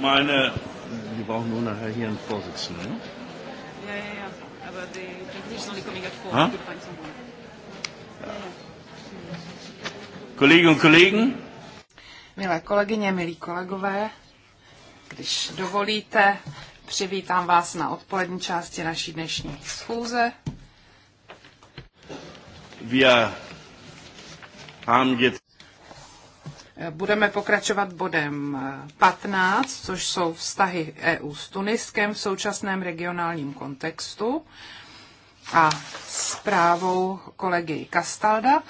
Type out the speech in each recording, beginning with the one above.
meine. Wir brauchen nur nachher hier einen Vorsitzenden. Ja, ja, ja. Aber die Transitional Coming at Four. Ja, ja. Kolleginnen und Kollegen. Milé kolegyně, milí kolegové, když dovolíte, přivítám vás na odpolední části naší dnešní schůze. Wir haben jetzt Budeme pokračovat bodem 15, což jsou vztahy EU s Tuniskem v současném regionálním kontextu a zprávou kolegy Kastalda.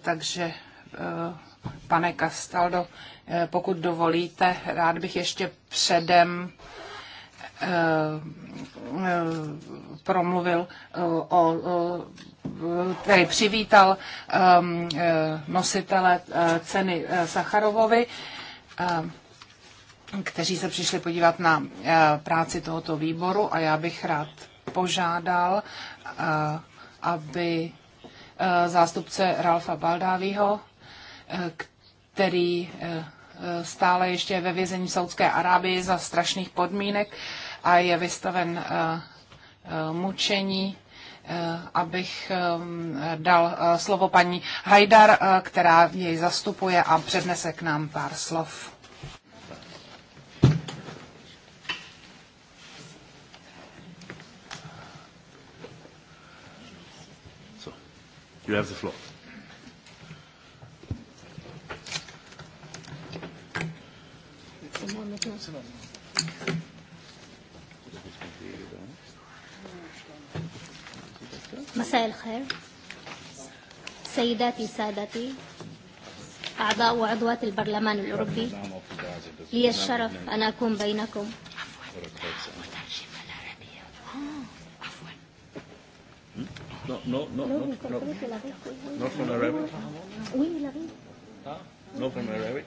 Takže, eh, pane Kastaldo, eh, pokud dovolíte, rád bych ještě předem Eh, promluvil eh, o eh, který přivítal ehm, nositele ceny Sacharovovi, ehm, kteří se přišli podívat na práci tohoto výboru a já bych rád požádal, aby zástupce Ralfa Baldávího, který stále ještě je ve vězení Saudské Arábie za strašných podmínek, a je vystaven eh, eh, mučení, eh, abych dal slovo paní Hajdar, která jej zastupuje a přednese k nám pár slov. you have the floor. Someone مساء الخير سيداتي سادتي أعضاء وعضوات البرلمان الأوروبي لي الشرف أن أكون بينكم No, no, no, no, no. Not from Arabic? Oui, il arrive. Ah, not from Arabic?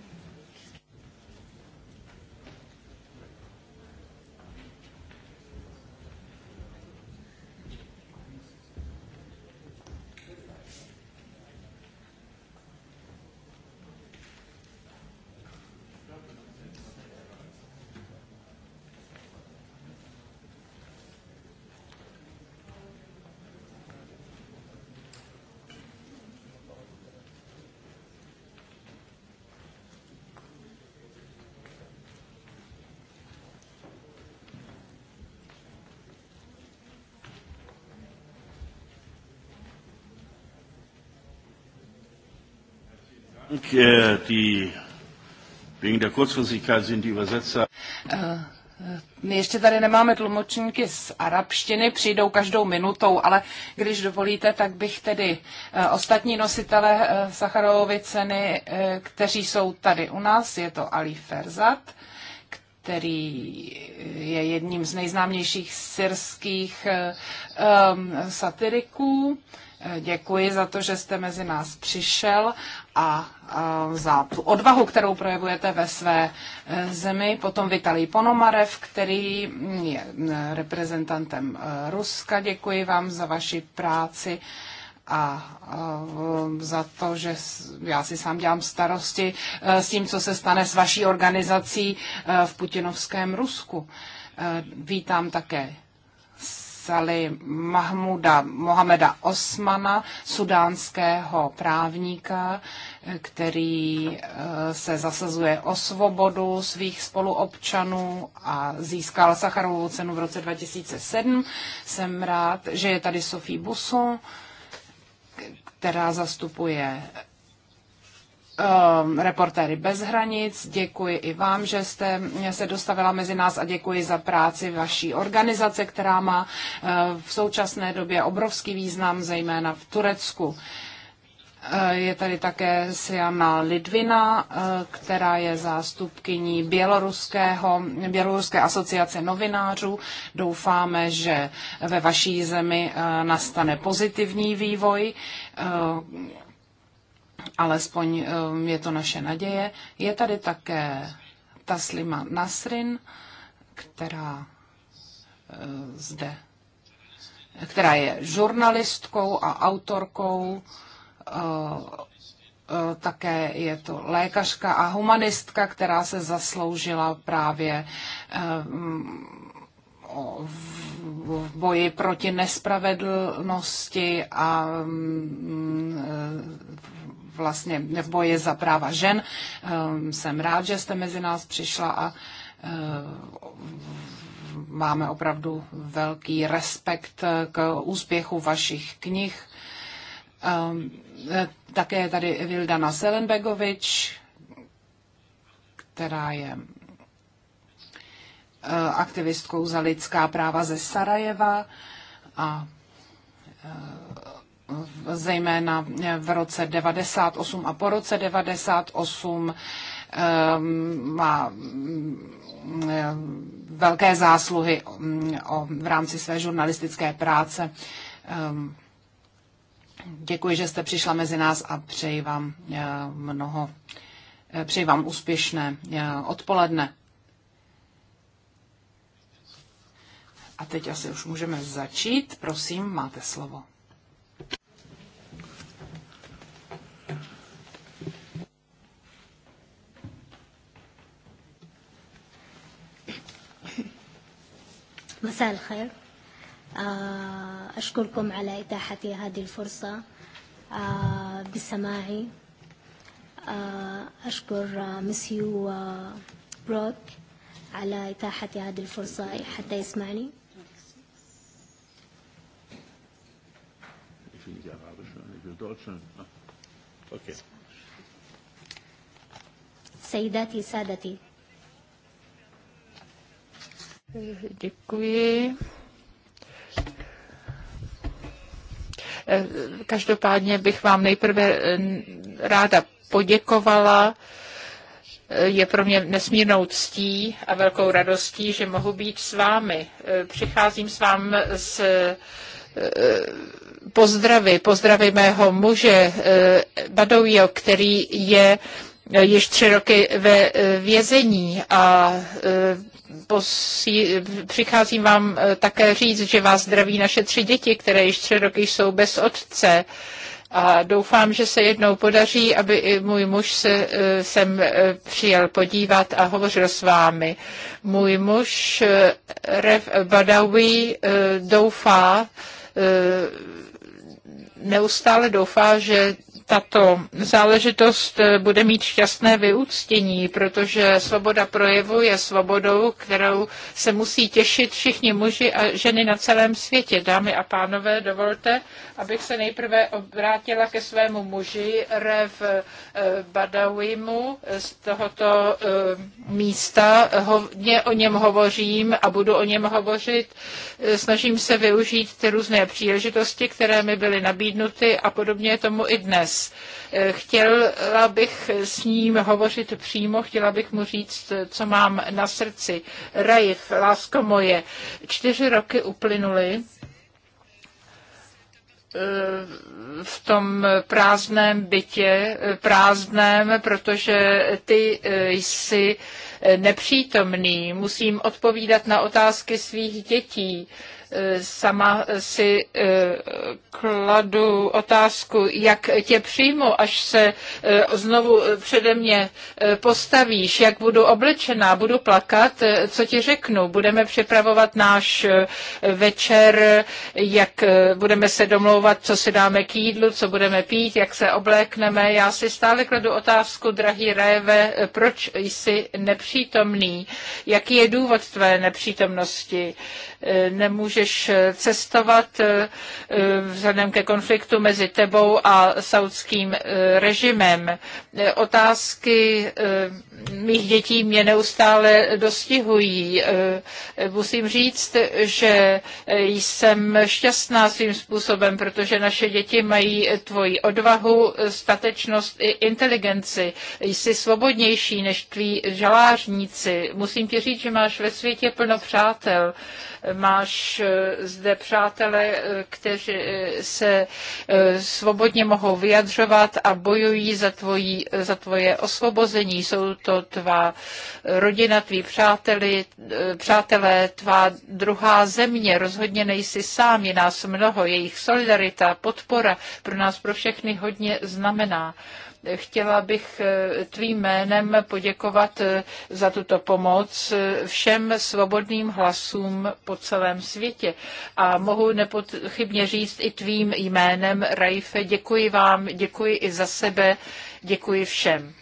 My ještě tady nemáme tlumočníky z arabštiny, přijdou každou minutou, ale když dovolíte, tak bych tedy eh, ostatní nositele eh, Sacharovovy ceny, eh, kteří jsou tady u nás, je to Ali Ferzat, který je jedním z nejznámějších syrských um, satiriků. Eh, děkuji za to, že jste mezi nás přišel a, za tu odvahu, kterou projevujete ve své eh, zemi. Potom Vitalij Ponomarev, který mm, je reprezentantem Ruska. Děkuji vám za vaši práci a za to, že já si sám dělám starosti e, s tím, co se stane s vaší organizací e, v putinovském Rusku. E, vítám také Sali Mahmuda Mohameda Osmana, sudánského právníka, který se zasazuje o svobodu svých spoluobčanů a získal Sacharovou cenu v roce 2007. Jsem rád, že je tady Sofie Buson, která zastupuje um, reportéry bez hranic. Děkuji i vám, že jste se dostavila mezi nás a děkuji za práci vaší organizace, která má uh, v současné době obrovský význam, zejména v Turecku. Uh, Eh, je tady také Siama Lidvina, eh, která je zástupkyní Běloruského, Běloruské asociace novinářů. Doufáme, že ve vaší zemi eh, nastane pozitivní vývoj alespoň je to naše naděje. Je tady také Taslima Nasrin, která zde, která je žurnalistkou a autorkou Eh, eh, také je to lékařka a humanistka, která se zasloužila právě eh, v boji proti nespravedlnosti a mm, vlastně v boji za práva žen. Jsem rád, že jste mezi nás přišla a máme opravdu velký respekt k úspěchu vašich knih Ehm, eh, také je tady Vildana Selenbegovič, která je eh, aktivistkou za lidská práva ze Sarajeva a eh, zejména v roce 98 a po roce 98 ehm, má mm, velké zásluhy mm, v rámci své žurnalistické práce ehm, Děkuji, že jste přišla mezi nás a přeji vám eh, mnoho, eh, přeji vám úspěšné eh, odpoledne. A teď asi už můžeme začít. Prosím, máte slovo. مساء الخير أشكركم على إتاحتي هذه الفرصة بسماعي أشكر مسيو بروك على إتاحتي هذه الفرصة حتى يسمعني سيداتي سادتي Děkuji. Eh, každopádně bych vám nejprve eh, ráda poděkovala. Eh, je pro mě nesmírnou ctí a velkou radostí, že mohu být s vámi. Přicházím s vám s pozdravy, pozdravy mého muže Badovího, který je E, již tři roky ve e, vězení a e, posí, přicházím vám také říct, že vás zdraví naše tři děti, které již tři roky jsou bez otce. A doufám, že se jednou podaří, aby i můj muž se sem přijel podívat a hovořil s vámi. Můj muž Rev Badawi doufá, neustále doufá, že tato záležitost eh, bude mít šťastné vyúctění, protože svoboda projevu je svobodou, kterou se musí těšit všichni muži a ženy na celém světě. Dámy a pánové, dovolte, abych se nejprve obrátila ke svému muži, Rev eh, Badawimu z tohoto eh, místa. Hodně o něm hovořím a budu o něm hovořit. Snažím se využít ty různé příležitosti, které mi byly nabídnuty a podobně je tomu i dnes. Eh, chtěla bych s ním hovořit přímo, chtěla bych mu říct, co mám na srdci. Rajiv, lásko moje, čtyři roky uplynuly eh, v tom prázdném bytě, eh, prázdném, protože ty jsi nepřítomný. Musím odpovídat na otázky svých dětí Sama si eh, kladu otázku, jak tě přijmu, až se eh, znovu přede mě eh, postavíš, jak budu oblečená, budu plakat, co ti řeknu. Budeme připravovat náš večer, jak budeme se domlouvat, co si dáme k jídlu, co budeme pít, jak se oblékneme. Já si stále kladu otázku, drahý Réve, proč jsi nepřítomný? Jaký je důvod tvé nepřítomnosti? Nemůže můžeš eh, cestovat eh, eh, vzhledem ke konfliktu mezi tebou a saudským režimem. Otázky mých dětí mě neustále dostihují. Musím říct, že jsem šťastná svým způsobem, protože naše děti mají tvoji odvahu, statečnost i inteligenci. Jsi svobodnější než tví žalářníci. Musím ti říct, že máš ve světě plno přátel máš eh, zde přátele, eh, kteří eh, se svobodně mohou vyjadřovat a bojují za, tvojí, za tvoje osvobození. Jsou to tvá rodina, tví přáteli, přátelé, tvá druhá země. Rozhodně nejsi sám, je nás mnoho, jejich solidarita, podpora pro nás pro všechny hodně znamená. Chtěla bych eh, tvým jménem poděkovat eh, za tuto pomoc eh, všem svobodným hlasům po celém světě. A mohu nepochybně říct i tvým jménem, Raife, děkuji vám, děkuji i za sebe, děkuji všem.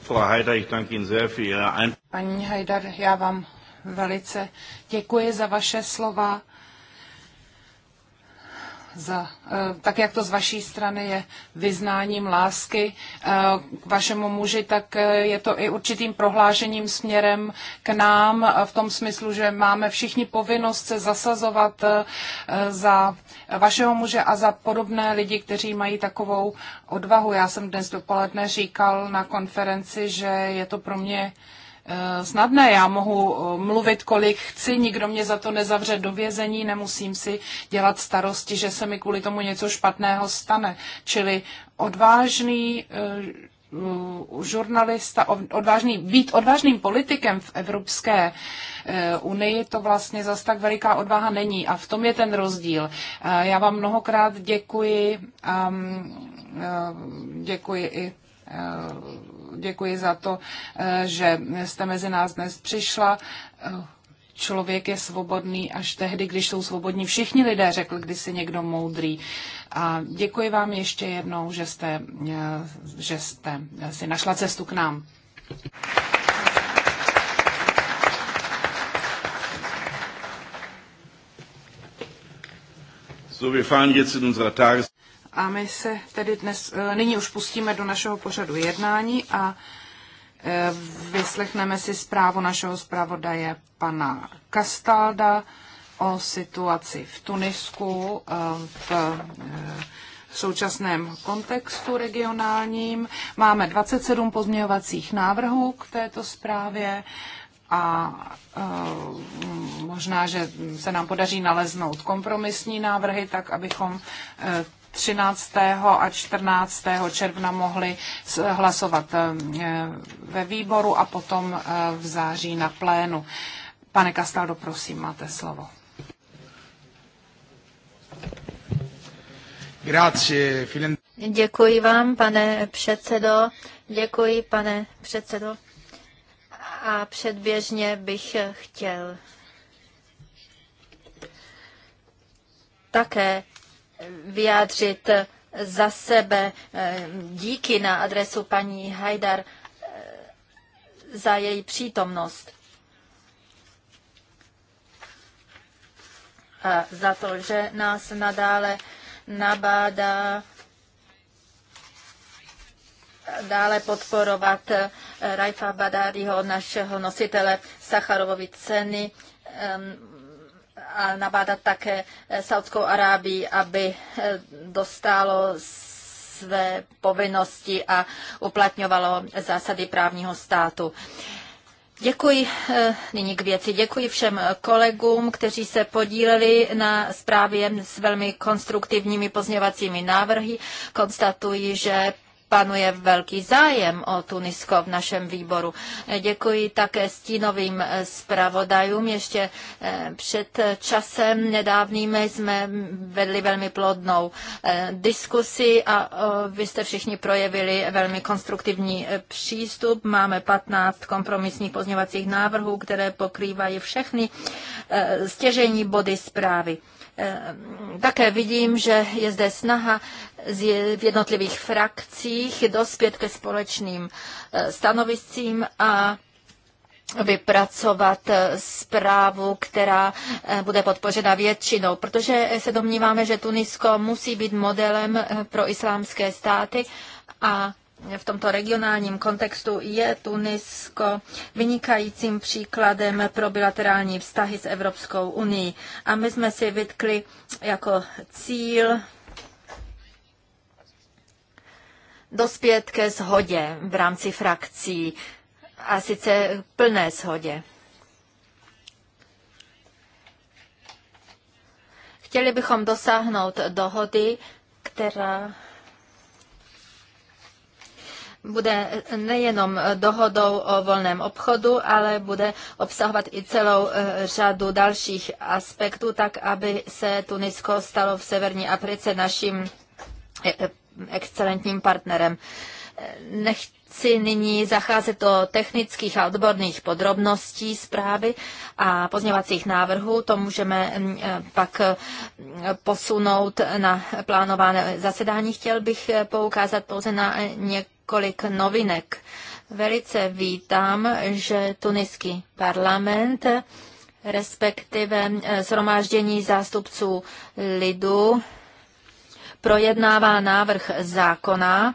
Frau ich danke Ihnen sehr für Ein Paní Hajdar, já vám velice děkuji za vaše slova, za, eh, tak jak to z vaší strany je vyznáním lásky eh, k vašemu muži, tak eh, je to i určitým prohlášením směrem k nám v tom smyslu, že máme všichni povinnost se zasazovat za vašeho muže a za podobné lidi, kteří mají takovou odvahu. Já jsem dnes dopoledne říkal na konferenci, že je to pro mě Eh, snadné. Já mohu eh, mluvit, kolik chci, nikdo mě za to nezavře do vězení, nemusím si dělat starosti, že se mi kvůli tomu něco špatného stane. Čili odvážný eh, žurnalista, odvážný, být odvážným politikem v Evropské unii, to vlastně zas tak veliká odvaha není. A v tom je ten rozdíl. Já vám mnohokrát děkuji. Mm, děkuji i děkuji za to, eh, že jste mezi nás dnes přišla. Eh, člověk je svobodný až tehdy, když jsou svobodní všichni lidé, řekl kdysi někdo moudrý. A děkuji vám ještě jednou, že jste, eh, že jste si našla cestu k nám. So, wir fahren jetzt in unserer Tages a my se tedy dnes, e, nyní už pustíme do našeho pořadu jednání a e, vyslechneme si zprávu našeho zpravodaje pana Kastalda o situaci v Tunisku e, v současném kontextu regionálním. Máme 27 pozměňovacích návrhů k této zprávě a možná, že se nám podaří naleznout kompromisní návrhy, tak abychom 13. a 14. června mohli hlasovat eh, ve výboru a potom eh, v září na plénu. Pane Kastaldo, prosím, máte slovo. Děkuji vám, pane předsedo. Děkuji, pane předsedo. A předběžně bych chtěl také vyjádřit za sebe eh, díky na adresu paní Hajdar eh, za její přítomnost. A za to, že nás nadále nabádá dále podporovat eh, Rajfa Badáriho, našeho nositele Sacharovovy ceny a nabádat také eh, Saudskou Arábii, aby eh, dostalo své povinnosti a uplatňovalo zásady právního státu. Děkuji eh, nyní k věci. Děkuji všem kolegům, kteří se podíleli na zprávě s velmi konstruktivními pozměvacími návrhy. Konstatuji, že panuje velký zájem o Tunisko v našem výboru. Eh, děkuji také stínovým eh, zpravodajům. Ještě eh, před časem nedávným jsme vedli velmi plodnou diskusi a vy jste všichni projevili velmi konstruktivní přístup. Máme 15 kompromisních pozněvacích návrhů, které pokrývají všechny stěžení body zprávy. Ehm, také vidím, že je zde snaha v jednotlivých frakcích dospět ke společným eh, stanoviscím a vypracovat eh, zprávu, která eh, bude podpořena většinou, protože se domníváme, že Tunisko musí být modelem pro islámské státy a v tomto regionálním kontextu je Tunisko vynikajícím příkladem pro bilaterální vztahy s Evropskou unii. A my jsme si vytkli jako cíl dospět ke shodě v rámci frakcí a sice plné shodě. Chtěli bychom dosáhnout dohody, která bude nejenom dohodou o volném obchodu, ale bude obsahovat i celou e, řadu dalších aspektů, tak aby se Tunisko stalo v severní Africe naším e, e, excelentním partnerem. Nechci nyní zacházet do technických a odborných podrobností zprávy a pozněvacích návrhů. To můžeme mm, pak posunout na plánované zasedání. Chtěl bych poukázat pouze na několik několik novinek. Velice vítám, že tuniský parlament respektive zhromáždění eh, zástupců lidu projednává návrh zákona,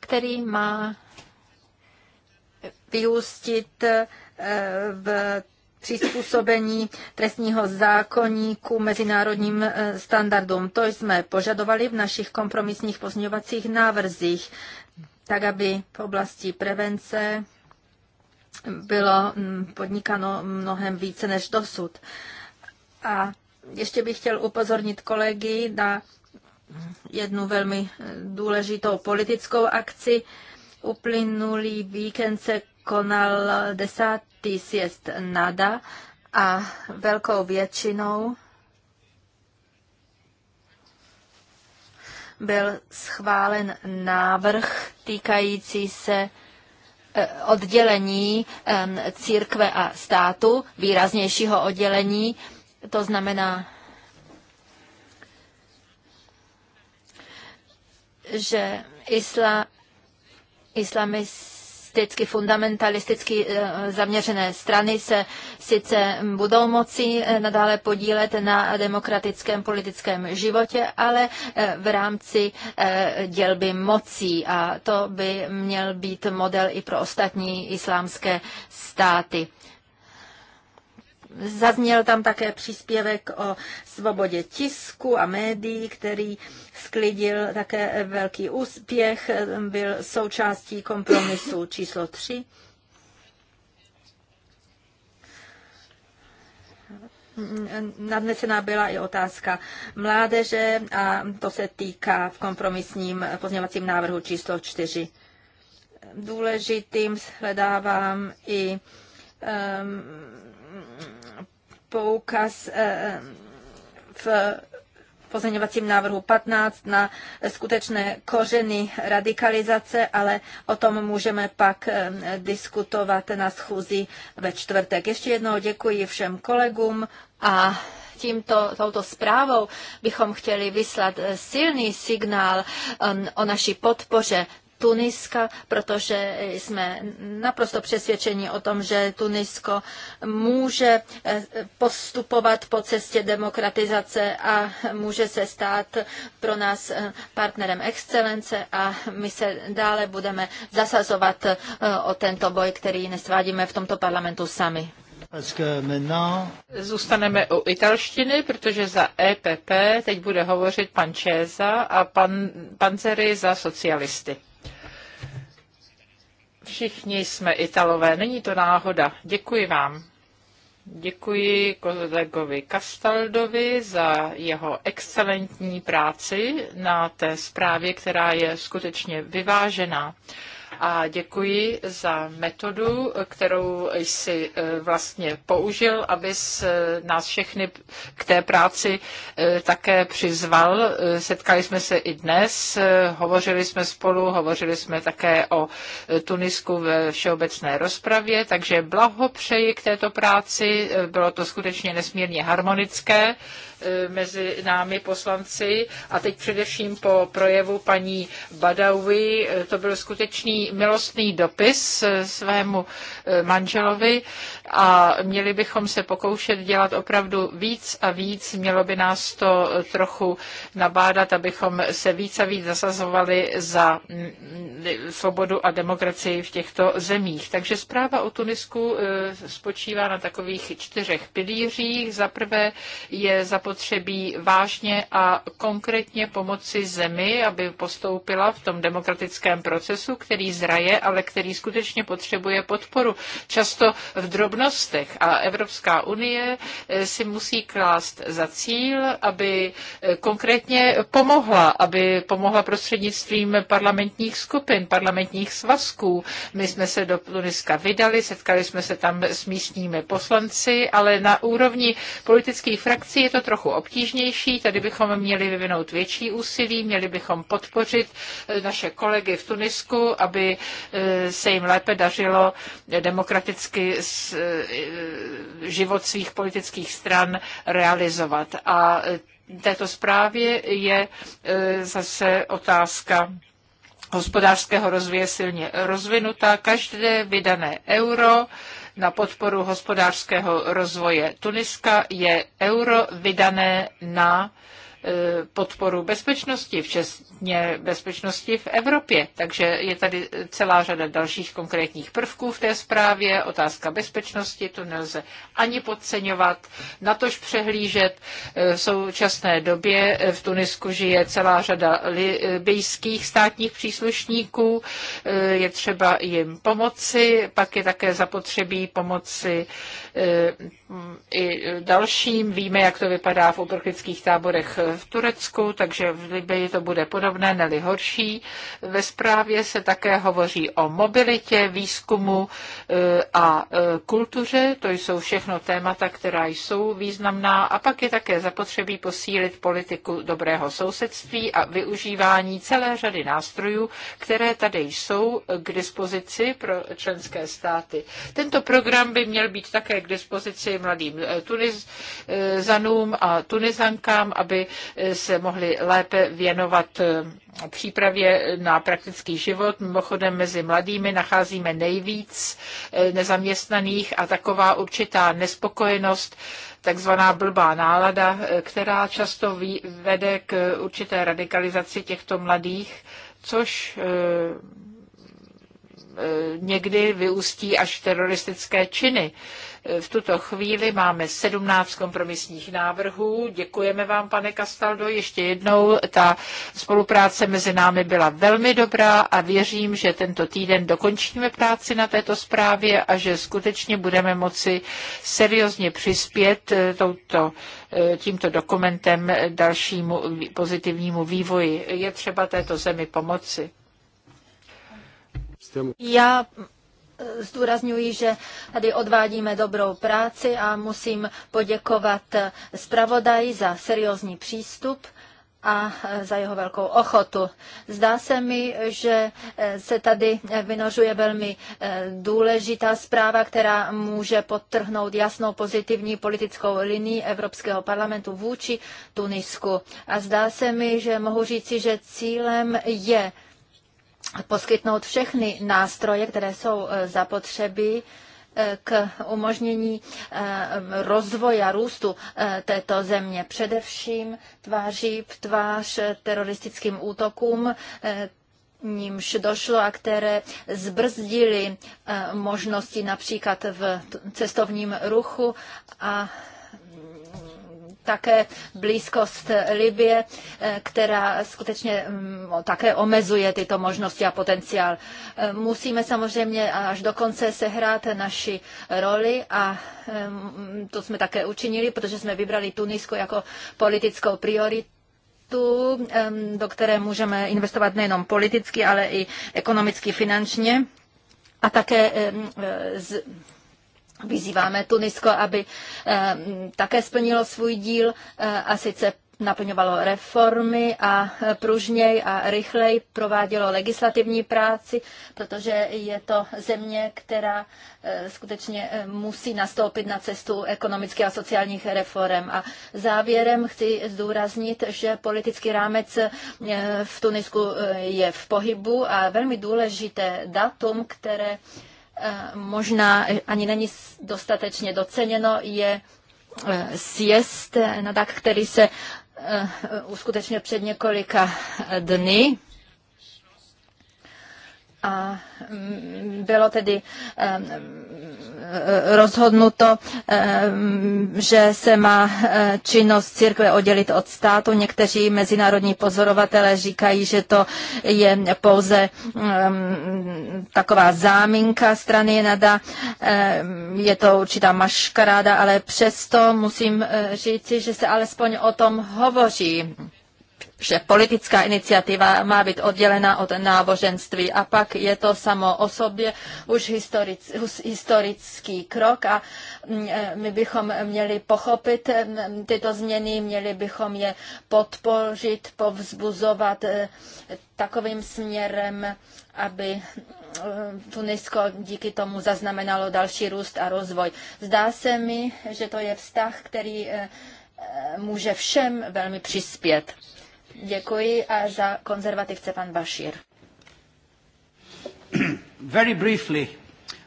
který má vyústit eh, v přizpůsobení trestního zákoníku mezinárodním e, standardům. To jsme požadovali v našich kompromisních pozměňovacích návrzích, tak aby v oblasti prevence bylo podnikano mnohem více než dosud. A ještě bych chtěl upozornit kolegy na jednu velmi důležitou politickou akci. Uplynulý víkend se konal desátý sjezd NADA a velkou většinou byl schválen návrh týkající se eh, oddělení církve a státu, výraznějšího oddělení, to znamená, že isla, islamis, extremisticky, fundamentalisticky eh, zaměřené strany se sice budou moci eh, nadále podílet na demokratickém politickém životě, ale eh, v rámci dělby mocí a to by měl být model i pro ostatní islámské státy. Zazněl tam také příspěvek o svobodě tisku a médií, který sklidil také velký úspěch, byl součástí kompromisu číslo 3. Nadnesená byla i otázka mládeže a to se týká v kompromisním pozměňovacím návrhu číslo 4. Důležitým shledávám i um, poukaz eh, v pozměňovacím návrhu 15 na skutečné kořeny radikalizace, ale o tom můžeme pak eh, diskutovat na schůzi ve čtvrtek. Ještě jednou děkuji všem kolegům a tímto, touto zprávou bychom chtěli vyslat eh, silný signál o naší podpoře Tuniska, protože jsme naprosto přesvědčeni o tom, že Tunisko může eh, postupovat po cestě demokratizace a může se stát pro nás eh, partnerem excelence a my se dále budeme zasazovat eh, o tento boj, který nesvádíme v tomto parlamentu sami. Zůstaneme u italštiny, protože za EPP teď bude hovořit pan Čéza a pan Panzery za socialisty. Všichni jsme Italové, není to náhoda. Děkuji vám. Děkuji kolegovi Castaldovi za jeho excelentní práci na té zprávě, která je skutečně vyvážená a děkuji za metodu, kterou jsi eh, vlastně použil, abys eh, nás všechny k té práci eh, také přizval. Setkali jsme se i dnes, hovořili jsme spolu, hovořili jsme také o Tunisku ve všeobecné rozpravě, takže blahopřeji k této práci, bylo to skutečně nesmírně harmonické mezi námi poslanci a teď především po projevu paní Badawi, to byl skutečný milostný dopis eh, svému eh, manželovi a měli bychom se pokoušet dělat opravdu víc a víc. Mělo by nás to trochu nabádat, abychom se víc a víc zasazovali za mm, svobodu a demokracii v těchto zemích. Takže zpráva o Tunisku eh, spočívá na takových čtyřech pilířích. Za prvé je zapotřebí vážně a konkrétně pomoci zemi, aby postoupila v tom demokratickém procesu, který zraje, ale který skutečně potřebuje podporu. Často v drobných drobnostech. A Evropská unie eh, si musí klást za cíl, aby eh, konkrétně pomohla, aby pomohla prostřednictvím parlamentních skupin, parlamentních svazků. My jsme se do Tuniska vydali, setkali jsme se tam s místními poslanci, ale na úrovni politických frakcí je to trochu obtížnější. Tady bychom měli vyvinout větší úsilí, měli bychom podpořit eh, naše kolegy v Tunisku, aby se jim lépe dařilo demokraticky Eh, život svých politických stran realizovat. A této zprávě je eh, zase otázka hospodářského rozvoje silně rozvinutá. Každé vydané euro na podporu hospodářského rozvoje Tuniska je euro vydané na uh, Eh, podporu bezpečnosti, včetně bezpečnosti v Evropě. Takže je tady celá řada dalších konkrétních prvků v té zprávě. Otázka bezpečnosti, to nelze ani podceňovat, natož přehlížet. Eh, v současné době eh, v Tunisku žije celá řada libijských státních příslušníků. Je třeba jim pomoci, pak je také zapotřebí pomoci i dalším. Víme, jak to vypadá v uprchlických táborech v Turecku, takže v Libii to bude podobné, neli horší. Ve zprávě se také hovoří o mobilitě, výzkumu eh, a eh, kultuře. To jsou všechno témata, která jsou významná. A pak je také zapotřebí posílit politiku dobrého sousedství a využívání celé řady nástrojů, které tady jsou k dispozici pro členské státy. Tento program by měl být také k dispozici mladým eh, Tunizanům a Tunizankám, aby se mohli lépe věnovat eh, přípravě na praktický život. Mimochodem mezi mladými nacházíme nejvíc eh, nezaměstnaných a taková určitá nespokojenost takzvaná blbá nálada, eh, která často vede k určité radikalizaci těchto mladých, což někdy vyústí až teroristické činy. V tuto chvíli máme 17 kompromisních návrhů. Děkujeme vám, pane Castaldo, ještě jednou. Ta spolupráce mezi námi byla velmi dobrá a věřím, že tento týden dokončíme práci na této zprávě a že skutečně budeme moci seriózně přispět eh, touto eh, tímto dokumentem dalšímu pozitivnímu vývoji. Je třeba této zemi pomoci. Já zdůrazňuji, že tady odvádíme dobrou práci a musím poděkovat zpravodaji za seriózní přístup a za jeho velkou ochotu. Zdá se mi, že se tady vynožuje velmi eh, důležitá zpráva, která může podtrhnout jasnou pozitivní politickou linii Evropského parlamentu vůči Tunisku. A zdá se mi, že mohu říci, že cílem je poskytnout všechny nástroje, které jsou e, zapotřeby e, k umožnění e, rozvoje a růstu této země. Především tváří v tvář teroristickým útokům, nímž došlo a které zbrzdily možnosti například v cestovním ruchu a také blízkost Libie, eh, která skutečně mm, také omezuje tyto možnosti a potenciál. Eh, musíme samozřejmě až do konce sehrát naši roli a mm, to jsme také učinili, protože jsme vybrali Tunisko jako politickou prioritu do které můžeme investovat nejenom politicky, ale i ekonomicky, finančně a také Vyzýváme Tunisko, aby eh, také splnilo svůj díl eh, a sice naplňovalo reformy a eh, pružněji a rychleji provádělo legislativní práci, protože je to země, která skutečně musí nastoupit na cestu ekonomických a sociálních reform. A závěrem chci zdůraznit, že politický rámec v Tunisku je v pohybu a velmi důležité datum, které Eh, možná ani není dostatečně doceněno, je eh, siest eh, na tak, který se uskutečnil před několika dny. A mm, bylo tedy rozhodnuto, eh, že se má eh, činnost církve oddělit od státu. Někteří mezinárodní pozorovatelé říkají, že to je pouze ehm, taková záminka strany Nada. Eh, je to určitá maškaráda, ale přesto musím říci, že se alespoň o tom hovoří že politická iniciativa má být oddělena od náboženství. A pak je to samo o sobě už historický krok a mm, e, my bychom měli pochopit mm, tyto změny, měli bychom je podpořit, povzbuzovat e, takovým směrem, aby e, Tunisko díky tomu zaznamenalo další růst a rozvoj. Zdá se mi, že to je vztah, který může všem velmi přispět. Děkuji a za konzervativce pan Bashir. Very briefly,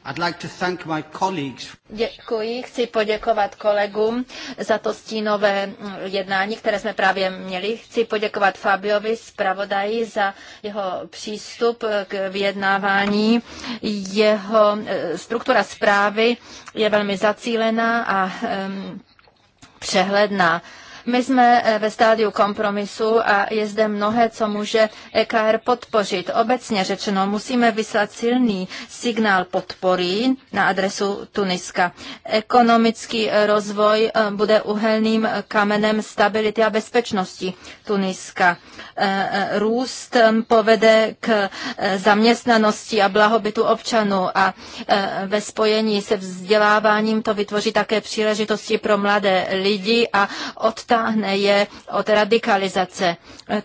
I'd like to thank my colleagues. Děkuji, chci poděkovat kolegům za to stínové mm, jednání, které jsme právě měli. Chci poděkovat Fabiovi zpravodaji za jeho přístup k vyjednávání. Jeho e, struktura zprávy je velmi zacílená a um, přehledná. My jsme eh, ve stádiu kompromisu a je zde mnohé, co může EKR podpořit. Obecně řečeno, musíme vyslat silný signál podpory na adresu Tuniska. Ekonomický eh, rozvoj eh, bude uhelným kamenem stability a bezpečnosti Tuniska. Růst povede k zaměstnanosti a blahobytu občanů a ve spojení se vzděláváním to vytvoří také příležitosti pro mladé lidi a odtažení dosáhne, je od radikalizace.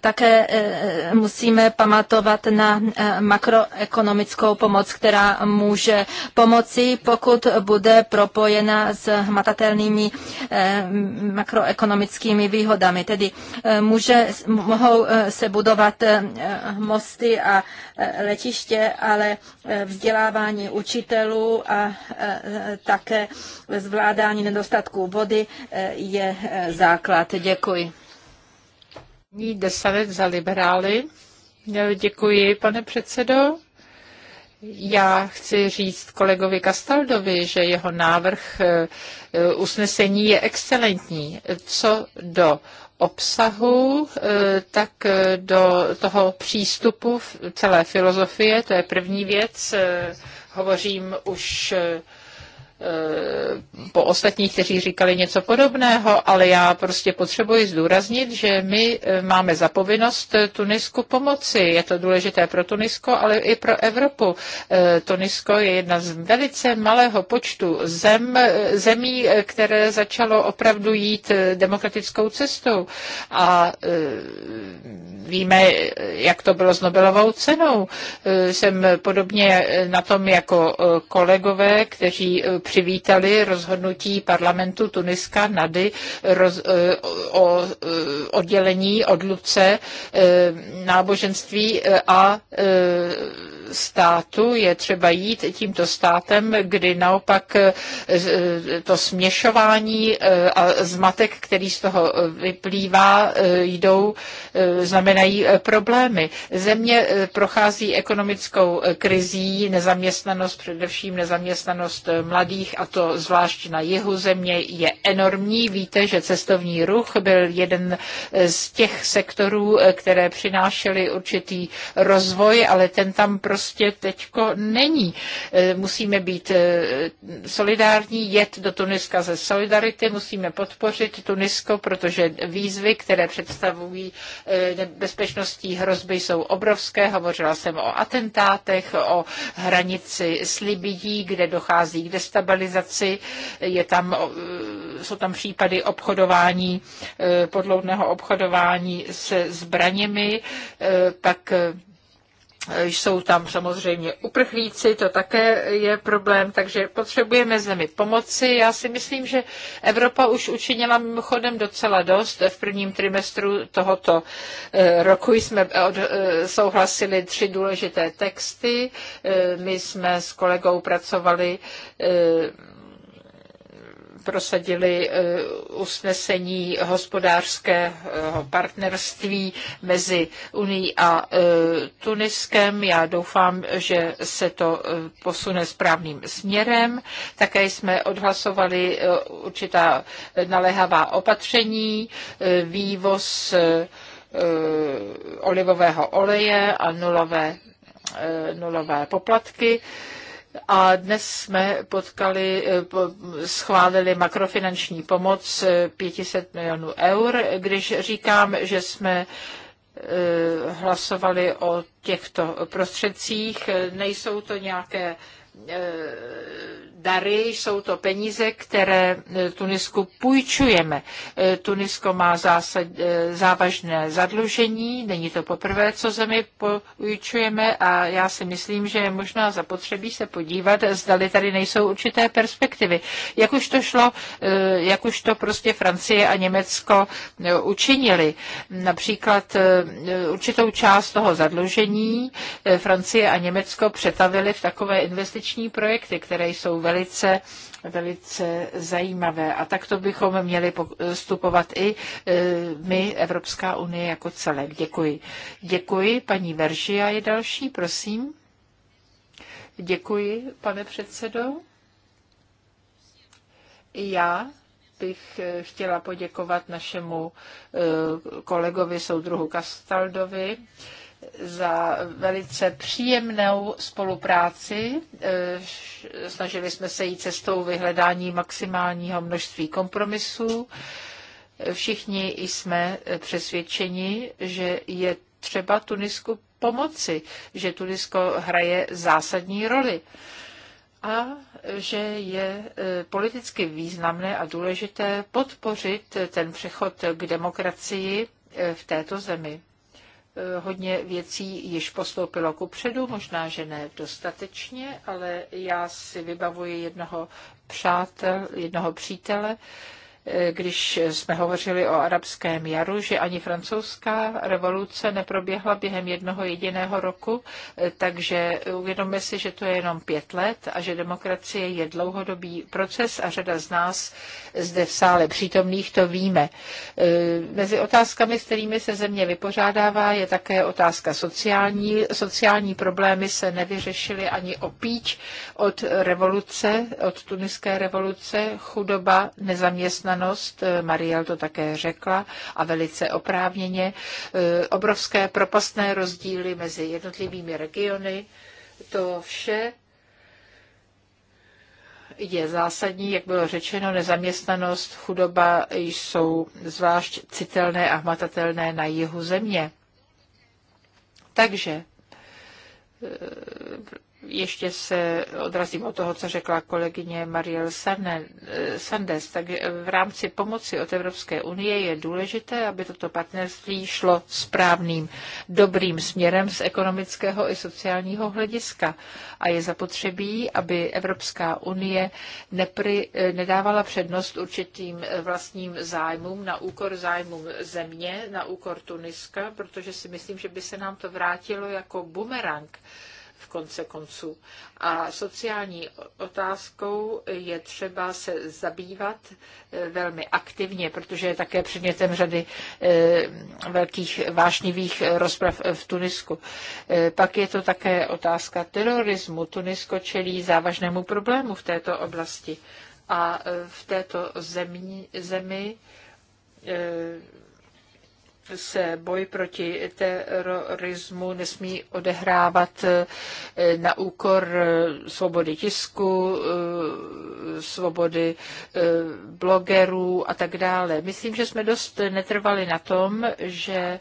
Také eh, musíme pamatovat na eh, makroekonomickou pomoc, která může pomoci, pokud bude propojena s hmatatelnými eh, makroekonomickými výhodami. Tedy může, mohou se budovat mosty a letiště, ale vzdělávání učitelů a také zvládání nedostatků vody je základ příklad. Děkuji. Ní Desanet za liberály. Děkuji, pane předsedo. Já chci říct kolegovi Kastaldovi, že jeho návrh eh, eh, usnesení je excelentní. Co do obsahu, eh, tak do toho přístupu celé filozofie, to je první věc, hovořím už po ostatních, kteří říkali něco podobného, ale já prostě potřebuji zdůraznit, že my eh, máme zapovinnost eh, Tunisku pomoci. Je to důležité pro Tunisko, ale i pro Evropu. Eh, Tunisko je jedna z velice malého počtu zem, zemí, které začalo opravdu jít demokratickou cestou. A víme, jak to bylo s Nobelovou cenou. Jsem podobně na tom jako kolegové, kteří přivítali rozhodnutí parlamentu Tuniska Nady roz, eh, o eh, oddělení od Luce eh, náboženství a státu. Je třeba jít tímto státem, kdy naopak to směšování a zmatek, který z toho vyplývá, jdou, znamenají problémy. Země prochází ekonomickou krizí, nezaměstnanost, především nezaměstnanost mladých, zemích, a to zvlášť na jihu země, je enormní. Víte, že cestovní ruch byl jeden z těch sektorů, které přinášely určitý rozvoj, ale ten tam prostě teďko není. E, musíme být e, solidární, jet do Tuniska ze solidarity, musíme podpořit Tunisko, protože výzvy, které představují e, bezpečnostní hrozby, jsou obrovské. Hovořila jsem o atentátech, o hranici s Libidí, kde dochází k destabilizaci kabalizaci, je tam, e, jsou tam případy obchodování, e, podloudného obchodování se zbraněmi, e, pak jsou tam samozřejmě uprchlíci, to také je problém, takže potřebujeme zemi pomoci. Já si myslím, že Evropa už učinila mimochodem docela dost. V prvním trimestru tohoto eh, roku jsme eh, souhlasili tři důležité texty. Eh, my jsme s kolegou pracovali prosadili eh, usnesení hospodářského partnerství mezi Unii a eh, Tuniskem. Já doufám, že se to eh, posune správným směrem. Také jsme odhlasovali určitá naléhavá opatření, vývoz olivového oleje a nulové, nulové poplatky. A dnes jsme potkali, eh, schválili makrofinanční pomoc 500 eh, milionů eur. Když říkám, že jsme eh, hlasovali o těchto prostředcích, nejsou to nějaké dary, jsou to peníze, které eh, Tunisku půjčujeme. Eh, Tunisko má zásad, eh, závažné zadlužení, není to poprvé, co zemi půjčujeme a já si myslím, že je možná zapotřebí se podívat, zdali tady nejsou určité perspektivy. Jak už to šlo, jak už to prostě Francie a Německo učinili. Například určitou část toho zadlužení Francie a Německo přetavili v takové investiční projekty, které jsou velmi velice, velice zajímavé. A takto bychom měli postupovat i e, my, Evropská unie jako celek. Děkuji. Děkuji. Paní Veržia je další, prosím. Děkuji, pane předsedo. Já bych e, chtěla poděkovat našemu e, kolegovi soudruhu Kastaldovi za velice příjemnou spolupráci. E, snažili jsme se jít cestou vyhledání maximálního množství kompromisů. Všichni jsme přesvědčeni, že je třeba Tunisku pomoci, že Tunisko hraje zásadní roli a že je e, politicky významné a důležité podpořit ten přechod k demokracii e, v této zemi. Eh, hodně věcí již postoupilo ku předu, možná, že ne dostatečně, ale já si vybavuji jednoho přátel, jednoho přítele, když jsme hovořili o arabském jaru, že ani francouzská revoluce neproběhla během jednoho jediného roku, takže uvědomme si, že to je jenom pět let a že demokracie je dlouhodobý proces a řada z nás zde v sále přítomných to víme. E, mezi otázkami, s kterými se země vypořádává, je také otázka sociální. Sociální problémy se nevyřešily ani opíč od revoluce, od tuniské revoluce, chudoba, nezaměstnanost nezaměstnanost, eh, Mariel to také řekla a velice oprávněně, eh, obrovské propastné rozdíly mezi jednotlivými regiony, to vše je zásadní, jak bylo řečeno, nezaměstnanost, chudoba jsou zvlášť citelné a hmatatelné na jihu země. Takže eh, ještě se odrazím od toho, co řekla kolegyně Mariel Sandes, tak v rámci pomoci od Evropské unie je důležité, aby toto partnerství šlo správným, dobrým směrem z ekonomického i sociálního hlediska. A je zapotřebí, aby Evropská unie nepry, nedávala přednost určitým vlastním zájmům na úkor zájmům země, na úkor Tuniska, protože si myslím, že by se nám to vrátilo jako bumerang konce konců. A sociální otázkou je třeba se zabývat eh, velmi aktivně, protože je také předmětem řady eh, velkých vášnivých rozprav v Tunisku. Eh, pak je to také otázka terorismu. Tunisko čelí závažnému problému v této oblasti. A v této zemi, zemi se boj proti terorismu nesmí odehrávat eh, na úkor eh, svobody tisku, eh, svobody blogerů a tak dále. Myslím, že jsme dost netrvali na tom, že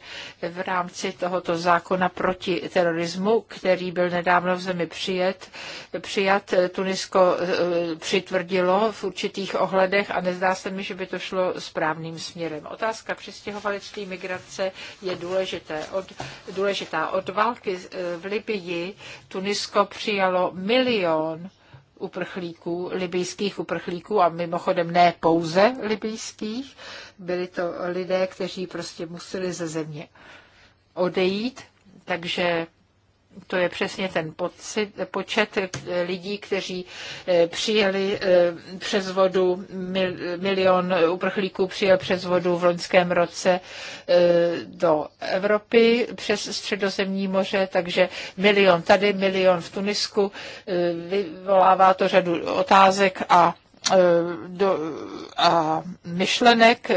v rámci tohoto zákona proti terorismu, který byl nedávno v zemi přijet, přijat, Tunisko přitvrdilo v určitých ohledech a nezdá se mi, že by to šlo správným směrem. Otázka přistěhovalectví migrace migrace je důležité. Od, důležitá. Od války eh, v Libii Tunisko přijalo milion uprchlíků, libijských uprchlíků a mimochodem ne pouze libijských. Byli to lidé, kteří prostě museli ze země odejít, takže to je přesně ten pocit, počet lidí, kteří eh, přijeli eh, přes vodu, milion uprchlíků přijel přes vodu v loňském roce eh, do Evropy přes středozemní moře, takže milion tady, milion v Tunisku, vyvolává to řadu otázek a do, a myšlenek.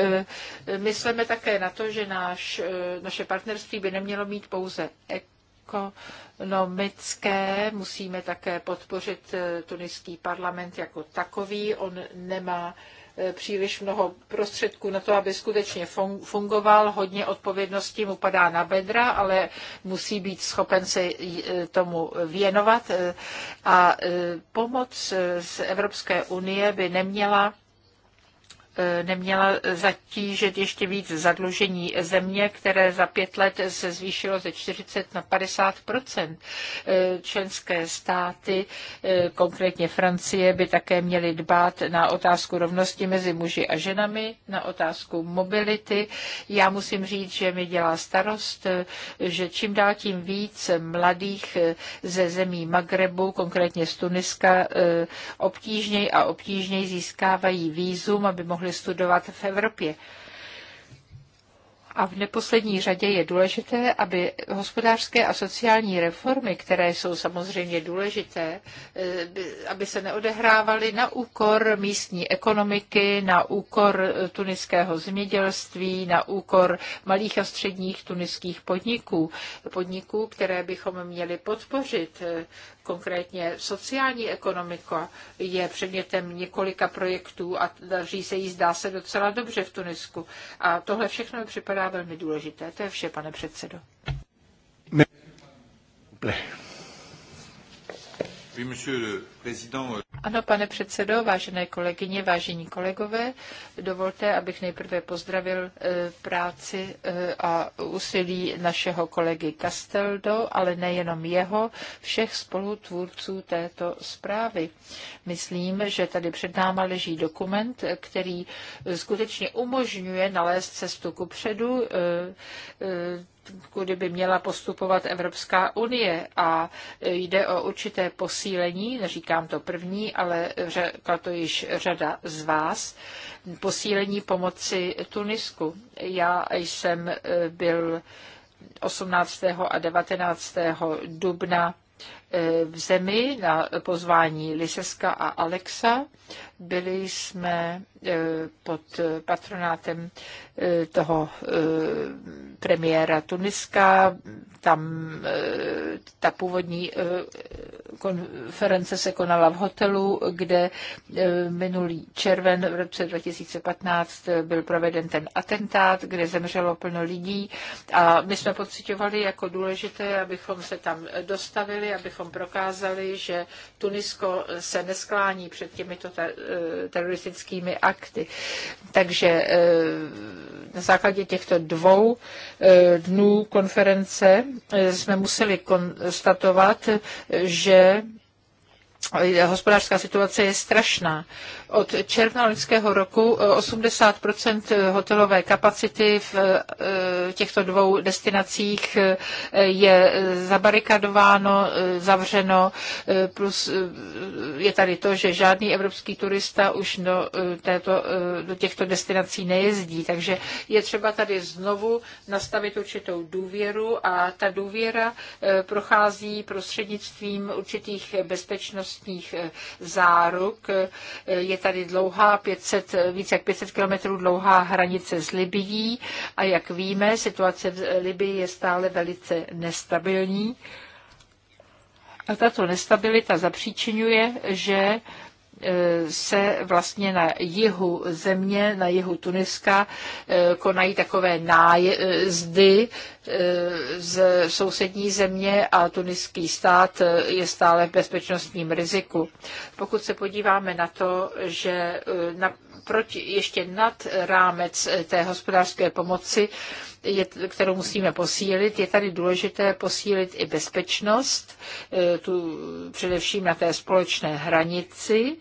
Myslíme také na to, že náš, naše partnerství by nemělo mít pouze eko, ekonomické. Musíme také podpořit eh, tuniský parlament jako takový. On nemá eh, příliš mnoho prostředků na to, aby skutečně fungoval. Hodně odpovědností mu padá na bedra, ale musí být schopen se eh, tomu věnovat. A pomoc z Evropské unie by neměla Eh, neměla zatížit ještě víc zadlužení země, které za pět let se zvýšilo ze 40 na 50 eh, Členské státy, eh, konkrétně Francie, by také měly dbát na otázku rovnosti mezi muži a ženami, na otázku mobility. Já musím říct, že mi dělá starost, že čím dál tím víc mladých ze zemí Magrebu, konkrétně z Tuniska, obtížněji a obtížněji získávají výzum, aby mohli mohli studovat v Evropě. A v neposlední řadě je důležité, aby hospodářské a sociální reformy, které jsou samozřejmě důležité, eh, aby se neodehrávaly na úkor místní ekonomiky, na úkor tuniského zemědělství, na úkor malých a středních tuniských podniků, podniků, které bychom měli podpořit konkrétně sociální ekonomika je předmětem několika projektů a daří se jí zdá se docela dobře v Tunisku. A tohle všechno mi připadá velmi důležité. To je vše, pane předsedo. Ne. Euh, ano, pane předsedo, vážené kolegyně, vážení kolegové, dovolte, abych nejprve pozdravil eh, práci eh, a úsilí našeho kolegy Casteldo, ale nejenom jeho, všech spolutvůrců této zprávy. Myslím, že tady před náma leží dokument, který skutečně umožňuje nalézt cestu ku předu eh, kudy by měla postupovat Evropská unie a e, jde o určité posílení, neříkám to první, ale řekla to již řada z vás, posílení pomoci Tunisku. Já jsem e, byl 18. a 19. dubna E, v zemi na pozvání Liseska a Alexa. Byli jsme e, pod patronátem e, toho premiéra Tuniska. Tam ta původní konference se konala v hotelu, kde minulý červen v roce 2015 byl proveden ten atentát, kde zemřelo plno lidí a my jsme pocitovali jako důležité, abychom se tam dostavili, abychom abychom prokázali, že Tunisko se nesklání před těmito eh, teroristickými akty. Takže eh, na základě těchto dvou eh, dnů konference jsme museli konstatovat, že Eh, hospodářská situace je strašná. Od června loňského roku 80 eh, eh, hotelové kapacity v těchto dvou destinacích je zabarikadováno, zavřeno, plus je tady to, že žádný evropský turista už do, této, do těchto destinací nejezdí. Takže je třeba tady znovu nastavit určitou důvěru a ta důvěra prochází prostřednictvím určitých bezpečnostních bezpečnostních eh, záruk. Eh, je tady dlouhá 500, eh, více jak 500 kilometrů dlouhá hranice s Libií a jak víme, situace v Libii je stále velice nestabilní. A tato nestabilita zapříčinuje, že se vlastně na jihu země, na jihu Tuniska eh, konají takové nájezdy eh, z sousední země a tuniský stát eh, je stále v bezpečnostním riziku. Pokud se podíváme na to, že na proti, ještě nad rámec eh, té hospodářské pomoci, je, kterou musíme posílit. Je tady důležité posílit i bezpečnost, eh, tu, především na té společné hranici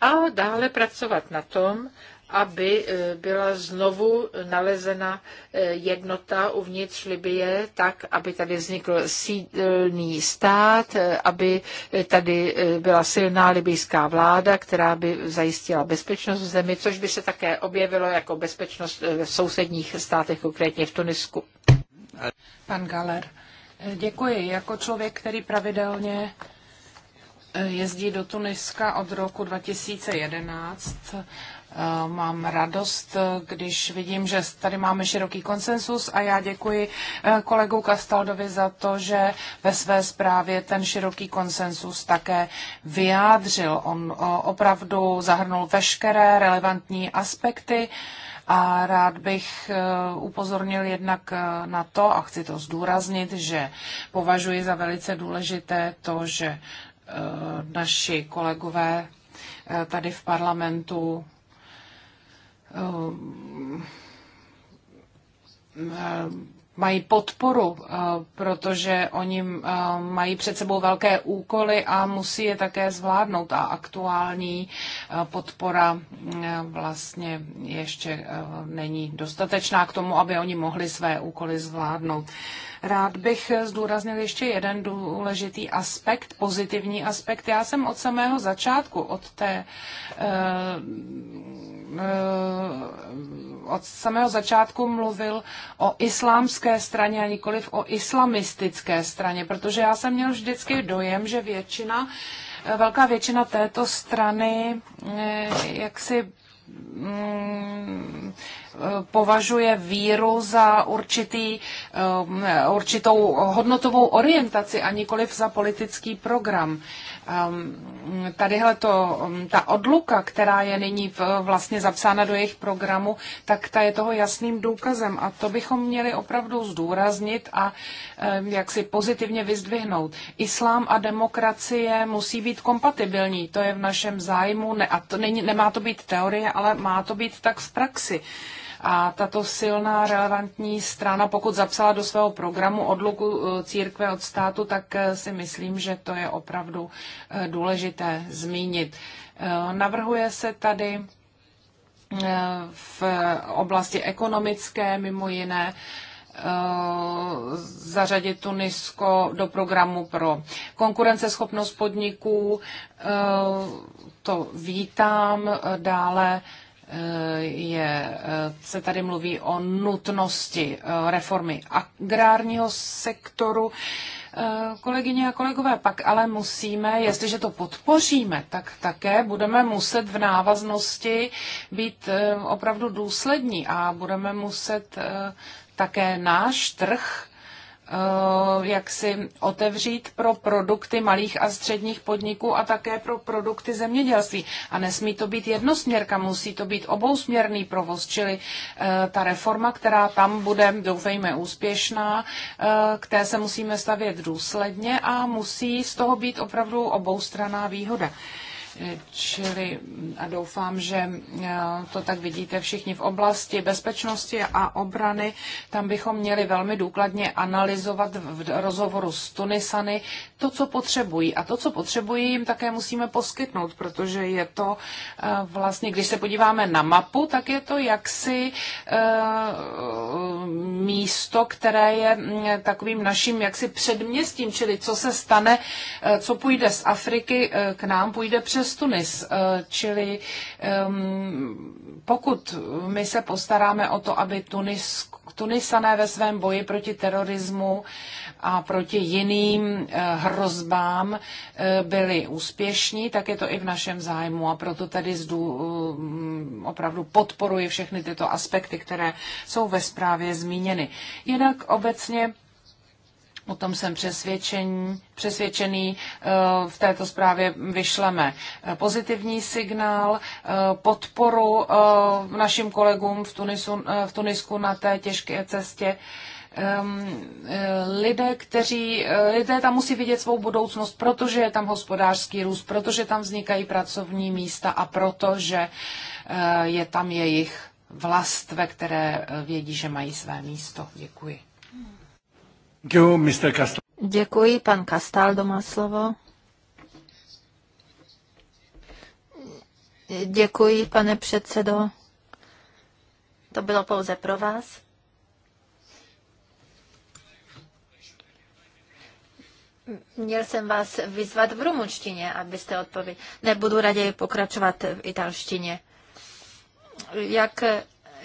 a dále pracovat na tom, aby eh, byla znovu nalezena eh, jednota uvnitř Libie, tak, aby tady vznikl sídelný stát, eh, aby tady byla silná libijská vláda, která by zajistila bezpečnost v zemi, což by se také objevilo jako bezpečnost v sousedních státech, konkrétně v Tunisku. Pan Galer, děkuji. Jako člověk, který pravidelně jezdí do Tuniska od roku 2011, Eh, mám radost, když vidím, že tady máme široký konsensus a já děkuji eh, kolegu Kastaldovi za to, že ve své zprávě ten široký konsensus také vyjádřil. On eh, opravdu zahrnul veškeré relevantní aspekty a rád bych upozornil jednak na to, a chci to zdůraznit, že považuji za velice důležité to, že naši kolegové tady v parlamentu Eh, mají podporu, eh, protože oni eh, mají před sebou velké úkoly a musí je také zvládnout. A aktuální podpora vlastně ještě není dostatečná k tomu, aby oni mohli své úkoly zvládnout. Rád bych zdůraznil ještě jeden důležitý aspekt, pozitivní aspekt. Já jsem od samého začátku, od té eh, eh, od samého začátku mluvil o islámské straně a nikoliv o islamistické straně, protože já jsem měl vždycky dojem, že většina, velká většina této strany eh, jak si mm, považuje víru za určitý, um, určitou hodnotovou orientaci a nikoliv za politický program. Um, tadyhle to, um, ta odluka, která je nyní vlastně zapsána do jejich programu, tak ta je toho jasným důkazem a to bychom měli opravdu zdůraznit a jak si pozitivně vyzdvihnout. Islám a demokracie musí být kompatibilní, to je v našem zájmu ne, a to není, nemá to být teorie, ale má to být tak v praxi. A tato silná relevantní strana, pokud zapsala do svého programu odluku eh, církve od státu, tak eh, si myslím, že to je opravdu eh, důležité zmínit. Navrhuje se tady v oblasti ekonomické mimo jiné zařadit Tunisko do programu pro konkurenceschopnost podniků. To vítám. Dále je, eh, se tady mluví o nutnosti eh, reformy agrárního sektoru. Eh, kolegyně a kolegové, pak ale musíme, jestliže to podpoříme, tak také budeme muset v návaznosti být opravdu důslední a budeme muset také náš trh Eh, jak si otevřít pro produkty malých a středních podniků a také pro produkty zemědělství. A nesmí to být jednosměrka, musí to být obousměrný provoz, čili eh, ta reforma, která tam bude, doufejme, úspěšná, eh, k té se musíme stavět důsledně a musí z toho být opravdu oboustraná výhoda. Čili a doufám, že eh, to tak vidíte všichni v oblasti bezpečnosti a obrany. Tam bychom měli velmi důkladně analyzovat v rozhovoru s Tunisany to, co potřebují. A to, co potřebují, jim také musíme poskytnout, protože je to eh, vlastně, když se podíváme na mapu, tak je to jaksi eh, místo, které je mm, takovým naším jaksi předměstím, čili co se stane, co půjde z Afriky k nám, půjde přes z Tunis. Eh, čili ehm, pokud my se postaráme o to, aby Tunis, Tunisané ve svém boji proti terorismu a proti jiným eh, hrozbám eh, byli úspěšní, tak je to i v našem zájmu a proto tedy zdu, mm, opravdu podporuji všechny tyto aspekty, které jsou ve zprávě zmíněny. Jinak obecně O tom jsem přesvědčený. přesvědčený. Eh, v této zprávě vyšleme eh, pozitivní signál, eh, podporu našim kolegům v, Tunisu, v Tunisku na té těžké cestě. Ehm, lidé, kteří, lidé tam musí vidět svou budoucnost, protože je tam hospodářský růst, protože tam vznikají pracovní místa a protože je tam jejich vlast, ve které vědí, že mají své místo. Děkuji. Děkuji, pan Castaldo má slovo. Děkuji, pane předsedo. To bylo pouze pro vás. Měl jsem vás vyzvat v rumunštině, abyste odpověděli. Nebudu raději pokračovat v italštině. Jak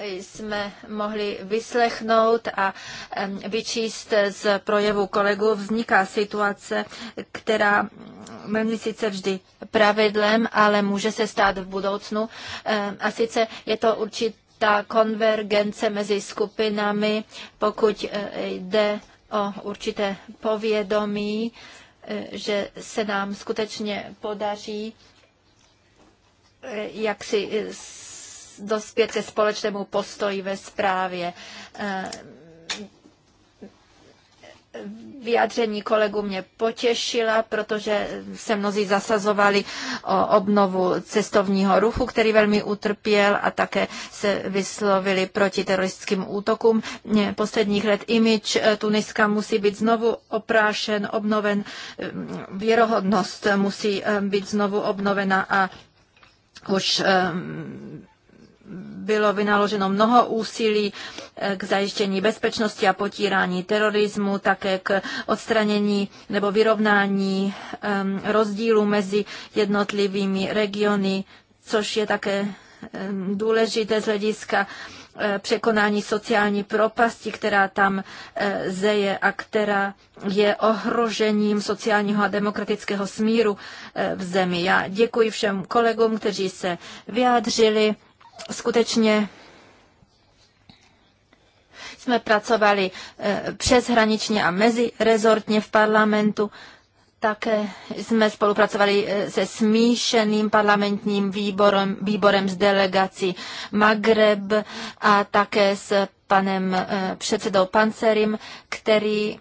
jsme mohli vyslechnout a vyčíst z projevu kolegů, vzniká situace, která není sice vždy pravidlem, ale může se stát v budoucnu. A sice je to určitá konvergence mezi skupinami, pokud e, jde o určité povědomí, e, že se nám skutečně podaří e, jak si dospět ke společnému postoji ve zprávě vyjádření kolegu mě potěšila, protože se mnozí zasazovali o obnovu cestovního ruchu, který velmi utrpěl a také se vyslovili proti teroristickým útokům. Posledních let imič Tuniska musí být znovu oprášen, obnoven, věrohodnost musí eh, být znovu obnovena a už eh, bylo vynaloženo mnoho úsilí eh, k zajištění bezpečnosti a potírání terorismu, také k odstranění nebo vyrovnání ehm, rozdílů mezi jednotlivými regiony, což je také ehm, důležité z hlediska eh, překonání sociální propasti, která tam eh, zeje a která je ohrožením sociálního a demokratického smíru v zemi. Já děkuji všem kolegům, kteří se vyjádřili skutečně jsme pracovali eh, přeshraničně a mezirezortně v parlamentu. Také jsme spolupracovali eh, se smíšeným parlamentním výborem, výborem z delegací Magreb a také s panem eh, předsedou Pancerim, který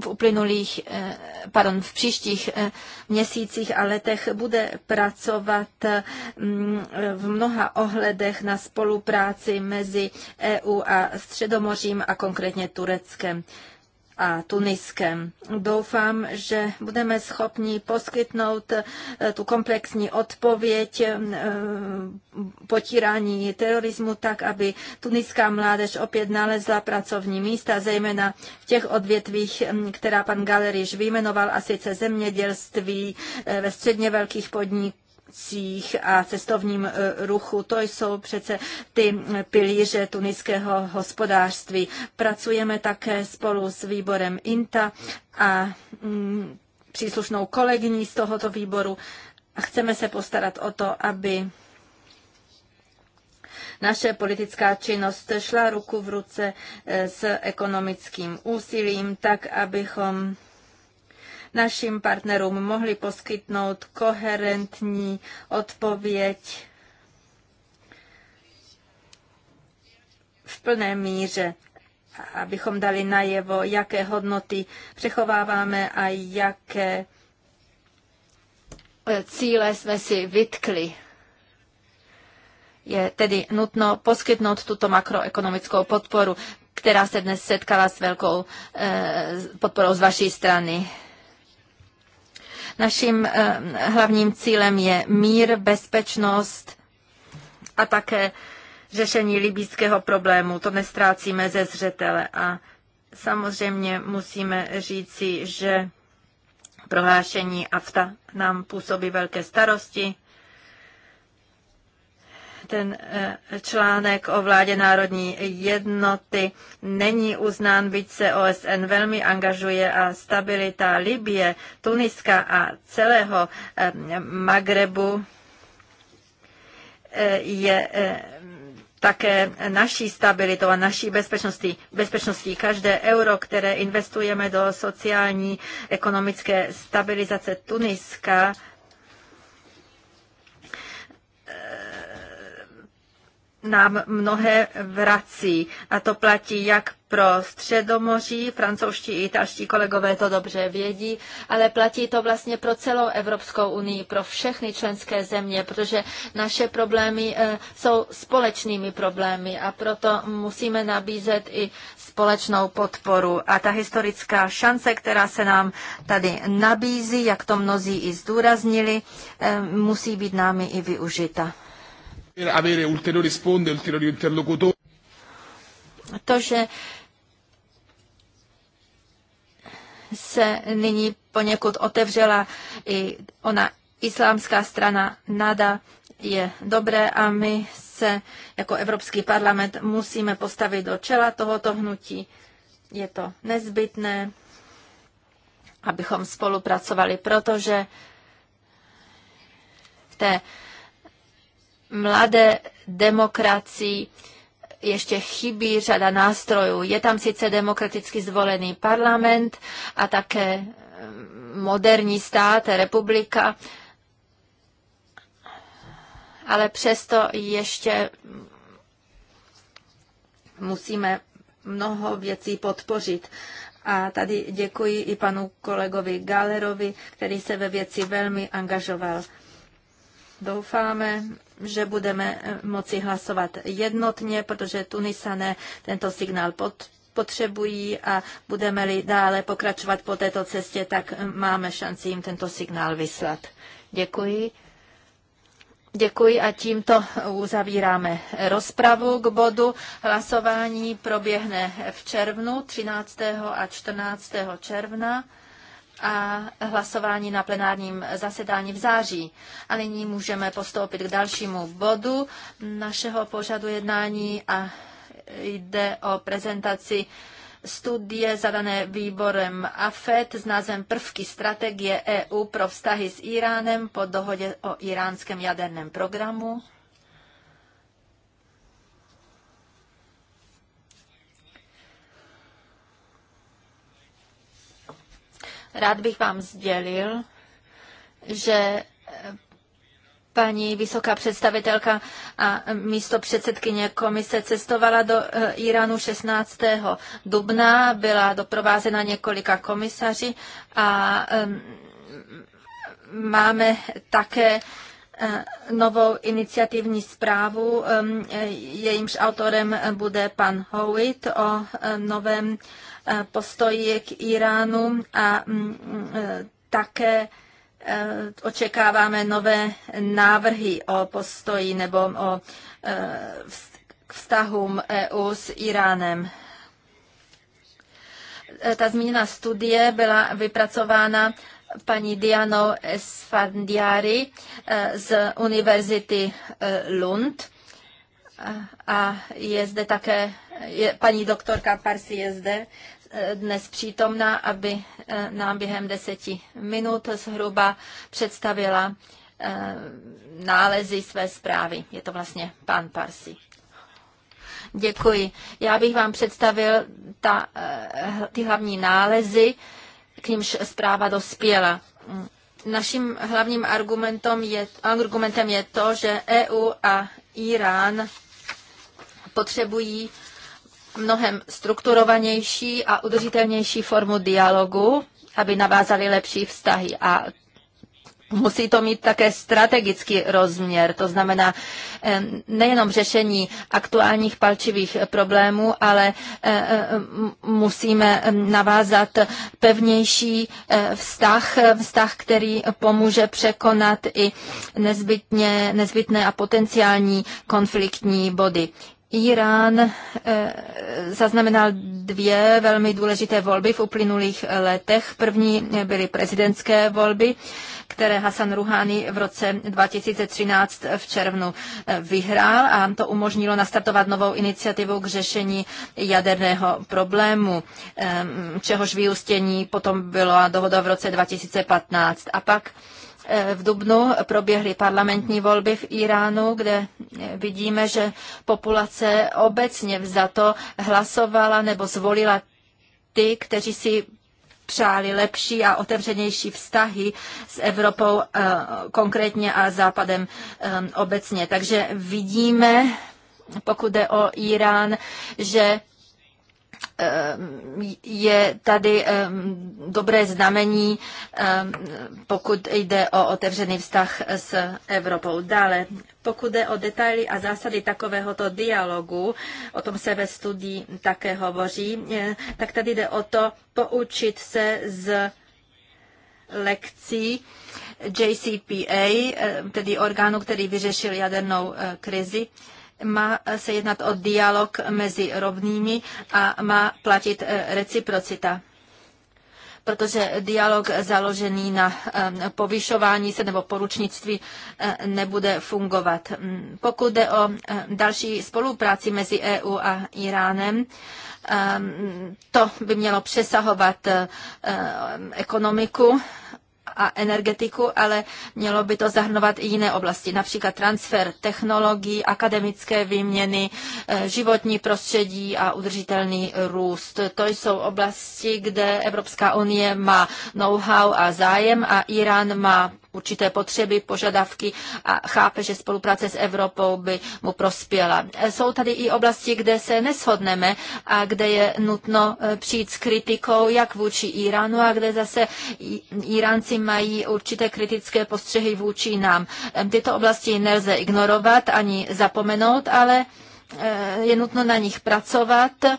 v uplynulých, eh, pardon, v příštích eh, měsících a letech bude pracovat mm, v mnoha ohledech na spolupráci mezi EU a Středomořím a konkrétně Tureckem a Tuniskem. Doufám, že budeme schopni poskytnout eh, tu komplexní odpověď eh, potírání terorismu tak, aby tuniská mládež opět nalezla pracovní místa, zejména v těch odvětvích, mm, která pan Galeriš vyjmenoval, a sice zemědělství eh, ve středně velkých podnik, migracích a cestovním e, ruchu. To jsou přece ty pilíře tuniského hospodářství. Pracujeme také spolu s výborem INTA a mm, příslušnou kolegyní z tohoto výboru a chceme se postarat o to, aby naše politická činnost šla ruku v ruce e, s ekonomickým úsilím, tak abychom našim partnerům mohli poskytnout koherentní odpověď v plné míře abychom dali najevo, jaké hodnoty přechováváme a jaké eh, cíle jsme si vytkli. Je tedy nutno poskytnout tuto makroekonomickou podporu, která se dnes setkala s velkou eh, podporou z vaší strany. Naším eh, hlavním cílem je mír, bezpečnost a také řešení libýského problému. To nestrácíme ze zřetele a samozřejmě musíme říci, že prohlášení AFTA nám působí velké starosti ten eh, článek o vládě národní jednoty není uznán, byť se OSN velmi angažuje a stabilita Libie, Tuniska a celého eh, Magrebu eh, je také naší stabilitou a naší bezpečností. bezpečností. Každé euro, které investujeme do sociální ekonomické stabilizace Tuniska, nám mnohé vrací. A to platí jak pro Středomoří, francouzští i italští kolegové to dobře vědí, ale platí to vlastně pro celou Evropskou unii, pro všechny členské země, protože naše problémy eh, jsou společnými problémy a proto musíme nabízet i společnou podporu. A ta historická šance, která se nám tady nabízí, jak to mnozí i zdůraznili, eh, musí být námi i využita. Avere ulteriori sponde, ulteriori interlocutori. To, že se nyní poněkud otevřela i ona islámská strana NADA, je dobré a my se jako Evropský parlament musíme postavit do čela tohoto hnutí. Je to nezbytné, abychom spolupracovali, protože v té mladé demokracii ještě chybí řada nástrojů. Je tam sice demokraticky zvolený parlament a také eh, moderní stát, republika, ale přesto ještě musíme mnoho věcí podpořit. A tady děkuji i panu kolegovi Galerovi, který se ve věci velmi angažoval. Doufáme, že budeme eh, moci hlasovat jednotně, protože Tunisané tento signál pod potřebují a budeme-li dále pokračovat po této cestě, tak eh, máme šanci jim tento signál vyslat. Děkuji. Děkuji a tímto uzavíráme rozpravu k bodu. Hlasování proběhne v červnu, 13. a 14. června a hlasování na plenárním zasedání v září. A nyní můžeme postoupit k dalšímu bodu našeho pořadu jednání a jde o prezentaci studie zadané výborem AFET s názvem Prvky strategie EU pro vztahy s Iránem po dohodě o iránském jaderném programu. Rád bych vám sdělil, že eh, paní vysoká představitelka a místo předsedkyně komise cestovala do eh, Iránu 16. dubna, byla doprovázena několika komisaři a máme také eh, novou iniciativní zprávu, jejímž autorem bude pan Howitt o novém Eh, postoji k Iránu a mm, mm, eh, také eh, očekáváme nové návrhy o postoji nebo o vztahům EU s Iránem. Ta zmíněná studie byla vypracována paní Dianou Esfandiari z Univerzity Lund a je zde také, je, paní doktorka Parsi je zde eh, dnes přítomná, aby eh, nám během deseti minut zhruba představila eh, nálezy své zprávy. Je to vlastně pan Parsi. Děkuji. Já bych vám představil ta, ty hlavní nálezy, k nímž zpráva dospěla. Naším hlavním argumentem je, argumentem je to, že EU a Irán potřebují mnohem strukturovanější a udržitelnější formu dialogu, aby navázali lepší vztahy. A musí to mít také strategický rozměr, to znamená eh, nejenom řešení aktuálních palčivých problémů, ale eh, eh, musíme navázat pevnější vztah, vztah, který pomůže překonat i nezbytně, nezbytné a potenciální konfliktní body. Irán eh, zaznamenal dvě velmi důležité volby v uplynulých letech. První byly prezidentské volby, které Hasan Rouhani v roce 2013 v červnu eh, vyhrál a to umožnilo nastartovat novou iniciativu k řešení jaderného problému, eh, čehož vyústění potom byla dohoda v roce 2015. A pak Eh, v Dubnu proběhly parlamentní volby v Iránu, kde eh, vidíme, že populace obecně vzato hlasovala nebo zvolila ty, kteří si přáli lepší a otevřenější vztahy s Evropou eh, konkrétně a Západem obecně. Takže vidíme, pokud jde o Irán, že je tady dobré znamení, pokud jde o otevřený vztah s Evropou. Dále, pokud jde o detaily a zásady takovéhoto dialogu, o tom se ve studii také hovoří, tak tady jde o to poučit se z lekcí JCPA, tedy orgánu, který vyřešil jadernou e, krizi má se jednat o dialog mezi rovnými a má platit eh, reciprocita protože dialog založený na eh, povyšování se nebo poručnictví eh, nebude fungovat. Mm, pokud jde o další spolupráci mezi EU a Iránem, to by mělo přesahovat ekonomiku a energetiku, ale mělo by to zahrnovat i jiné oblasti, například transfer technologií, akademické výměny, eh, životní prostředí a udržitelný růst. To jsou oblasti, kde Evropská unie má know-how a zájem a Irán má určité potřeby, požadavky a chápe, že spolupráce s Evropou by mu prospěla. Jsou tady i oblasti, kde se neshodneme a kde je nutno e, přijít s kritikou jak vůči Iránu a kde zase Iránci mají určité kritické postřehy vůči nám. E, tyto oblasti nelze ignorovat ani zapomenout, ale Eh, je nutno na nich pracovat, eh,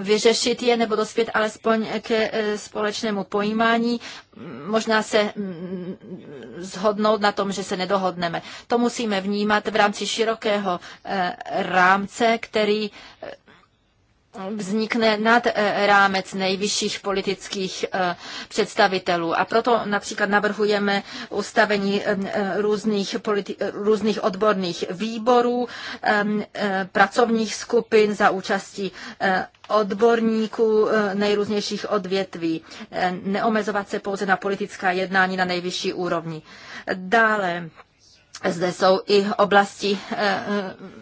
vyřešit je nebo dospět alespoň ke eh, společnému pojímání, možná se zhodnout mm, na tom, že se nedohodneme. To musíme vnímat v rámci širokého rámce, který vznikne nad eh, rámec nejvyšších politických eh, představitelů. A proto například navrhujeme ustavení eh, různých, různých odborných výborů, pracovních skupin za účastí odborníků nejrůznějších odvětví. Neomezovat se pouze na politická jednání na nejvyšší úrovni. Dále zde jsou i oblasti eh,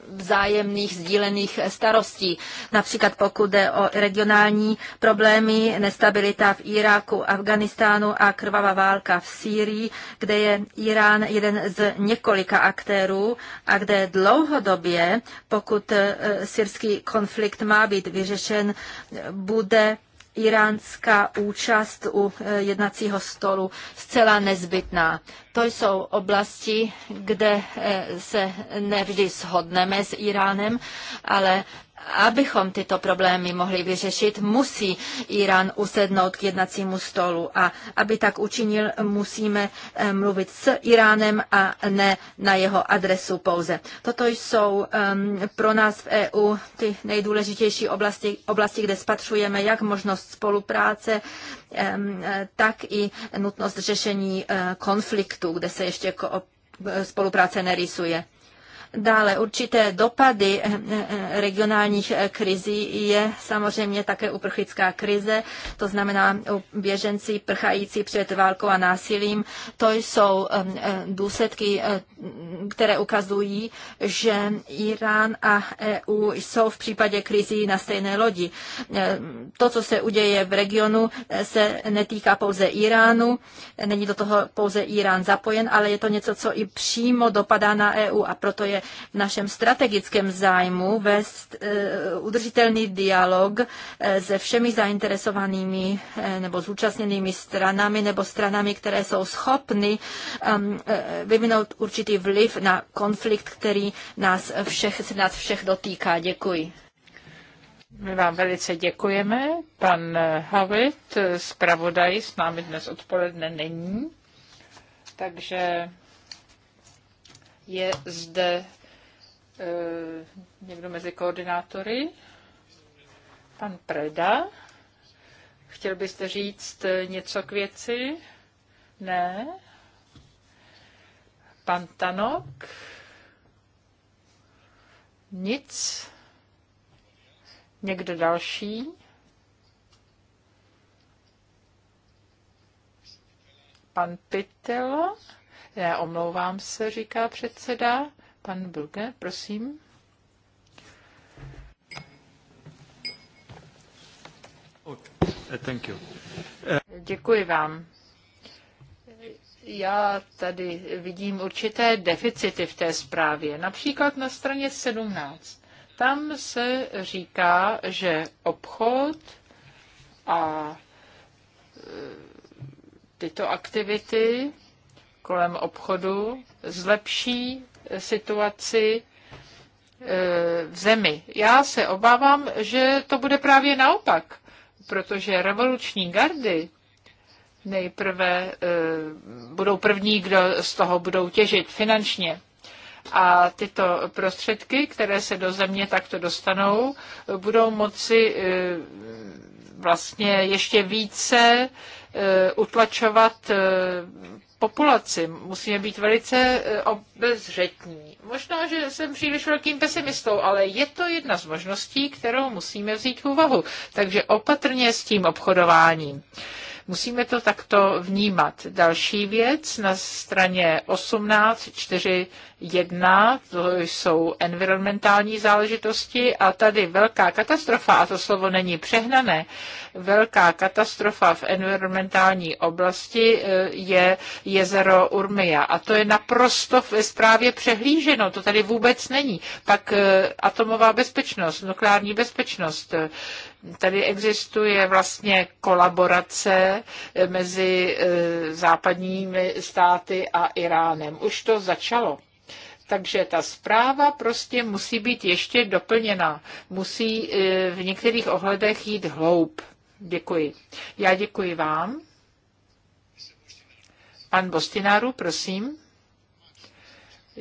vzájemných sdílených starostí. Například pokud jde o regionální problémy, nestabilita v Iráku, Afganistánu a krvavá válka v Sýrii, kde je Irán jeden z několika aktérů a kde dlouhodobě, pokud eh, syrský konflikt má být vyřešen, bude iránská účast u eh, jednacího stolu zcela nezbytná. To jsou oblasti, kde eh, se nevždy shodneme s Iránem, ale abychom tyto problémy mohli vyřešit, musí Irán usednout k jednacímu stolu a aby tak učinil, musíme eh, mluvit s Iránem a ne na jeho adresu pouze. Toto jsou um, pro nás v EU ty nejdůležitější oblasti, oblasti kde spatřujeme jak možnost spolupráce, um, tak i nutnost řešení uh, konfliktu, kde se ještě spolupráce nerýsuje. Dále určité dopady eh, eh, regionálních eh, krizí je samozřejmě také uprchlická krize, to znamená běženci prchající před válkou a násilím. To jsou důsledky, které ukazují, že Irán a EU jsou v případě krizí na stejné lodi. To, co se uděje v regionu, se netýká pouze Iránu, není do toho pouze Irán zapojen, ale je to něco, co i přímo dopadá na EU a proto je v našem strategickém zájmu vést eh, udržitelný dialog eh, se všemi zainteresovanými eh, nebo zúčastněnými stranami nebo stranami, které jsou schopny ehm, vyvinout určitý vliv na konflikt, který nás všech, se nás všech dotýká. Děkuji. My vám velice děkujeme. Pan Havit, zpravodaj, s námi dnes odpoledne není, takže je zde eh, někdo mezi koordinátory? Pan Preda. Chtěl byste říct eh, něco k věci? Ne. Pan Tanok? Nic. Někdo další? Pan Pitelo? Já omlouvám se, říká předseda. Pan Bilge, prosím. Thank you. Děkuji vám. Já tady vidím určité deficity v té zprávě, například na straně 17. Tam se říká, že obchod a e, tyto aktivity kolem obchodu zlepší situaci e, v zemi. Já se obávám, že to bude právě naopak, protože revoluční gardy nejprve e, budou první, kdo z toho budou těžit finančně a tyto prostředky, které se do země takto dostanou, budou moci e, vlastně ještě více utlačovat populaci. Musíme být velice e, obezřetní. Možná, že jsem příliš velkým pesimistou, ale je to jedna z možností, kterou musíme vzít v úvahu. Takže opatrně s tím obchodováním. Musíme to takto vnímat. Další věc na straně 18.4.1, to jsou environmentální záležitosti a tady velká katastrofa, a to slovo není přehnané, velká katastrofa v environmentální oblasti eh, je jezero Urmia a to je naprosto ve zprávě přehlíženo, to tady vůbec není. Pak eh, atomová bezpečnost, nukleární bezpečnost, Tady existuje vlastně kolaborace eh, mezi eh, západními státy a Iránem. Už to začalo. Takže ta zpráva prostě musí být ještě doplněna. Musí eh, v některých ohledech jít hloub. Děkuji. Já děkuji vám. Pan Bostináru, prosím.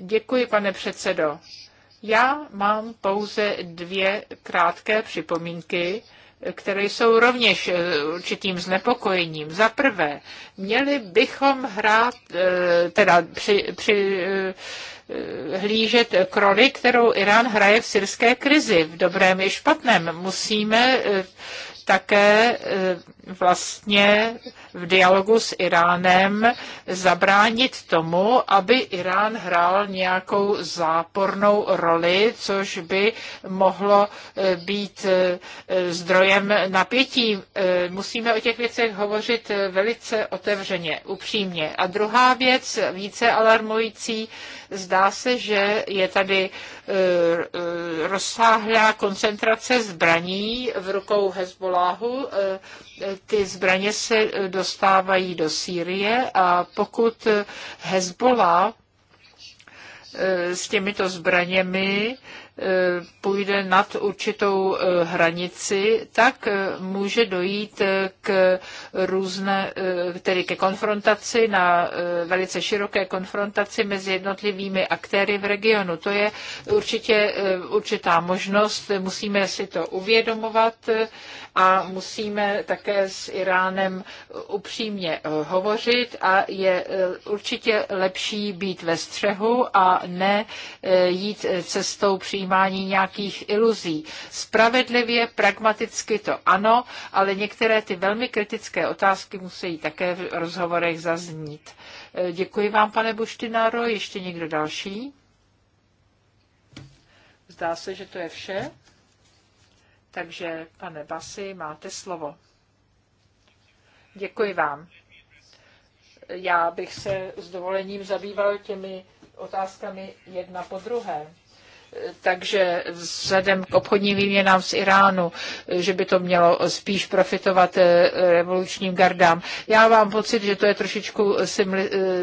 Děkuji, pane předsedo. Já mám pouze dvě krátké připomínky které jsou rovněž eh, určitým znepokojením. Za prvé, měli bychom hrát, eh, teda při, při eh, hlížet k roli, kterou Irán hraje v syrské krizi, v dobrém i špatném. Musíme také eh, vlastně v dialogu s Iránem zabránit tomu, aby Irán hrál nějakou zápornou roli, což by mohlo eh, být eh, zdrojem napětí. Musíme o těch věcech hovořit velice otevřeně, upřímně. A druhá věc, více alarmující, zdá se, že je tady Eh, eh, rozsáhlá koncentrace zbraní v rukou Hezboláhu. Eh, ty zbraně se dostávají do Sýrie a pokud Hezbola s těmito zbraněmi E, půjde nad určitou e, hranici, tak e, může dojít k různé, tedy ke konfrontaci, na velice široké konfrontaci mezi jednotlivými aktéry v regionu. To je určitě určitá možnost, musíme si to uvědomovat a musíme také s Iránem upřímně eh, hovořit a je eh, určitě lepší být ve střehu a ne eh, jít cestou přijímání nějakých iluzí. Spravedlivě, pragmaticky to ano, ale některé ty velmi kritické otázky musí také v rozhovorech zaznít. Děkuji vám, pane Buštináro. Ještě někdo další? Zdá se, že to je vše. Takže, pane Basi, máte slovo. Děkuji vám. Já bych se s dovolením zabýval těmi otázkami jedna po druhé takže vzhledem k obchodním výměnám z Iránu, že by to mělo spíš profitovat eh, revolučním gardám. Já mám pocit, že to je trošičku eh,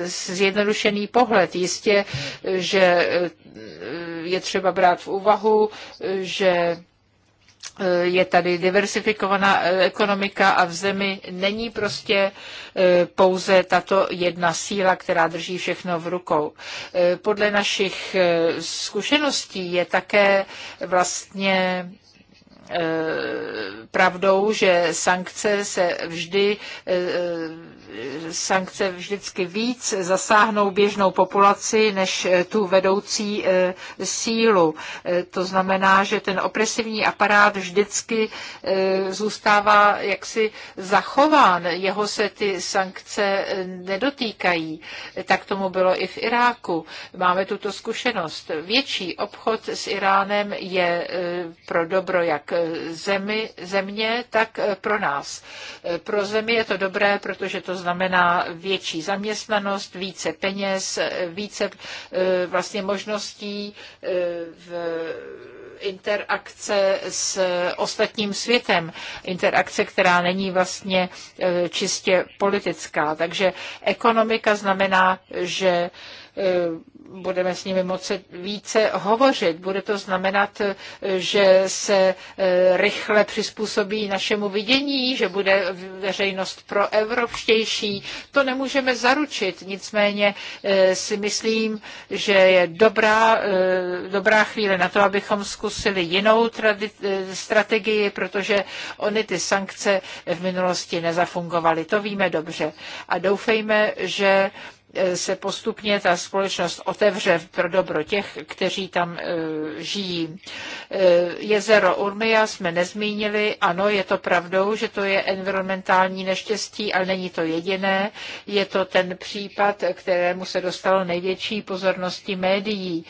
zjednodušený pohled. Jistě, že eh, je třeba brát v úvahu, že Eh, je tady diversifikovaná eh, ekonomika a v zemi není prostě eh, pouze tato jedna síla, která drží všechno v rukou. Podle našich zkušeností je také vlastně Eh, pravdou, že sankce se vždy eh, sankce vždycky víc zasáhnou běžnou populaci než eh, tu vedoucí sílu. To znamená, že ten opresivní aparát vždycky zůstává jaksi zachován. Jeho se ty sankce nedotýkají. Tak tomu bylo i v Iráku. Máme tuto zkušenost. Větší obchod s Iránem je pro dobro jak zemi, země, tak e, pro nás. E, pro zemi je to dobré, protože to znamená větší zaměstnanost, více peněz, e, více vlastně možností v interakce s ostatním světem, interakce, která není vlastně čistě politická. Takže ekonomika znamená, že budeme s nimi moci více hovořit. Bude to znamenat, že se eh, rychle přizpůsobí našemu vidění, že bude veřejnost proevropštější. To nemůžeme zaručit. Nicméně eh, si myslím, že je dobrá, eh, dobrá chvíle na to, abychom zkusili jinou strategii, protože ony ty sankce v minulosti nezafungovaly. To víme dobře. A doufejme, že Eh, se postupně ta společnost otevře pro dobro těch, kteří tam eh, žijí. Eh, jezero Urmia jsme nezmínili, ano, je to pravdou, že to je environmentální neštěstí, ale není to jediné. Je to ten případ, kterému se dostalo největší pozornosti médií,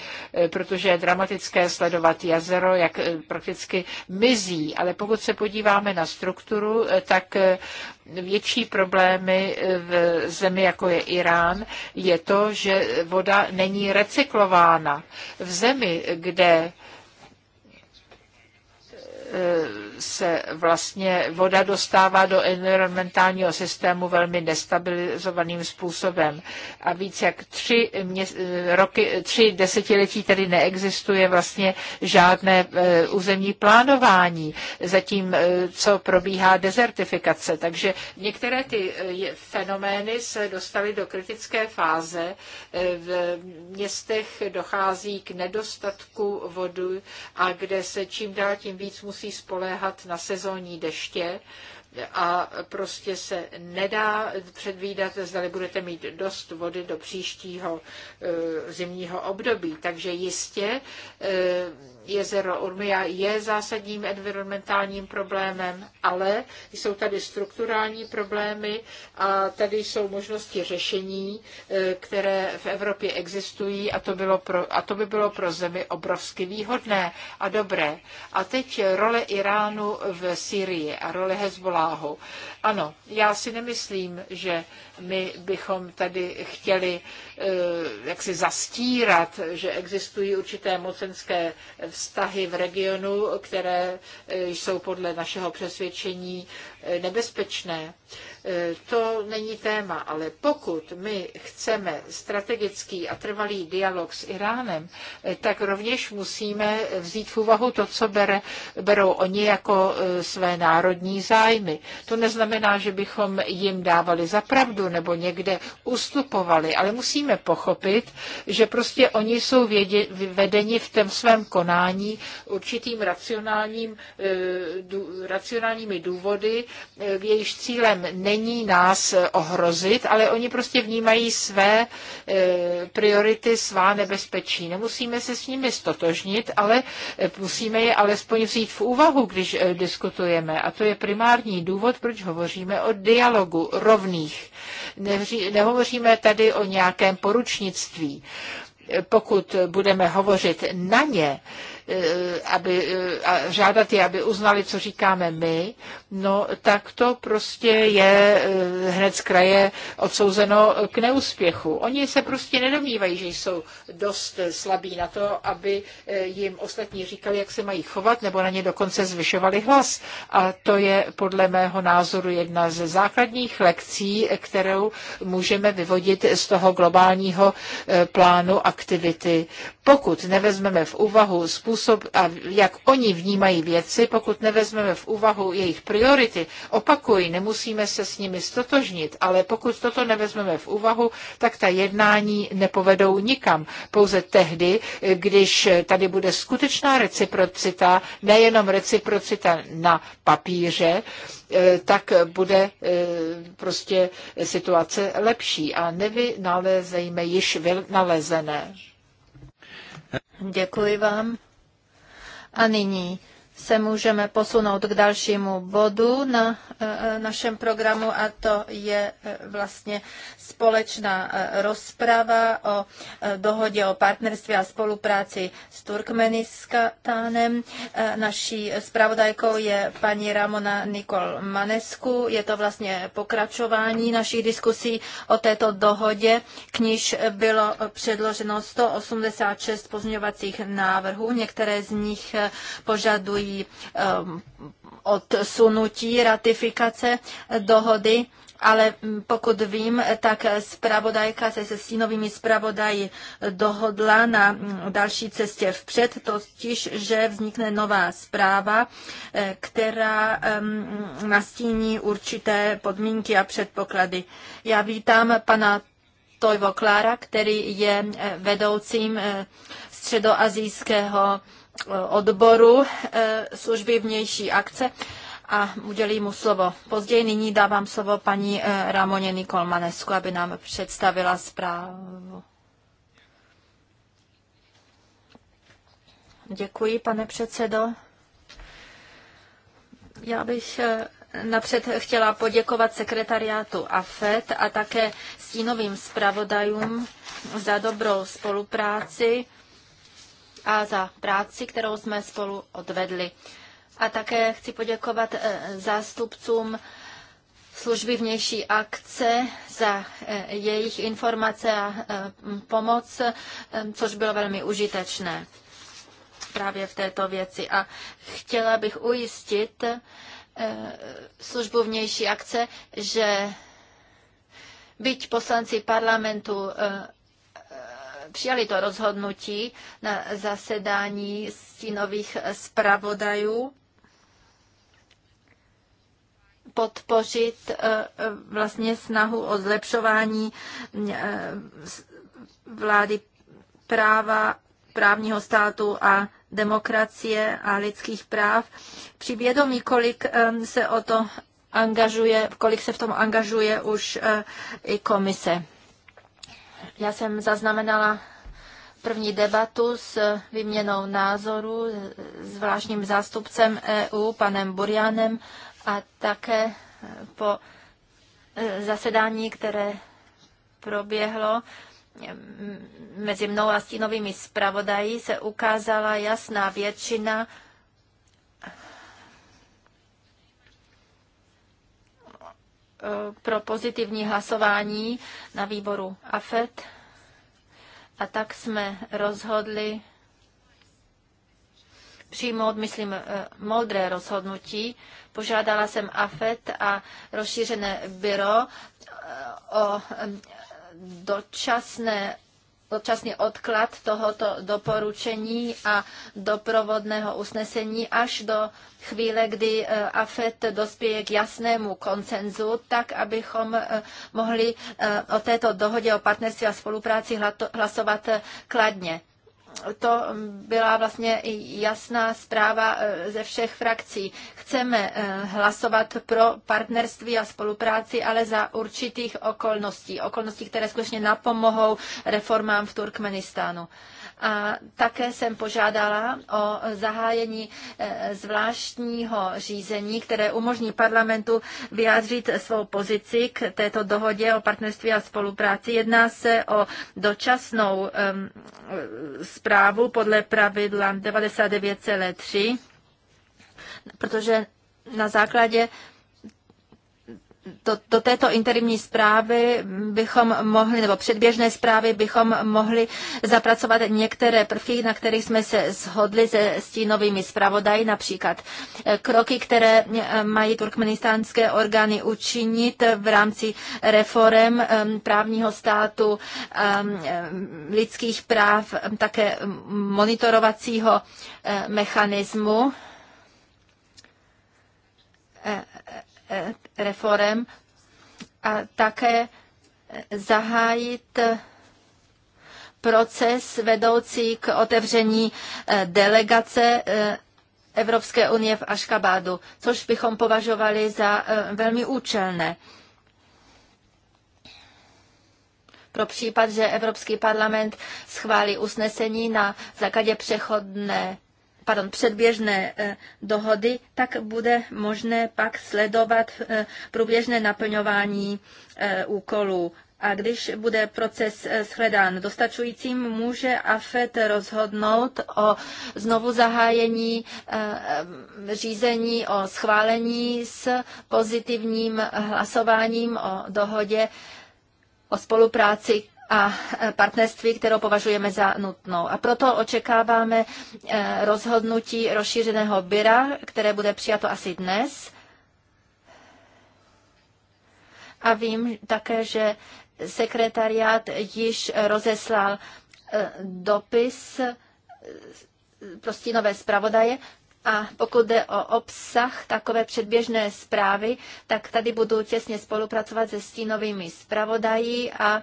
protože je dramatické sledovat jezero, jak prakticky mizí. Ale pokud se podíváme na strukturu, tak větší problémy eh, v zemi, jako je Irán, je to, že voda není recyklována. V zemi, kde se vlastně voda dostává do environmentálního systému velmi nestabilizovaným způsobem. A víc jak tři, mě, roky, tři desetiletí tedy neexistuje vlastně žádné e, územní plánování, zatím e, co probíhá dezertifikace. Takže některé ty e, fenomény se dostaly do kritické fáze. V městech dochází k nedostatku vody a kde se čím dál tím víc musí musí spoléhat na sezónní deště a prostě se nedá předvídat, zda budete mít dost vody do příštího eh, zimního období. Takže jistě eh, jezero Urmia je zásadním environmentálním problémem, ale jsou tady strukturální problémy a tady jsou možnosti řešení, eh, které v Evropě existují a to, bylo pro, a to by bylo pro zemi obrovsky výhodné a dobré. A teď role Iránu v Syrii a role Hezboláhu. Ano, já si nemyslím, že my bychom tady chtěli eh, jaksi zastírat, že existují určité mocenské vztahy v regionu, které eh, jsou podle našeho přesvědčení nebezpečné, e, to není téma, ale pokud my chceme strategický a trvalý dialog s Iránem, e, tak rovněž musíme vzít v úvahu to, co bere, berou oni jako e, své národní zájmy. To neznamená, že bychom jim dávali za pravdu nebo někde ustupovali, ale musíme pochopit, že prostě oni jsou vědě, vedeni v tom svém konání určitým racionálním, racionálními důvody, Eh, jejichž cílem není nás eh, ohrozit, ale oni prostě vnímají své eh, priority, svá nebezpečí. Nemusíme se s nimi stotožnit, ale musíme je alespoň vzít v úvahu, když diskutujeme. A to je primární důvod, proč hovoříme o dialogu rovných. nehovoříme tady o nějakém poručnictví pokud budeme hovořit na ně, Eh, aby, eh, a žádat je, aby uznali, co říkáme my, no tak to prostě je eh, hned z kraje odsouzeno k neúspěchu. Oni se prostě nedomnívají, že jsou dost slabí na to, aby jim ostatní říkali, jak se mají chovat, nebo na ně dokonce zvyšovali hlas. A to je podle mého názoru jedna ze základních lekcí, kterou můžeme vyvodit z toho globálního plánu aktivity. Pokud nevezmeme v úvahu způsob, způsob a jak oni vnímají věci, pokud nevezmeme v úvahu jejich priority. Opakuji, nemusíme se s nimi stotožnit, ale pokud toto nevezmeme v úvahu, tak ta jednání nepovedou nikam. Pouze tehdy, když tady bude skutečná reciprocita, nejenom reciprocita na papíře, eh, tak bude eh, prostě situace lepší a nevynalezejme již vynalezené. Děkuji vám. A nyní se můžeme posunout k dalšímu bodu na e, e, našem programu a to je e, vlastně společná e, rozprava o e, dohodě o partnerství a spolupráci s Turkmenistánem. E, naší zpravodajkou je paní Ramona Nikol Manesku. Je to vlastně pokračování našich diskusí o této dohodě, k níž bylo předloženo 186 pozměňovacích návrhů. Některé z nich požadují odsunutí ratifikace dohody ale pokud vím, tak spravodajka se se sínovými spravodají dohodla na další cestě vpřed, totiž, že vznikne nová zpráva, eh, která nastíní určité podmínky a předpoklady. Já vítám pana Tojvo Klára, který je eh, vedoucím eh, středoazijského odboru služby vnější akce a udělím mu slovo. Později nyní dávám slovo paní eh, Ramoně Nikolmanesku, aby nám představila zprávu. Děkuji, pane předsedo. Já bych eh, napřed chtěla poděkovat sekretariátu AFET a také stínovým zpravodajům za dobrou spolupráci a za práci, kterou jsme spolu odvedli. A také chci poděkovat eh, zástupcům služby vnější akce za eh, jejich informace a eh, pomoc, což bylo velmi užitečné právě v této věci. A chtěla bych ujistit službu vnější akce, že byť poslanci parlamentu přijali to rozhodnutí na zasedání stínových zpravodajů, podpořit eh, vlastně snahu o zlepšování eh, vlády práva, právního státu a demokracie a lidských práv. Při vědomí, kolik eh, se o to angažuje, kolik se v tom angažuje už i komise. Já jsem zaznamenala první debatu s výměnou názoru s zvláštním zástupcem EU, panem Burianem a také po e, zasedání, které proběhlo mezi mnou a stínovými zpravodají, se ukázala jasná většina e, pro pozitivní hlasování na výboru AFET. A tak jsme rozhodli přijmout, myslím, e, modré rozhodnutí Požádala jsem AFET a rozšířené byro eh, o eh, dočasné dočasný odklad tohoto doporučení a doprovodného usnesení až do chvíle, kdy eh, AFET dospěje k jasnému koncenzu, tak abychom mohli o této dohodě o partnerství a spolupráci hlasovat kladně to byla vlastně jasná zpráva eh, ze všech frakcí. Chceme eh, hlasovat pro partnerství a spolupráci, ale za určitých okolností. Okolností, které skutečně napomohou reformám v Turkmenistánu a také jsem požádala o zahájení eh, zvláštního řízení, které umožní parlamentu vyjádřit svou pozici k této dohodě o partnerství a spolupráci. Jedná se o dočasnou eh, zprávu podle pravidla 99,3 protože na základě do, do této interimní zprávy bychom mohli, nebo předběžné zprávy bychom mohli zapracovat některé prvky, na kterých jsme se shodli se stínovými zpravodaji, například eh, kroky, které eh, mají turkmenistánské orgány učinit v rámci reform eh, právního státu, lidských práv, také monitorovacího mechanismu reform a také zahájit proces vedoucí k otevření eh, delegace eh, Evropské unie v Aškabádu, což bychom považovali za eh, velmi účelné. Pro případ, že Evropský parlament schválí usnesení na základě přechodné pardon, předběžné eh, dohody, tak bude možné pak sledovat eh, průběžné naplňování eh, úkolů. A když bude proces shledán dostačujícím, může AFET rozhodnout o znovu zahájení řízení, o schválení s pozitivním hlasováním o dohodě o spolupráci a e, partnerství, kterou považujeme za nutnou. A proto očekáváme e, rozhodnutí rozšířeného byra, které bude přijato asi dnes. A vím také, že sekretariát již rozeslal e, dopis prostínové zpravodaje a pokud jde o obsah takové předběžné zprávy, tak tady budu těsně spolupracovat se stínovými zpravodají a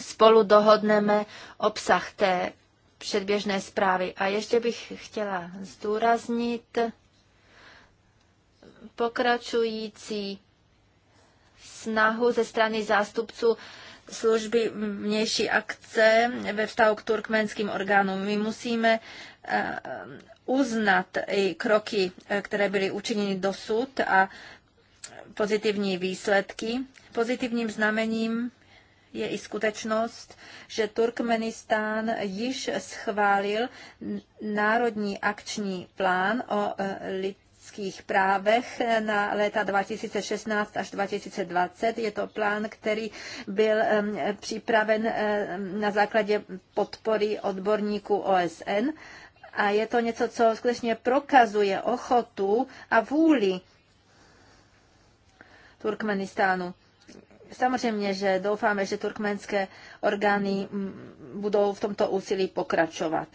spolu dohodneme obsah té předběžné zprávy. A ještě bych chtěla zdůraznit pokračující snahu ze strany zástupců služby vnější akce ve vztahu k turkmenským orgánům. My musíme eh, uznat i kroky, eh, které byly učiněny dosud a pozitivní výsledky. Pozitivním znamením je i skutečnost, že Turkmenistán již schválil národní akční plán o e, lidských právech na léta 2016 až 2020. Je to plán, který byl e, připraven e, na základě podpory odborníků OSN a je to něco, co skutečně prokazuje ochotu a vůli Turkmenistánu. Samozřejmě, že doufáme, že turkmenské orgány mm, budou v tomto úsilí pokračovat,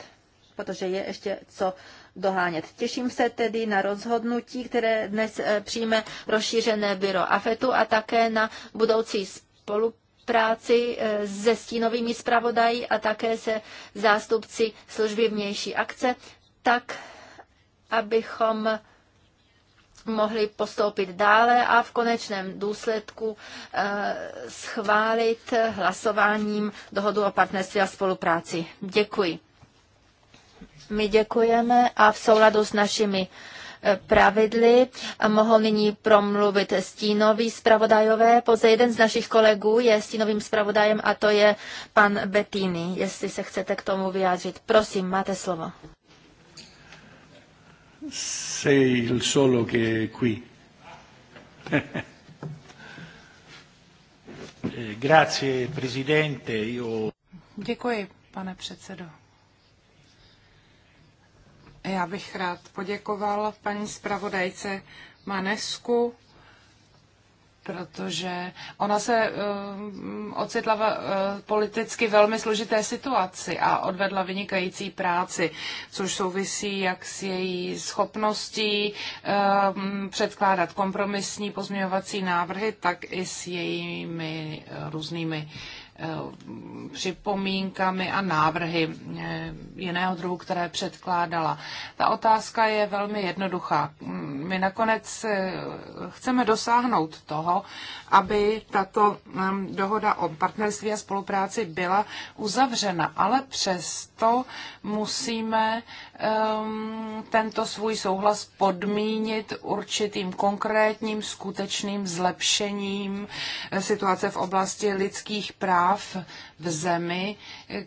protože je ještě co dohánět. Těším se tedy na rozhodnutí, které dnes eh, přijme rozšířené byro AFETu a také na budoucí spolupráci eh, se stínovými zpravodají a také se zástupci služby vnější akce, tak abychom mohli postoupit dále a v konečném důsledku eh, schválit hlasováním dohodu o partnerství a spolupráci. Děkuji. My děkujeme a v souladu s našimi eh, pravidly eh, mohou nyní promluvit stínoví zpravodajové. Pouze jeden z našich kolegů je stínovým zpravodajem a to je pan Bettini, jestli se chcete k tomu vyjádřit. Prosím, máte slovo. Sei il solo che è qui. Eh, grazie, presidente. Io... Děkuji, pane předsedo. Já bych rád poděkoval paní zpravodajce Manesku protože ona se uh, ocitla v uh, politicky velmi složité situaci a odvedla vynikající práci, což souvisí jak s její schopností uh, předkládat kompromisní pozměňovací návrhy, tak i s jejími uh, různými uh, Eh, připomínkami a návrhy eh, jiného druhu, které předkládala. Ta otázka je velmi jednoduchá. Mm, my nakonec eh, chceme dosáhnout toho, aby tato mm, dohoda o partnerství a spolupráci byla uzavřena, ale přes proto musíme um, tento svůj souhlas podmínit určitým konkrétním skutečným zlepšením eh, situace v oblasti lidských práv v zemi,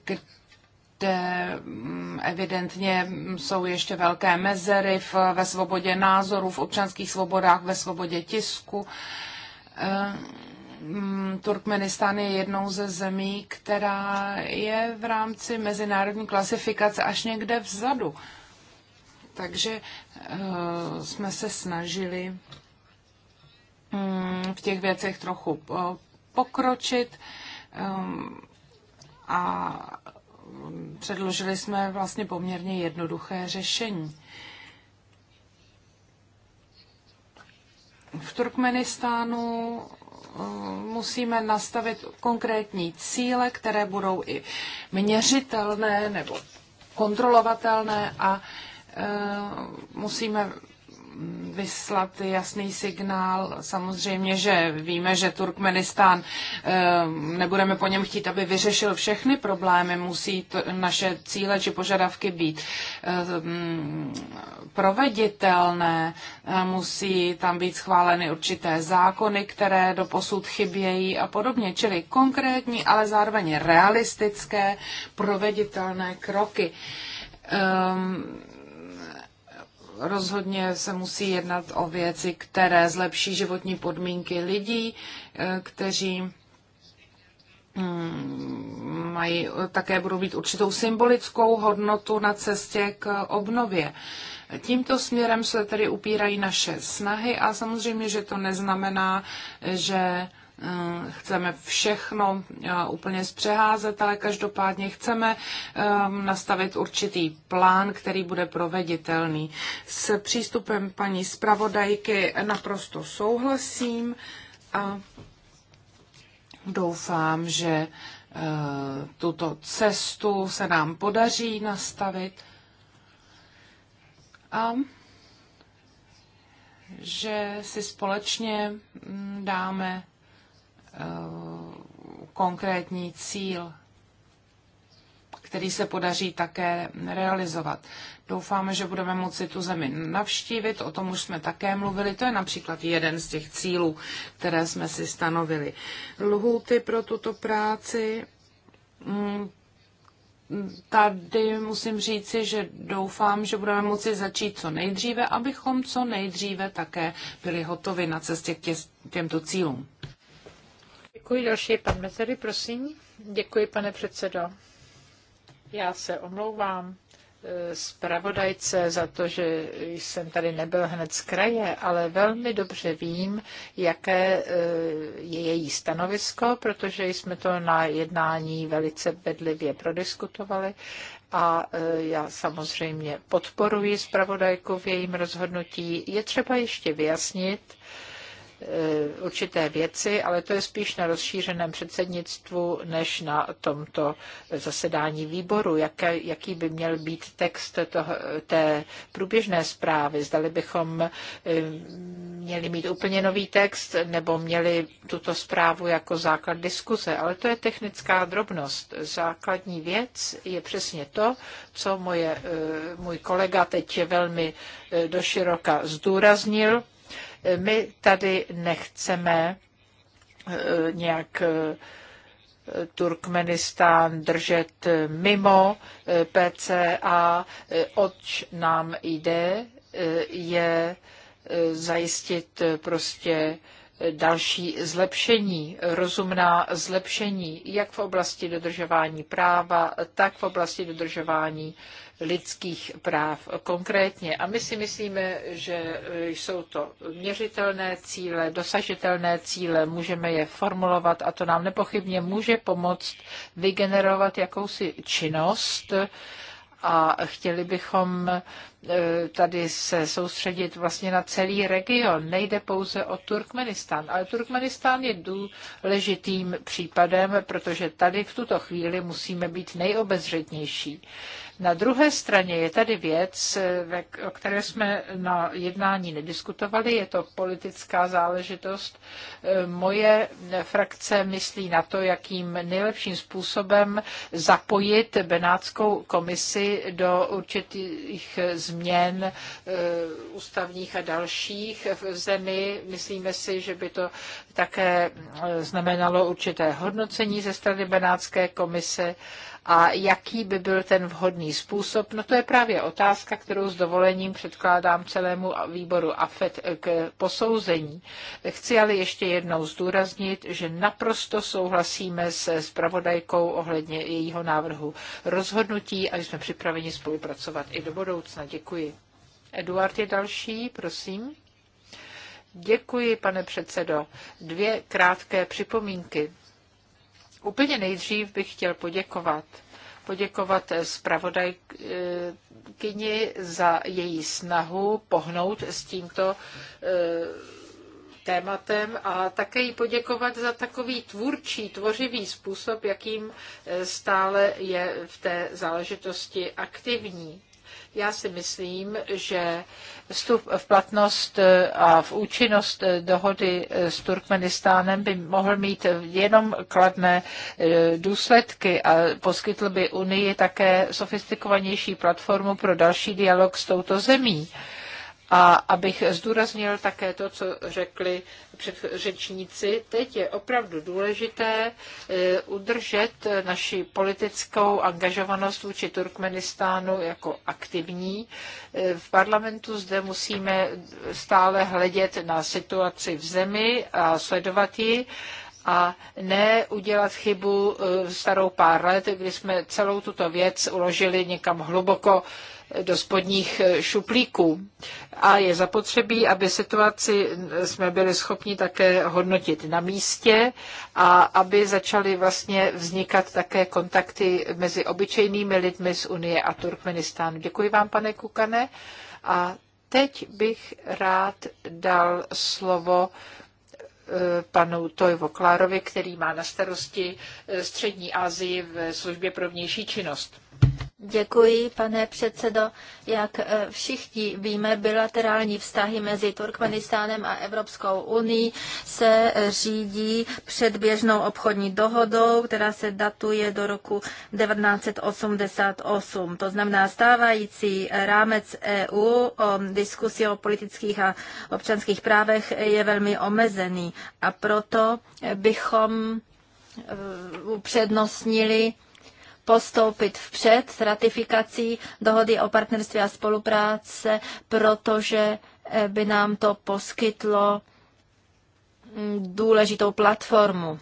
kde mm, evidentně jsou ještě velké mezery v, ve svobodě názorů, v občanských svobodách, ve svobodě tisku. Eh, Mm, Turkmenistán je jednou ze zemí, která je v rámci mezinárodní klasifikace až někde vzadu. Takže uh, jsme se snažili um, v těch věcech trochu uh, pokročit um, a předložili jsme vlastně poměrně jednoduché řešení. V Turkmenistánu Eh, musíme nastavit konkrétní cíle, které budou i měřitelné nebo kontrolovatelné a eh, musíme vyslat jasný signál. Samozřejmě, že víme, že Turkmenistán eh, nebudeme po něm chtít, aby vyřešil všechny problémy. Musí to, naše cíle či požadavky být eh, mm, proveditelné, eh, musí tam být schváleny určité zákony, které do posud chybějí a podobně. Čili konkrétní, ale zároveň realistické, proveditelné kroky. Um, rozhodně se musí jednat o věci, které zlepší životní podmínky lidí, eh, kteří mm, mají, také budou být určitou symbolickou hodnotu na cestě k obnově. Tímto směrem se tedy upírají naše snahy a samozřejmě, že to neznamená, že Eh, chceme všechno eh, úplně zpřeházet, ale každopádně chceme eh, nastavit určitý plán, který bude proveditelný. S přístupem paní zpravodajky naprosto souhlasím a doufám, že tuto cestu se nám podaří nastavit a že si společně hm, dáme Eh, konkrétní cíl, který se podaří také realizovat. Doufáme, že budeme moci tu zemi navštívit, o tom už jsme také mluvili, to je například jeden z těch cílů, které jsme si stanovili. Lhuty pro tuto práci mm, tady musím říci, že doufám, že budeme moci začít co nejdříve, abychom co nejdříve také byli hotovi na cestě k těmto cílům. Děkuji. Další je pan Mezery, prosím. Děkuji, pane předsedo. Já se omlouvám eh, zpravodajce za to, že jsem tady nebyl hned z kraje, ale velmi dobře vím, jaké eh, je její stanovisko, protože jsme to na jednání velice bedlivě prodiskutovali a eh, já samozřejmě podporuji zpravodajku v jejím rozhodnutí. Je třeba ještě vyjasnit, Eh, určité věci, ale to je spíš na rozšířeném předsednictvu než na tomto zasedání výboru. Jaké, jaký by měl být text toho, té průběžné zprávy? Zdali bychom eh, měli mít úplně nový text nebo měli tuto zprávu jako základ diskuze, ale to je technická drobnost. Základní věc je přesně to, co moje, eh, můj kolega teď velmi doširoka zdůraznil, my tady nechceme eh, nějak eh, Turkmenistán držet eh, mimo PCA. Oč nám jde, je zajistit prostě další zlepšení, rozumná zlepšení, jak v oblasti dodržování práva, tak v oblasti dodržování lidských práv konkrétně. A my si myslíme, že jsou to měřitelné cíle, dosažitelné cíle, můžeme je formulovat a to nám nepochybně může pomoct vygenerovat jakousi činnost, a chtěli bychom E, tady se soustředit vlastně na celý region. Nejde pouze o Turkmenistán, ale Turkmenistán je důležitým případem, protože tady v tuto chvíli musíme být nejobezřetnější. Na druhé straně je tady věc, e, o které jsme na jednání nediskutovali, je to politická záležitost. E, moje frakce myslí na to, jakým nejlepším způsobem zapojit Benátskou komisi do určitých změn změn eh, ústavních a dalších v zemi. Myslíme si, že by to také eh, znamenalo určité hodnocení ze strany Benátské komise a jaký by byl ten vhodný způsob? No to je právě otázka, kterou s dovolením předkládám celému výboru AFED k posouzení. Chci ale ještě jednou zdůraznit, že naprosto souhlasíme se zpravodajkou ohledně jejího návrhu rozhodnutí a jsme připraveni spolupracovat i do budoucna. Děkuji. Eduard je další, prosím. Děkuji, pane předsedo. Dvě krátké připomínky. Úplně nejdřív bych chtěl poděkovat poděkovat zpravodajkyni za její snahu pohnout s tímto e, tématem a také jí poděkovat za takový tvůrčí, tvořivý způsob, jakým e, stále je v té záležitosti aktivní. Já si myslím, že vstup v platnost a v účinnost dohody s Turkmenistánem by mohl mít jenom kladné e, důsledky a poskytl by Unii také sofistikovanější platformu pro další dialog s touto zemí. A abych zdůraznil také to, co řekli předřečníci, teď je opravdu důležité eh, udržet naši politickou angažovanost vůči Turkmenistánu jako aktivní. Eh, v parlamentu zde musíme stále hledět na situaci v zemi a sledovat ji a ne udělat chybu eh, starou pár let, kdy jsme celou tuto věc uložili někam hluboko do spodních eh, šuplíků. A je zapotřebí, aby situaci eh, jsme byli schopni také hodnotit na místě a aby začaly vlastně vznikat také kontakty mezi obyčejnými lidmi z Unie a Turkmenistánu. Děkuji vám, pane Kukane. A teď bych rád dal slovo eh, panu Tojvo Klárovi, který má na starosti Střední Asii v službě pro vnější činnost. Děkuji, pane předsedo. Jak eh, všichni víme, bilaterální vztahy mezi Turkmenistánem a Evropskou unii se eh, řídí předběžnou obchodní dohodou, která se datuje do roku 1988. To znamená stávající eh, rámec EU o diskusi o politických a občanských právech je velmi omezený a proto bychom upřednostnili postoupit vpřed s ratifikací dohody o partnerství a spolupráce, protože eh, by nám to poskytlo mm, důležitou platformu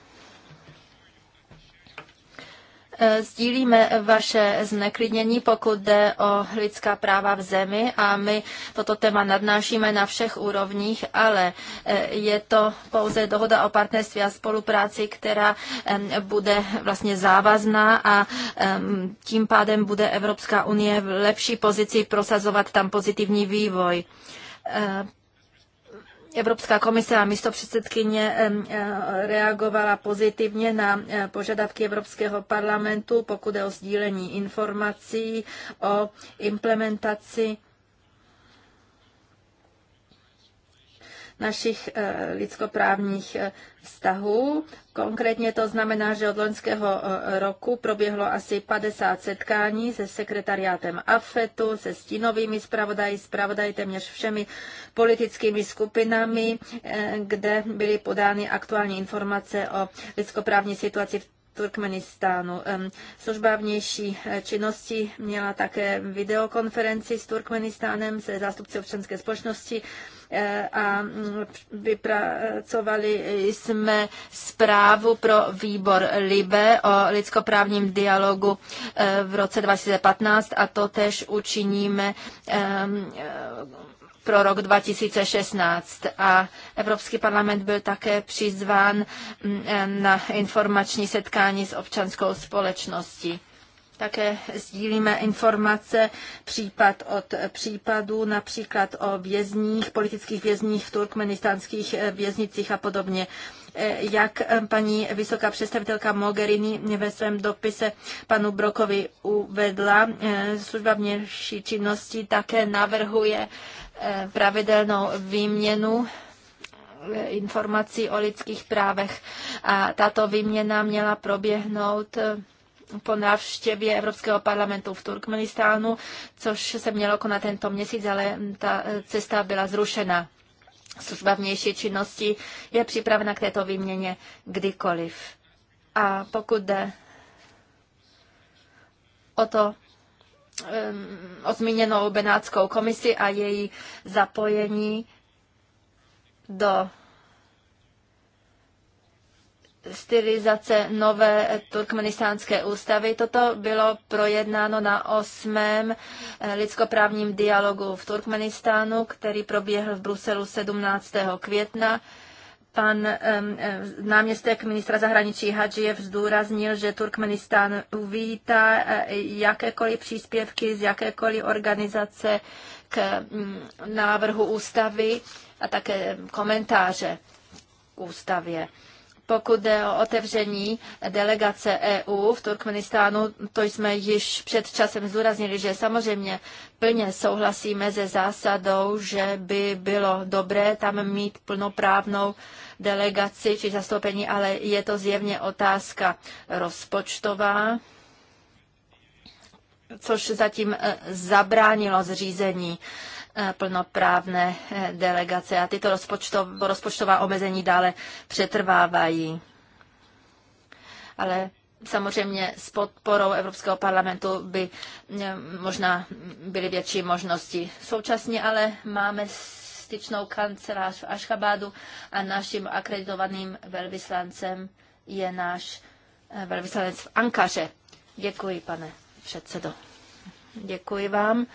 Eh, sdílíme vaše zneklidnění, pokud jde o lidská práva v zemi a my toto téma nadnášíme na všech úrovních, ale eh, je to pouze dohoda o partnerství a spolupráci, která bude vlastně závazná a tím pádem bude Evropská unie v lepší pozici prosazovat tam pozitivní vývoj eh, Evropská komise a místo předsedkyně eh, reagovala pozitivně na eh, požadavky Evropského parlamentu, pokud je o sdílení informací, o implementaci našich eh, lidskoprávních eh, vztahů. Konkrétně to znamená, že od loňského eh, roku proběhlo asi 50 setkání se sekretariátem AFETu, se stínovými zpravodaji, zpravodaji téměř všemi politickými skupinami, kde byly podány aktuální informace o lidskoprávní situaci v Turkmenistánu. Služba vnější činnosti měla také videokonferenci s Turkmenistánem se zástupci občanské společnosti a vypracovali jsme zprávu pro výbor LIBE o lidskoprávním dialogu eh, v roce 2015 a to tež učiníme ehm, eh, pro rok 2016. A Evropský parlament byl také přizván mm, eh, na informační setkání s občanskou společností. Také sdílíme informace případ od případů, například o vězních, politických vězních v turkmenistánských eh, věznicích a podobně. Eh, jak eh, paní vysoká představitelka Mogherini ve svém dopise panu Brokovi uvedla, služba vnější činnosti také navrhuje pravidelnou výměnu informací o lidských právech. A tato výměna měla proběhnout po návštěvě Evropského parlamentu v Turkmenistánu, což se mělo konat tento měsíc, ale ta e, cesta byla zrušena. Služba vnější činnosti je připravena k této výměně kdykoliv. A pokud jde o to, o zmíněnou Benátskou komisi a její zapojení do stylizace nové turkmenistánské ústavy. Toto bylo projednáno na osmém eh, lidskoprávním dialogu v Turkmenistánu, který proběhl v Bruselu 17. května. Pan um, náměstek ministra zahraničí Hadžijev zdůraznil, že Turkmenistán uvítá eh, jakékoliv příspěvky z jakékoliv organizace k mm, návrhu ústavy a také komentáře k ústavě. Pokud jde o otevření delegace EU v Turkmenistánu, to jsme již před časem zdůraznili, že samozřejmě plně souhlasíme se zásadou, že by bylo dobré tam mít plnoprávnou delegaci či zastoupení, ale je to zjevně otázka rozpočtová což zatím eh, zabránilo zřízení Eh, plnoprávné eh, delegace a tyto rozpočtová omezení dále přetrvávají. Ale samozřejmě s podporou Evropského parlamentu by eh, možná byly větší možnosti. Současně ale máme styčnou kancelář v Ašchabádu a naším akreditovaným velvyslancem je náš velvyslanec v Ankaře. Děkuji, pane předsedo. Děkuji vám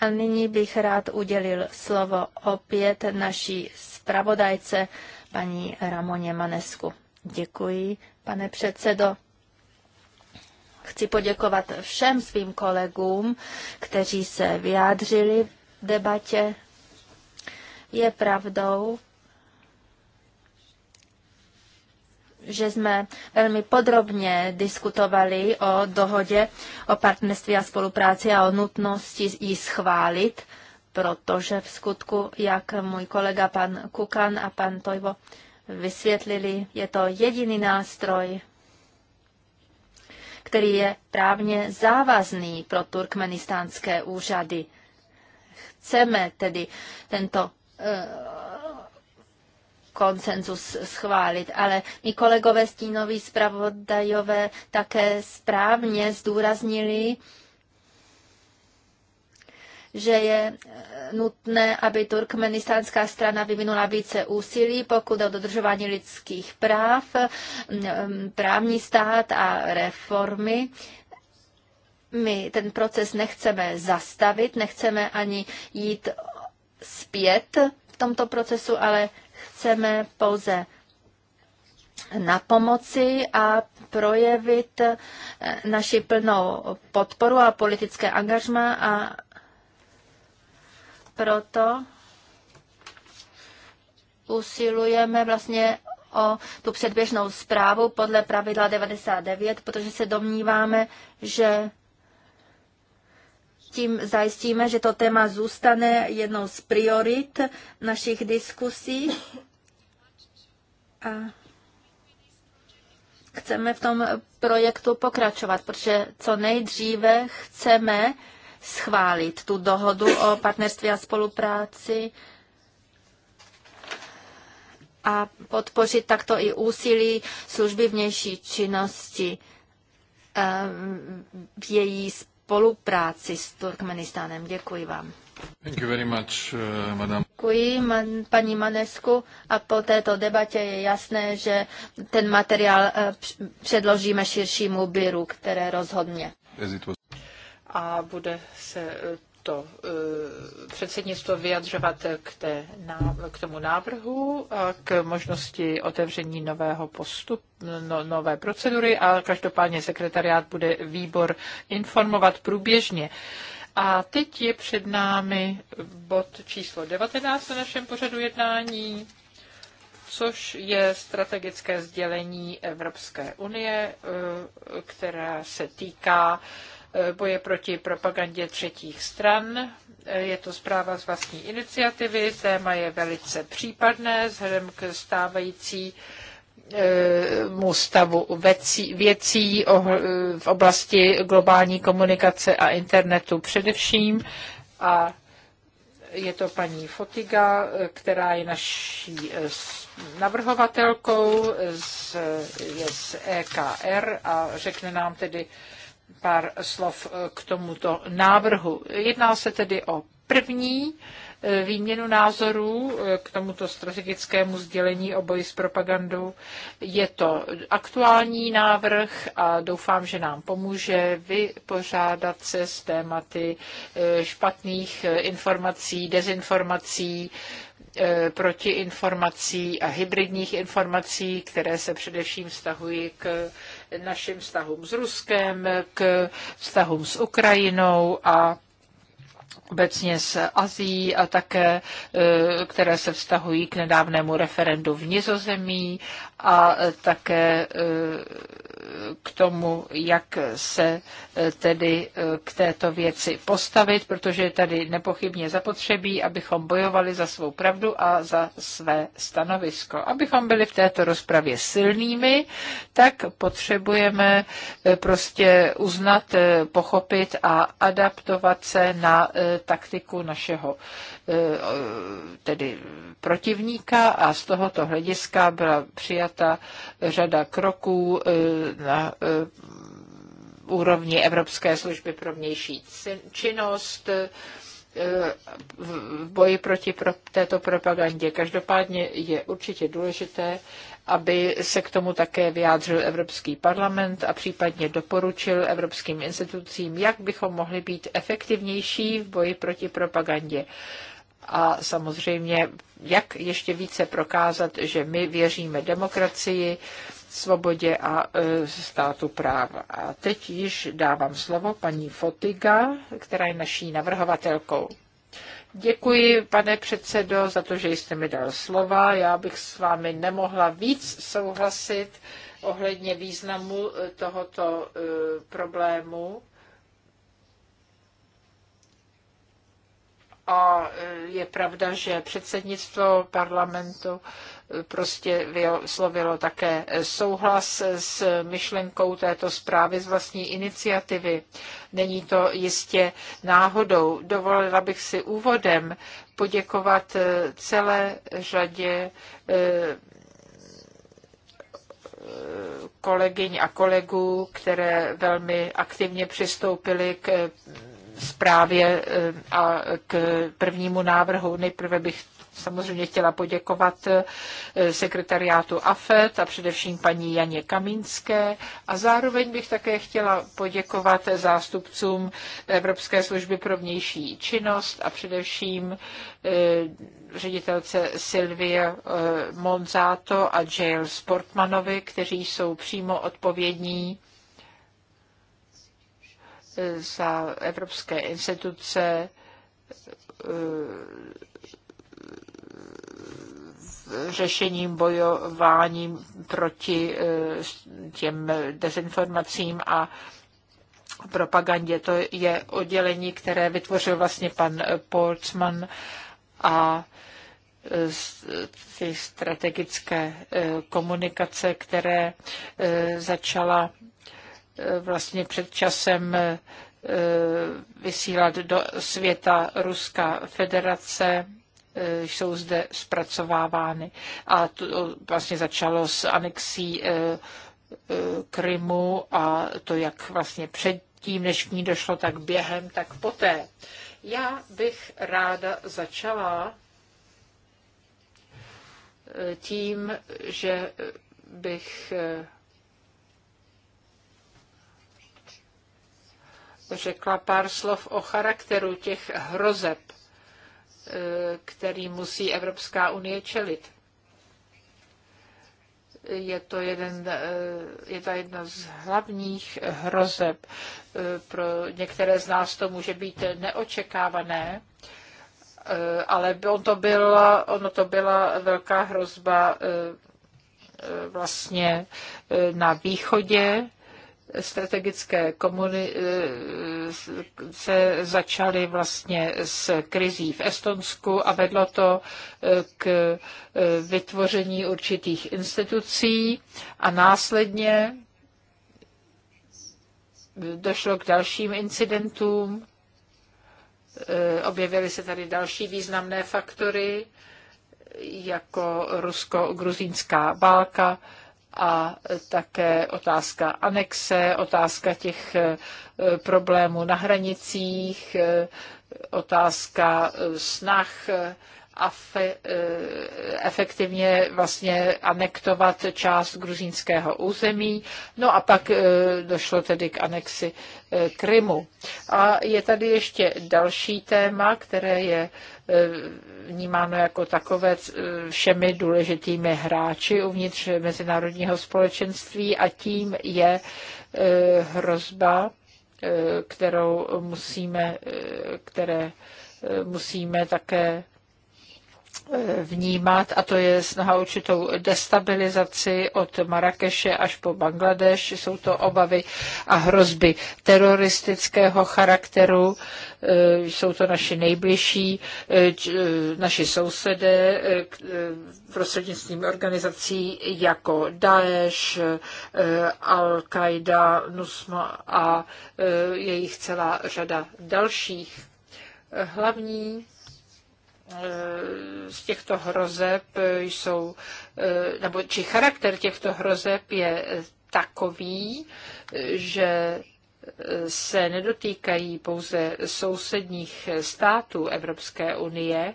a nyní bych rád udělil slovo opět naší zpravodajce, paní Ramoně Manesku. Děkuji, pane předsedo. Chci poděkovat všem svým kolegům, kteří se vyjádřili v debatě. Je pravdou, že jsme velmi podrobně diskutovali o dohodě o partnerství a spolupráci a o nutnosti ji schválit, protože v skutku, jak můj kolega pan Kukan a pan Tojvo vysvětlili, je to jediný nástroj, který je právně závazný pro turkmenistánské úřady. Chceme tedy tento eh, konsenzus schválit, ale mi kolegové stínoví zpravodajové také správně zdůraznili, že je eh, nutné, aby turkmenistánská strana vyvinula více úsilí, pokud o dodržování lidských práv, mm, mm, právní stát a reformy. My ten proces nechceme zastavit, nechceme ani jít zpět v tomto procesu, ale chceme pouze na pomoci a projevit eh, naši plnou podporu a politické angažma a proto usilujeme vlastně o tu předběžnou zprávu podle pravidla 99, protože se domníváme, že tím zajistíme, že to téma zůstane jednou z priorit našich diskusí. A chceme v tom projektu pokračovat, protože co nejdříve chceme schválit tu dohodu o partnerství a spolupráci a podpořit takto i úsilí služby vnější činnosti eh, v její spolupráci s Turkmenistánem. Děkuji vám. Thank you very much, uh, madam. Děkuji, man, paní Manesku. A po této debatě je jasné, že ten materiál uh, předložíme širšímu byru, které rozhodně. A bude se eh, to eh, předsednictvo vyjadřovat k, té, k tomu návrhu a k možnosti otevření nového postupu, no, nové procedury a každopádně sekretariát bude výbor informovat průběžně. A teď je před námi bod číslo 19 na našem pořadu jednání což je strategické sdělení Evropské unie, eh, které se týká Eh, boje proti propagandě třetích stran. Eh, je to zpráva z vlastní iniciativy, téma je velice případné vzhledem k stávající eh, mu stavu věcí, v oblasti globální komunikace a internetu především. A je to paní Fotiga, která je naší navrhovatelkou, z, je z EKR a řekne nám tedy pár slov eh, k tomuto návrhu. Jedná se tedy o první eh, výměnu názorů eh, k tomuto strategickému sdělení o boji s propagandou. Je to aktuální návrh a doufám, že nám pomůže vypořádat se s tématy špatných informací, dezinformací, protiinformací a hybridních informací, které se především vztahují k našim vztahům s Ruskem, k vztahům s Ukrajinou a obecně s Azií a také, e, které se vztahují k nedávnému referendu v Nizozemí a také e, k tomu, jak se e, tedy e, k této věci postavit, protože je tady nepochybně zapotřebí, abychom bojovali za svou pravdu a za své stanovisko. Abychom byli v této rozpravě silnými, tak potřebujeme prostě uznat, pochopit a adaptovat se na taktiku našeho E, tedy protivníka a z tohoto hlediska byla přijata řada kroků e, na e, úrovni Evropské služby pro vnější činnost v boji proti pro této propagandě. Každopádně je určitě důležité, aby se k tomu také vyjádřil Evropský parlament a případně doporučil evropským institucím, jak bychom mohli být efektivnější v boji proti propagandě a samozřejmě, jak ještě více prokázat, že my věříme demokracii, svobodě a e, státu práva. A teď již dávám slovo paní Fotiga, která je naší navrhovatelkou. Děkuji, pane předsedo, za to, že jste mi dal slova. Já bych s vámi nemohla víc souhlasit ohledně významu e, tohoto e, problému a e, je pravda, že předsednictvo parlamentu e, prostě vyslovilo také e, souhlas s myšlenkou této zprávy z vlastní iniciativy. Není to jistě náhodou. Dovolila bych si úvodem poděkovat celé řadě kolegyň a kolegů, které velmi aktivně přistoupili k zprávě eh, a k prvnímu návrhu. Nejprve bych samozřejmě chtěla poděkovat eh, sekretariátu AFET a především paní Janě Kamínské a zároveň bych také chtěla poděkovat zástupcům Evropské služby pro vnější činnost a především eh, ředitelce Silvie Monzato a Jail Sportmanovi, kteří jsou přímo odpovědní za evropské instituce eh, řešením, bojováním proti eh, těm dezinformacím a propagandě. To je oddělení, které vytvořil vlastně pan Portsman a eh, ty strategické komunikace, které začala vlastně před časem eh, vysílat do světa Ruská federace, eh, jsou zde zpracovávány. A to vlastně začalo s anexí eh, Krymu a to, jak vlastně předtím, než k ní došlo, tak během, tak poté. Já bych ráda začala tím, že bych řekla pár slov o charakteru těch hrozeb, e, který musí Evropská unie čelit. Je to, jeden, e, je to jedna z hlavních hrozeb. E, pro některé z nás to může být neočekávané, ale on to byla, ono to byla velká hrozba vlastně na východě strategické komunice eh, začaly vlastně s krizí v Estonsku a vedlo to eh, k eh, vytvoření určitých institucí a následně došlo k dalším incidentům, objevily se tady další významné faktory, jako rusko-gruzínská válka, a také otázka anexe, otázka těch e, problémů na hranicích, e, otázka e, snah Eh, efektivně vlastně anektovat část gruzínského území. No a pak eh, došlo tedy k anexi eh, Krymu. A je tady ještě další téma, které je vnímáno jako takové všemi důležitými hráči uvnitř mezinárodního společenství a tím je hrozba, kterou musíme, které musíme také vnímat, a to je snaha určitou destabilizaci od Marrakeše až po Bangladeš. Jsou to obavy a hrozby teroristického charakteru. Eh, jsou to naši nejbližší, eh, eh, naši sousedé prostřednictvím organizací jako Daesh, Al-Qaida, Nusma a jejich celá řada dalších. Hlavní Eh, z těchto hrozeb jsou, eh, nebo či charakter těchto hrozeb je eh, takový, že se nedotýkají pouze sousedních států Evropské unie,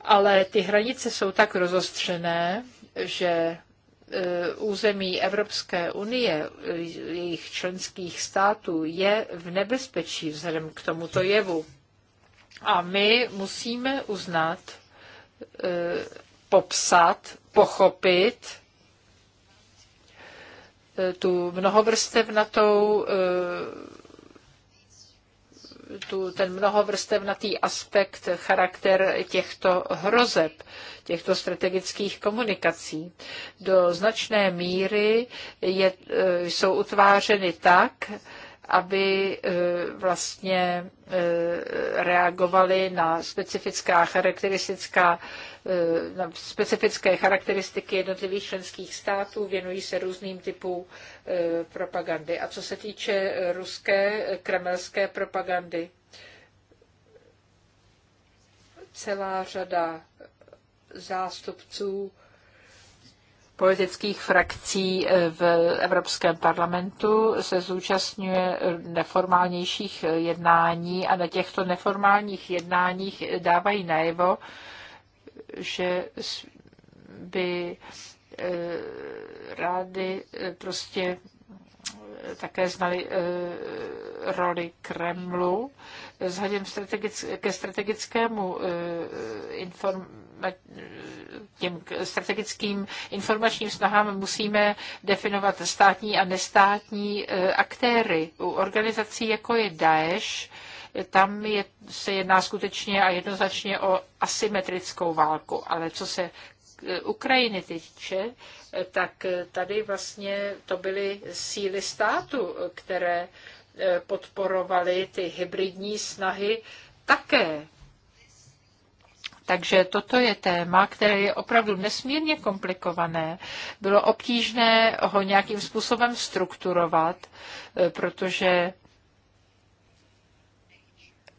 ale ty hranice jsou tak rozostřené, že území Evropské unie, jejich členských států, je v nebezpečí vzhledem k tomuto jevu. A my musíme uznat, e, popsat, pochopit e, tu mnohovrstevnatou e, tu, ten mnohovrstevnatý aspekt, charakter těchto hrozeb, těchto strategických komunikací. Do značné míry je, jsou utvářeny tak, aby eh, vlastně eh, reagovali na specifická charakteristická eh, na specifické charakteristiky jednotlivých členských států, věnují se různým typům propagandy. A co se týče ruské kremelské propagandy, celá řada zástupců politických frakcí eh, v Evropském parlamentu se zúčastňuje neformálnějších eh, jednání a na těchto neformálních jednáních eh, dávají najevo, že by rády prostě také znali roli Kremlu. Vzhledem strategick- ke strategickému inform- těm strategickým informačním snahám musíme definovat státní a nestátní e, aktéry. U organizací jako je Daesh, tam je, se jedná skutečně a jednoznačně o asymetrickou válku, ale co se Ukrajiny týče, e, tak e, tady vlastně to byly síly státu, které podporovaly ty hybridní snahy také takže toto je téma, které je opravdu nesmírně komplikované. Bylo obtížné ho nějakým způsobem strukturovat, eh, protože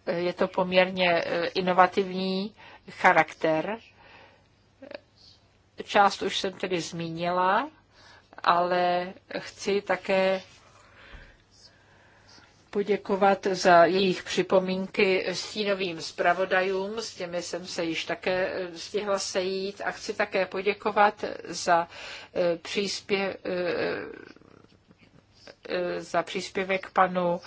eh, je to poměrně eh, inovativní charakter. Část už jsem tedy zmínila, ale chci také poděkovat za jejich připomínky stínovým zpravodajům, s těmi jsem se již také eh, stihla sejít a chci také poděkovat za eh, příspě eh, za příspěvek panu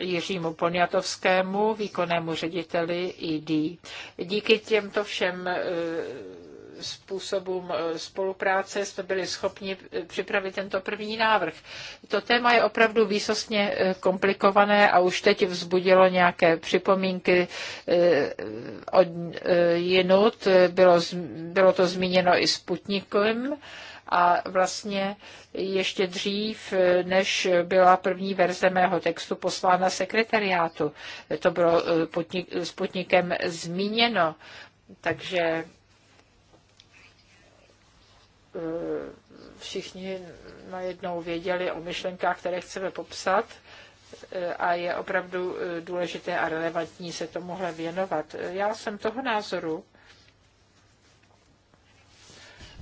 Jiřímu Poniatovskému, výkonnému řediteli ID. Díky těmto všem způsobům eh, spolupráce jsme byli schopni eh, připravit tento první návrh. To téma je opravdu výsostně eh, komplikované a už teď vzbudilo nějaké připomínky od jinut. Bylo, bylo to zmíněno i Sputnikem a vlastně ještě dřív, než byla první verze mého textu poslána sekretariátu. To bylo sputnikem zmíněno. Takže Eh, všichni najednou věděli o myšlenkách, které chceme popsat eh, a je opravdu eh, důležité a relevantní se tomuhle věnovat. Já jsem toho názoru,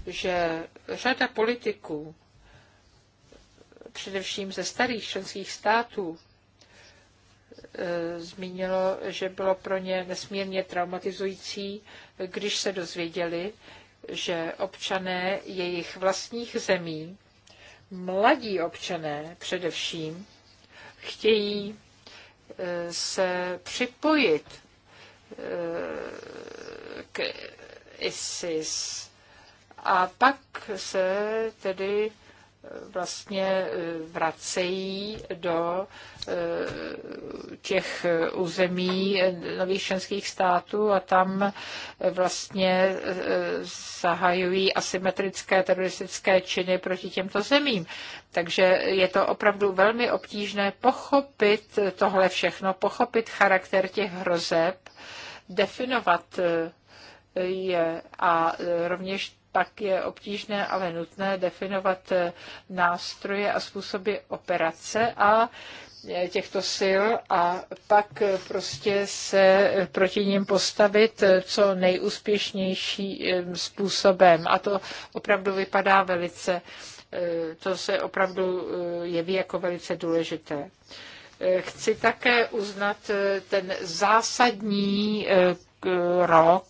že řada politiků, především ze starých členských států, zmínilo, že bylo pro ně nesmírně traumatizující, když se dozvěděli, že občané jejich vlastních zemí, mladí občané především, chtějí eh, se připojit eh, k ISIS. A pak se tedy vlastně eh, vracejí do eh, těch území nových členských států a tam eh, vlastně zahajují asymetrické teroristické činy proti těmto zemím. Takže je to opravdu velmi obtížné pochopit tohle všechno, pochopit charakter těch hrozeb, definovat je a rovněž pak je obtížné, ale nutné definovat eh, nástroje a způsoby operace a eh, těchto sil a pak eh, prostě se proti ním postavit co nejúspěšnějším způsobem. A to opravdu vypadá velice, to se opravdu jeví jako velice důležité. Chci také uznat ten zásadní rok.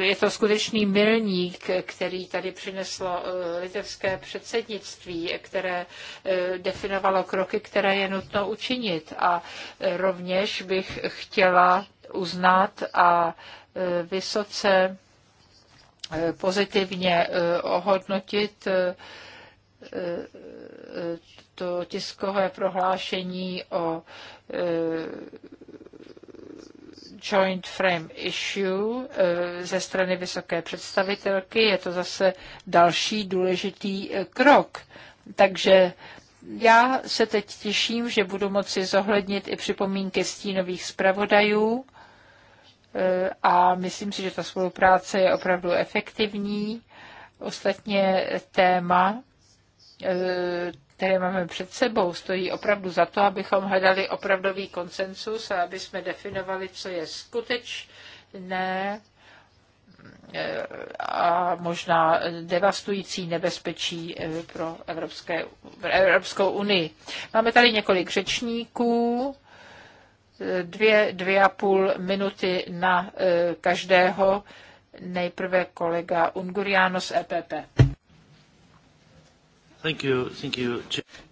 Je to skutečný milník, který tady přineslo eh, litevské předsednictví, které eh, definovalo kroky, které je nutno učinit. A eh, rovněž bych chtěla uznat a vysoce pozitivně ohodnotit to tiskové prohlášení o Joint Frame Issue eh, ze strany vysoké představitelky. Je to zase další důležitý eh, krok. Takže já se teď těším, že budu moci zohlednit i připomínky stínových zpravodajů eh, a myslím si, že ta spolupráce je opravdu efektivní. Ostatně téma které máme před sebou, stojí opravdu za to, abychom hledali opravdový konsensus a aby jsme definovali, co je skutečné eh, a možná devastující nebezpečí eh, pro, Evropské, Evropskou unii. Máme tady několik řečníků, eh, dvě, dvě a půl minuty na každého. Nejprve kolega Unguriano z EPP.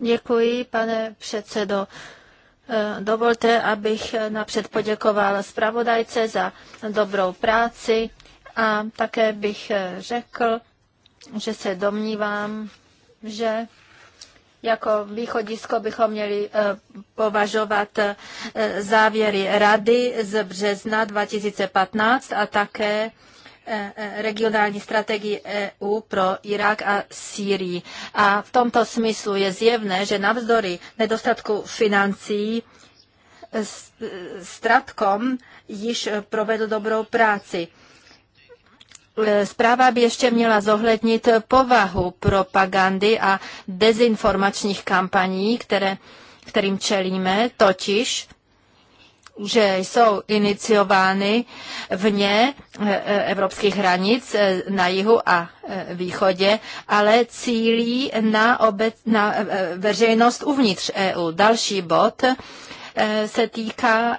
Děkuji, pane předsedo. Eh, dovolte, abych napřed poděkoval zpravodajce za dobrou práci a také bych eh, řekl, že se domnívám, že jako východisko bychom měli eh, považovat závěry rady z března 2015 a také Eh, eh, regionální strategii EU pro Irák a Sýrii. A v tomto smyslu je zjevné, že navzdory nedostatku financí Stratkom již provedl dobrou práci. Zpráva by ještě měla zohlednit povahu propagandy a dezinformačních kampaní, které, kterým čelíme, totiž že jsou iniciovány vně e, e, evropských hranic e, na jihu a východě, ale cílí na, obec, na veřejnost uvnitř EU. Další bod se týká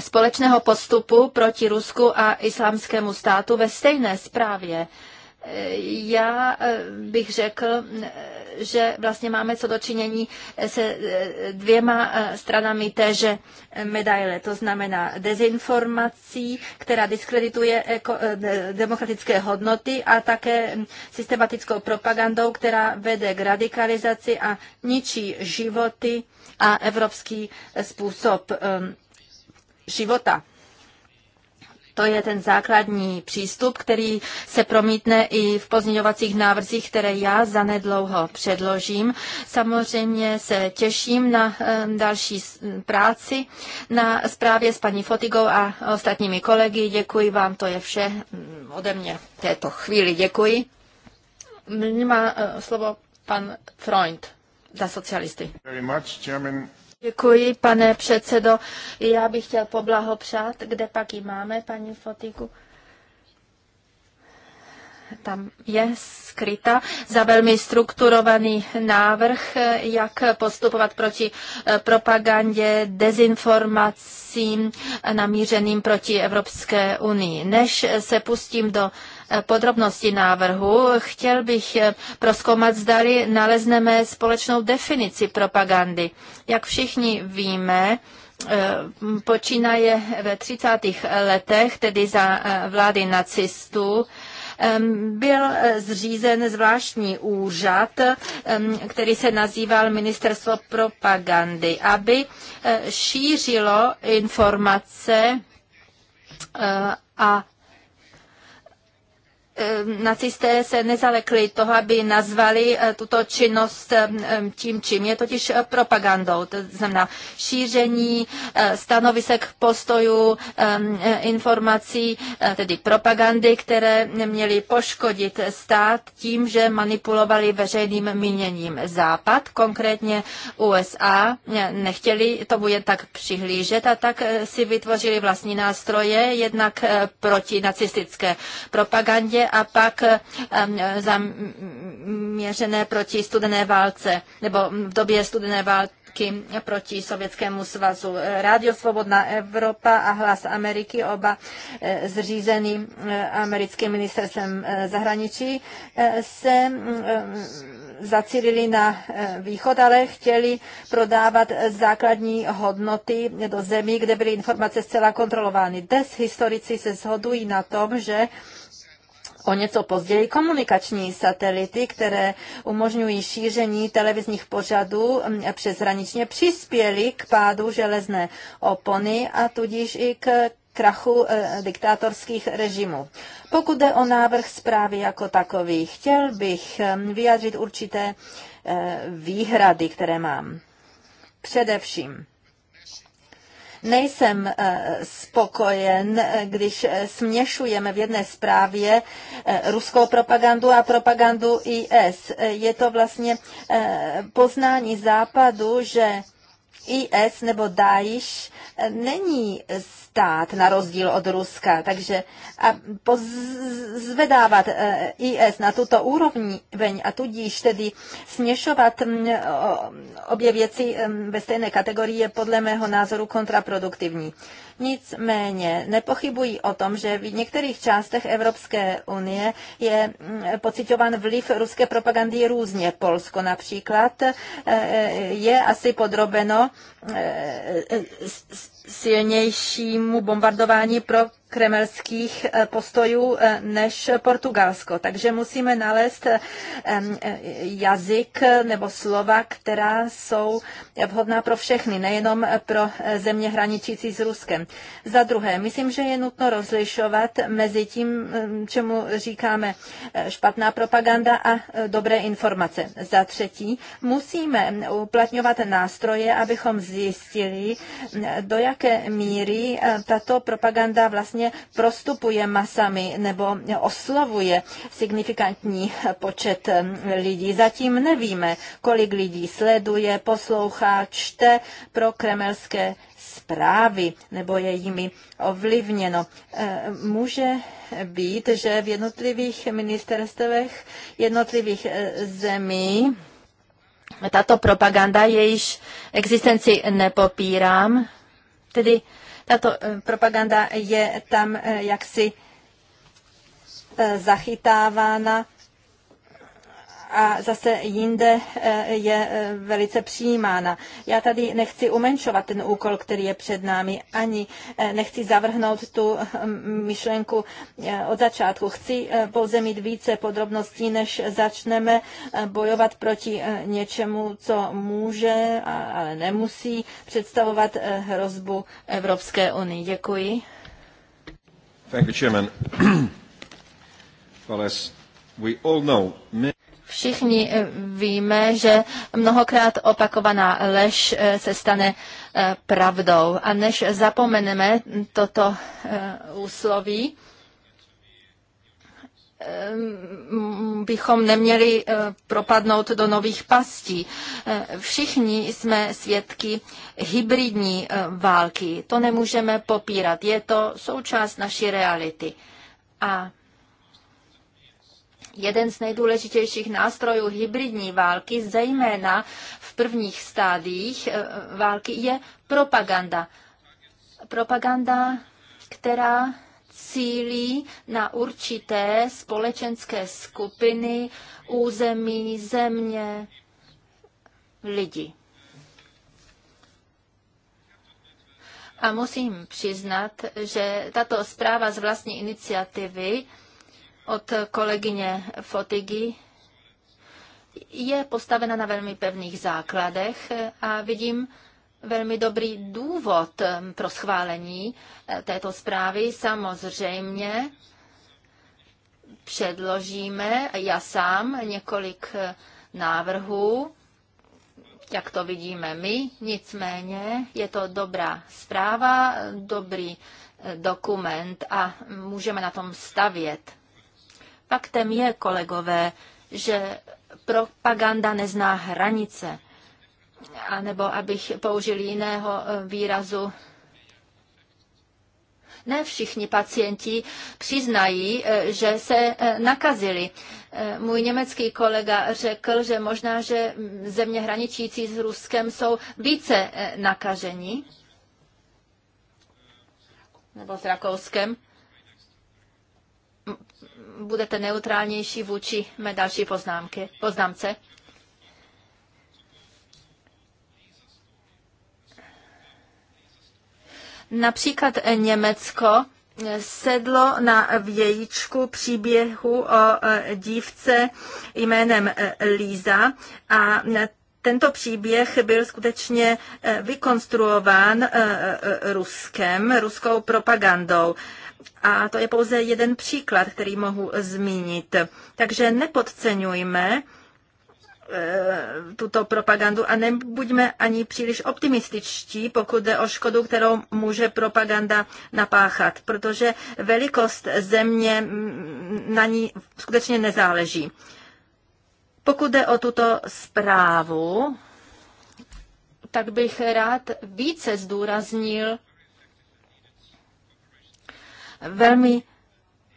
společného postupu proti Rusku a islámskému státu ve stejné zprávě já eh, bych řekl, že vlastně máme co dočinění se eh, dvěma eh, stranami téže medaile. To znamená dezinformací, která diskredituje demokratické hodnoty a také hm, systematickou propagandou, která vede k radikalizaci a ničí životy a evropský způsob hm, života. To je ten základní přístup, který se promítne i v pozměňovacích návrzích, které já zanedlouho předložím. Samozřejmě se těším na eh, další práci na zprávě s paní Fotigou a ostatními kolegy. Děkuji vám, to je vše mm, ode mě v této chvíli. Děkuji. Nyní má eh, slovo pan Freund za socialisty. Very much, Děkuji, pane předsedo. Já bych chtěl poblahopřát, kde pak ji máme, paní Fotiku tam je skryta za velmi strukturovaný návrh, jak postupovat proti eh, propagandě, dezinformacím namířeným proti Evropské unii. Než se pustím do podrobnosti návrhu, chtěl bych eh, proskoumat, zdali nalezneme společnou definici propagandy. Jak všichni víme, eh, počínaje ve 30. letech, tedy za eh, vlády nacistů, byl zřízen zvláštní úřad, který se nazýval Ministerstvo propagandy, aby šířilo informace a Ehm, nacisté se nezalekli toho, aby nazvali eh, tuto činnost ehm, tím, čím je totiž eh, propagandou, to znamená šíření eh, stanovisek postojů, ehm, informací, tedy propagandy, které měly poškodit stát tím, že manipulovali veřejným míněním. Západ, konkrétně USA, nechtěli tomu jen tak přihlížet a tak si vytvořili vlastní nástroje, jednak proti nacistické propagandě, a pak eh, zaměřené proti studené válce, nebo v době studené války války proti Sovětskému svazu. Rádio Svobodná Evropa a Hlas Ameriky, oba eh, zřízený eh, americkým ministerstvem zahraničí, se mm, zacílili na východ, ale chtěli prodávat základní hodnoty do zemí, kde byly informace zcela kontrolovány. Dnes historici se shodují na tom, že o něco později komunikační satelity, které umožňují šíření televizních pořadů mm, přeshraničně, přispěly k pádu železné opony a tudíž i k krachu e, diktátorských režimů. Pokud jde o návrh zprávy jako takový, chtěl bych mm, vyjádřit určité e, výhrady, které mám. Především Nejsem eh, spokojen, eh, když eh, směšujeme v jedné zprávě ruskou propagandu a propagandu IS. Je to vlastně poznání západu, že IS nebo Daesh není stát na rozdíl od Ruska. Takže a zvedávat e, IS na tuto úroveň a tudíž tedy směšovat obě věci ve stejné kategorii je podle mého názoru kontraproduktivní. Nicméně nepochybují o tom, že v některých částech Evropské unie je pocitován vliv ruské propagandy různě. Polsko například e, e, je asi podrobeno silnějšímu bombardování pro kremelských eh, postojů eh, než Portugalsko. Takže musíme nalézt eh, jazyk nebo slova, která jsou vhodná pro všechny, nejenom pro země hraničící s Ruskem. Za druhé, myslím, že je nutno rozlišovat mezi tím, mm, čemu říkáme špatná propaganda a dobré informace. Za třetí, musíme uplatňovat nástroje, abychom zjistili, mm, do jaké míry tato propaganda vlastně pravidelně prostupuje masami nebo oslovuje signifikantní počet eh, lidí. Zatím nevíme, kolik lidí sleduje, poslouchá, čte pro kremelské zprávy nebo je jimi ovlivněno. Eh, může být, že v jednotlivých ministerstvech jednotlivých eh, zemí tato propaganda, jejíž existenci nepopírám, tedy tato eh, propaganda je tam eh, jaksi eh, zachytávána a zase jinde eh, je eh, velice přijímána. Já tady nechci umenšovat ten úkol, který je před námi, ani eh, nechci zavrhnout tu myšlenku od začátku. Chci pouze mít více podrobností, než začneme bojovat proti něčemu, co může, ale nemusí představovat hrozbu Evropské unii. Děkuji. Thank you, Chairman. well, as we all know, Všichni eh, víme, že mnohokrát opakovaná lež eh, se stane eh, pravdou. A než zapomeneme toto úsloví, bychom neměli propadnout do nových pastí. Všichni jsme svědky hybridní války. To nemůžeme popírat. Je to součást naší reality. A jeden z nejdůležitějších nástrojů hybridní války, zejména v prvních stádiích e, války, je propaganda. Propaganda, která cílí na určité společenské skupiny, území, země, lidi. A musím přiznat, že tato zpráva z vlastní iniciativy od kolegyně Fotigy je postavena na velmi pevných základech a vidím velmi dobrý důvod um, pro schválení eh, této zprávy. Samozřejmě předložíme, já sám, několik eh, návrhů, jak to vidíme my. Nicméně je to dobrá zpráva, dobrý eh, dokument a můžeme na tom stavět. Faktem je, kolegové, že propaganda nezná hranice. A nebo abych použil jiného eh, výrazu, ne všichni pacienti přiznají, eh, že se eh, nakazili. Můj německý kolega řekl, že možná, že země hraničící s Ruskem jsou více nakažení, nebo s Rakouskem budete neutrálnější vůči mé další poznámky, poznámce. Například Německo sedlo na vějíčku příběhu o e, dívce jménem e, Líza a tento příběh byl skutečně e, vykonstruován Ruskem, ruskou propagandou. A to je pouze jeden příklad, který mohu zmínit. Takže nepodceňujme eh, tuto propagandu a nebuďme ani příliš optimističtí, pokud jde o škodu, kterou může propaganda napáchat, protože velikost země na ní skutečně nezáleží. Pokud jde o tuto zprávu, tak bych rád více zdůraznil velmi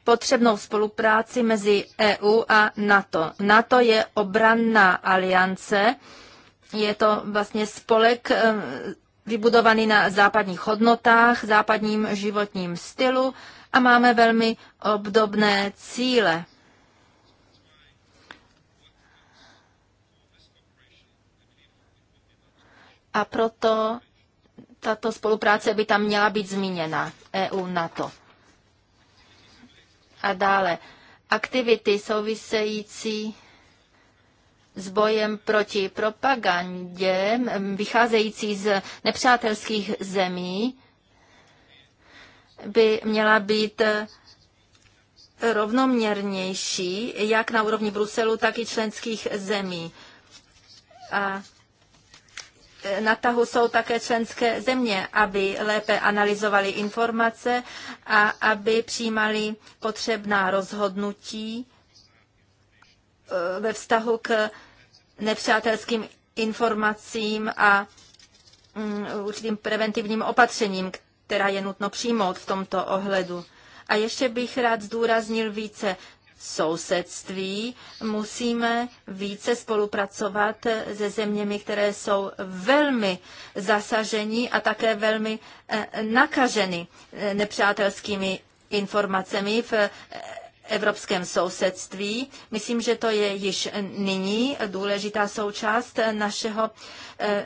potřebnou spolupráci mezi EU a NATO. NATO je obranná aliance, je to vlastně spolek eh, vybudovaný na západních hodnotách, západním životním stylu a máme velmi obdobné cíle. A proto tato spolupráce by tam měla být zmíněna EU-NATO. A dále aktivity související s bojem proti propagandě vycházející z nepřátelských zemí by měla být eh, rovnoměrnější, jak na úrovni Bruselu, tak i členských zemí. A na tahu jsou také členské země, aby lépe analyzovali informace a aby přijímali potřebná rozhodnutí e, ve vztahu k nepřátelským informacím a mm, určitým preventivním opatřením, která je nutno přijmout v tomto ohledu. A ještě bych rád zdůraznil více sousedství, musíme více spolupracovat se zeměmi, které jsou velmi zasažení a také velmi eh, nakaženy eh, nepřátelskými informacemi v eh, evropském sousedství. Myslím, že to je již nyní důležitá součást našeho eh,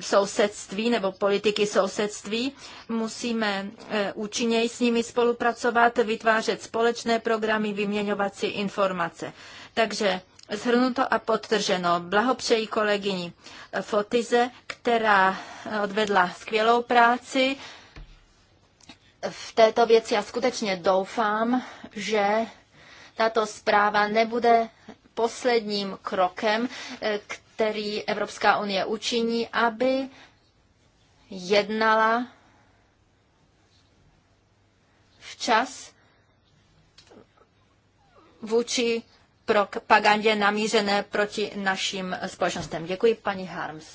sousedství nebo politiky sousedství. Musíme eh, účinněji s nimi spolupracovat, vytvářet společné programy, vyměňovat si informace. Takže Zhrnuto a podtrženo, blahopřeji kolegyni Fotize, která odvedla skvělou práci, v této věci a skutečně doufám, že tato zpráva nebude posledním krokem, eh, který Evropská unie učiní, aby jednala včas vůči propagandě namířené proti našim společnostem. Děkuji, paní Harms.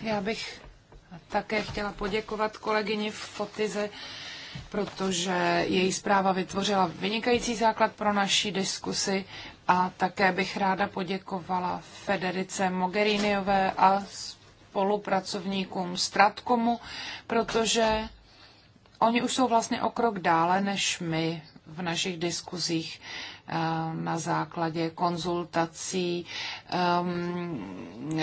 Já bych také chtěla poděkovat kolegyni Fotize, protože její zpráva vytvořila vynikající základ pro naší diskusi a také bych ráda poděkovala Federice Mogheriniové a spolupracovníkům Stratkomu, protože oni už jsou vlastně o krok dále než my v našich diskuzích. Eh, na základě konzultací ehm,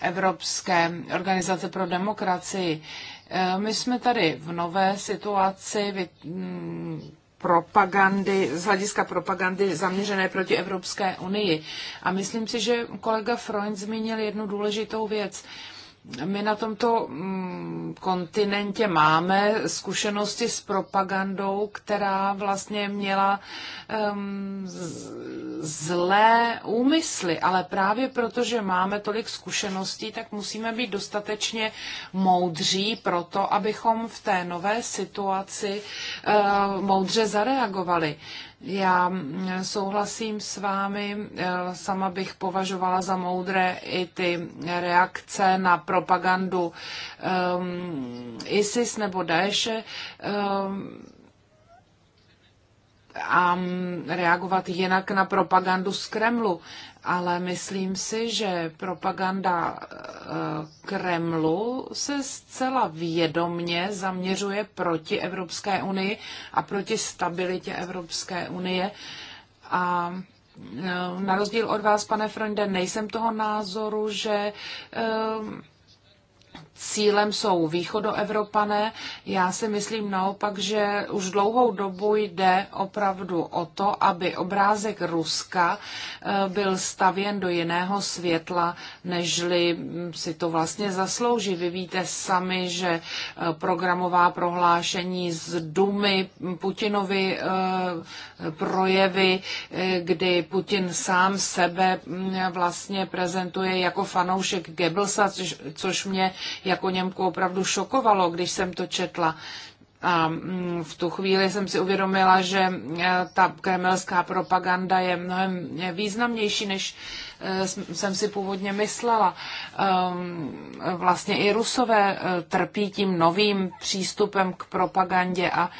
Evropské organizace pro demokracii. Eh, my jsme tady v nové situaci mm, propagandy, z hlediska propagandy zaměřené proti Evropské unii. A myslím si, že kolega Freund zmínil jednu důležitou věc. My na tomto mm, kontinentě máme zkušenosti s propagandou, která vlastně měla um, zlé úmysly, ale právě protože máme tolik zkušeností, tak musíme být dostatečně moudří pro to, abychom v té nové situaci uh, moudře zareagovali. Uh, já mm, souhlasím s vámi, eh, sama bych považovala za moudré i ty reakce na propagandu um, ISIS nebo Daeše. Um, a reagovat jinak na propagandu z Kremlu. Ale myslím si, že propaganda e, Kremlu se zcela vědomně zaměřuje proti Evropské unii a proti stabilitě Evropské unie. A e, na rozdíl od vás, pane Freunde, nejsem toho názoru, že e, cílem jsou východoevropané. Já si myslím naopak, že už dlouhou dobu jde opravdu o to, aby obrázek Ruska eh, byl stavěn do jiného světla, nežli hm, si to vlastně zaslouží. Vy víte sami, že eh, programová prohlášení z Dumy hm, Putinovi eh, projevy, kdy Putin sám sebe hm, vlastně prezentuje jako fanoušek Goebbelsa, což, což mě jako Němku opravdu šokovalo, když jsem to četla. A mm, v tu chvíli jsem si uvědomila, že e, ta kremelská propaganda je mnohem významnější, než e, jsem si původně myslela. Ehm, vlastně i rusové e, trpí tím novým přístupem k propagandě a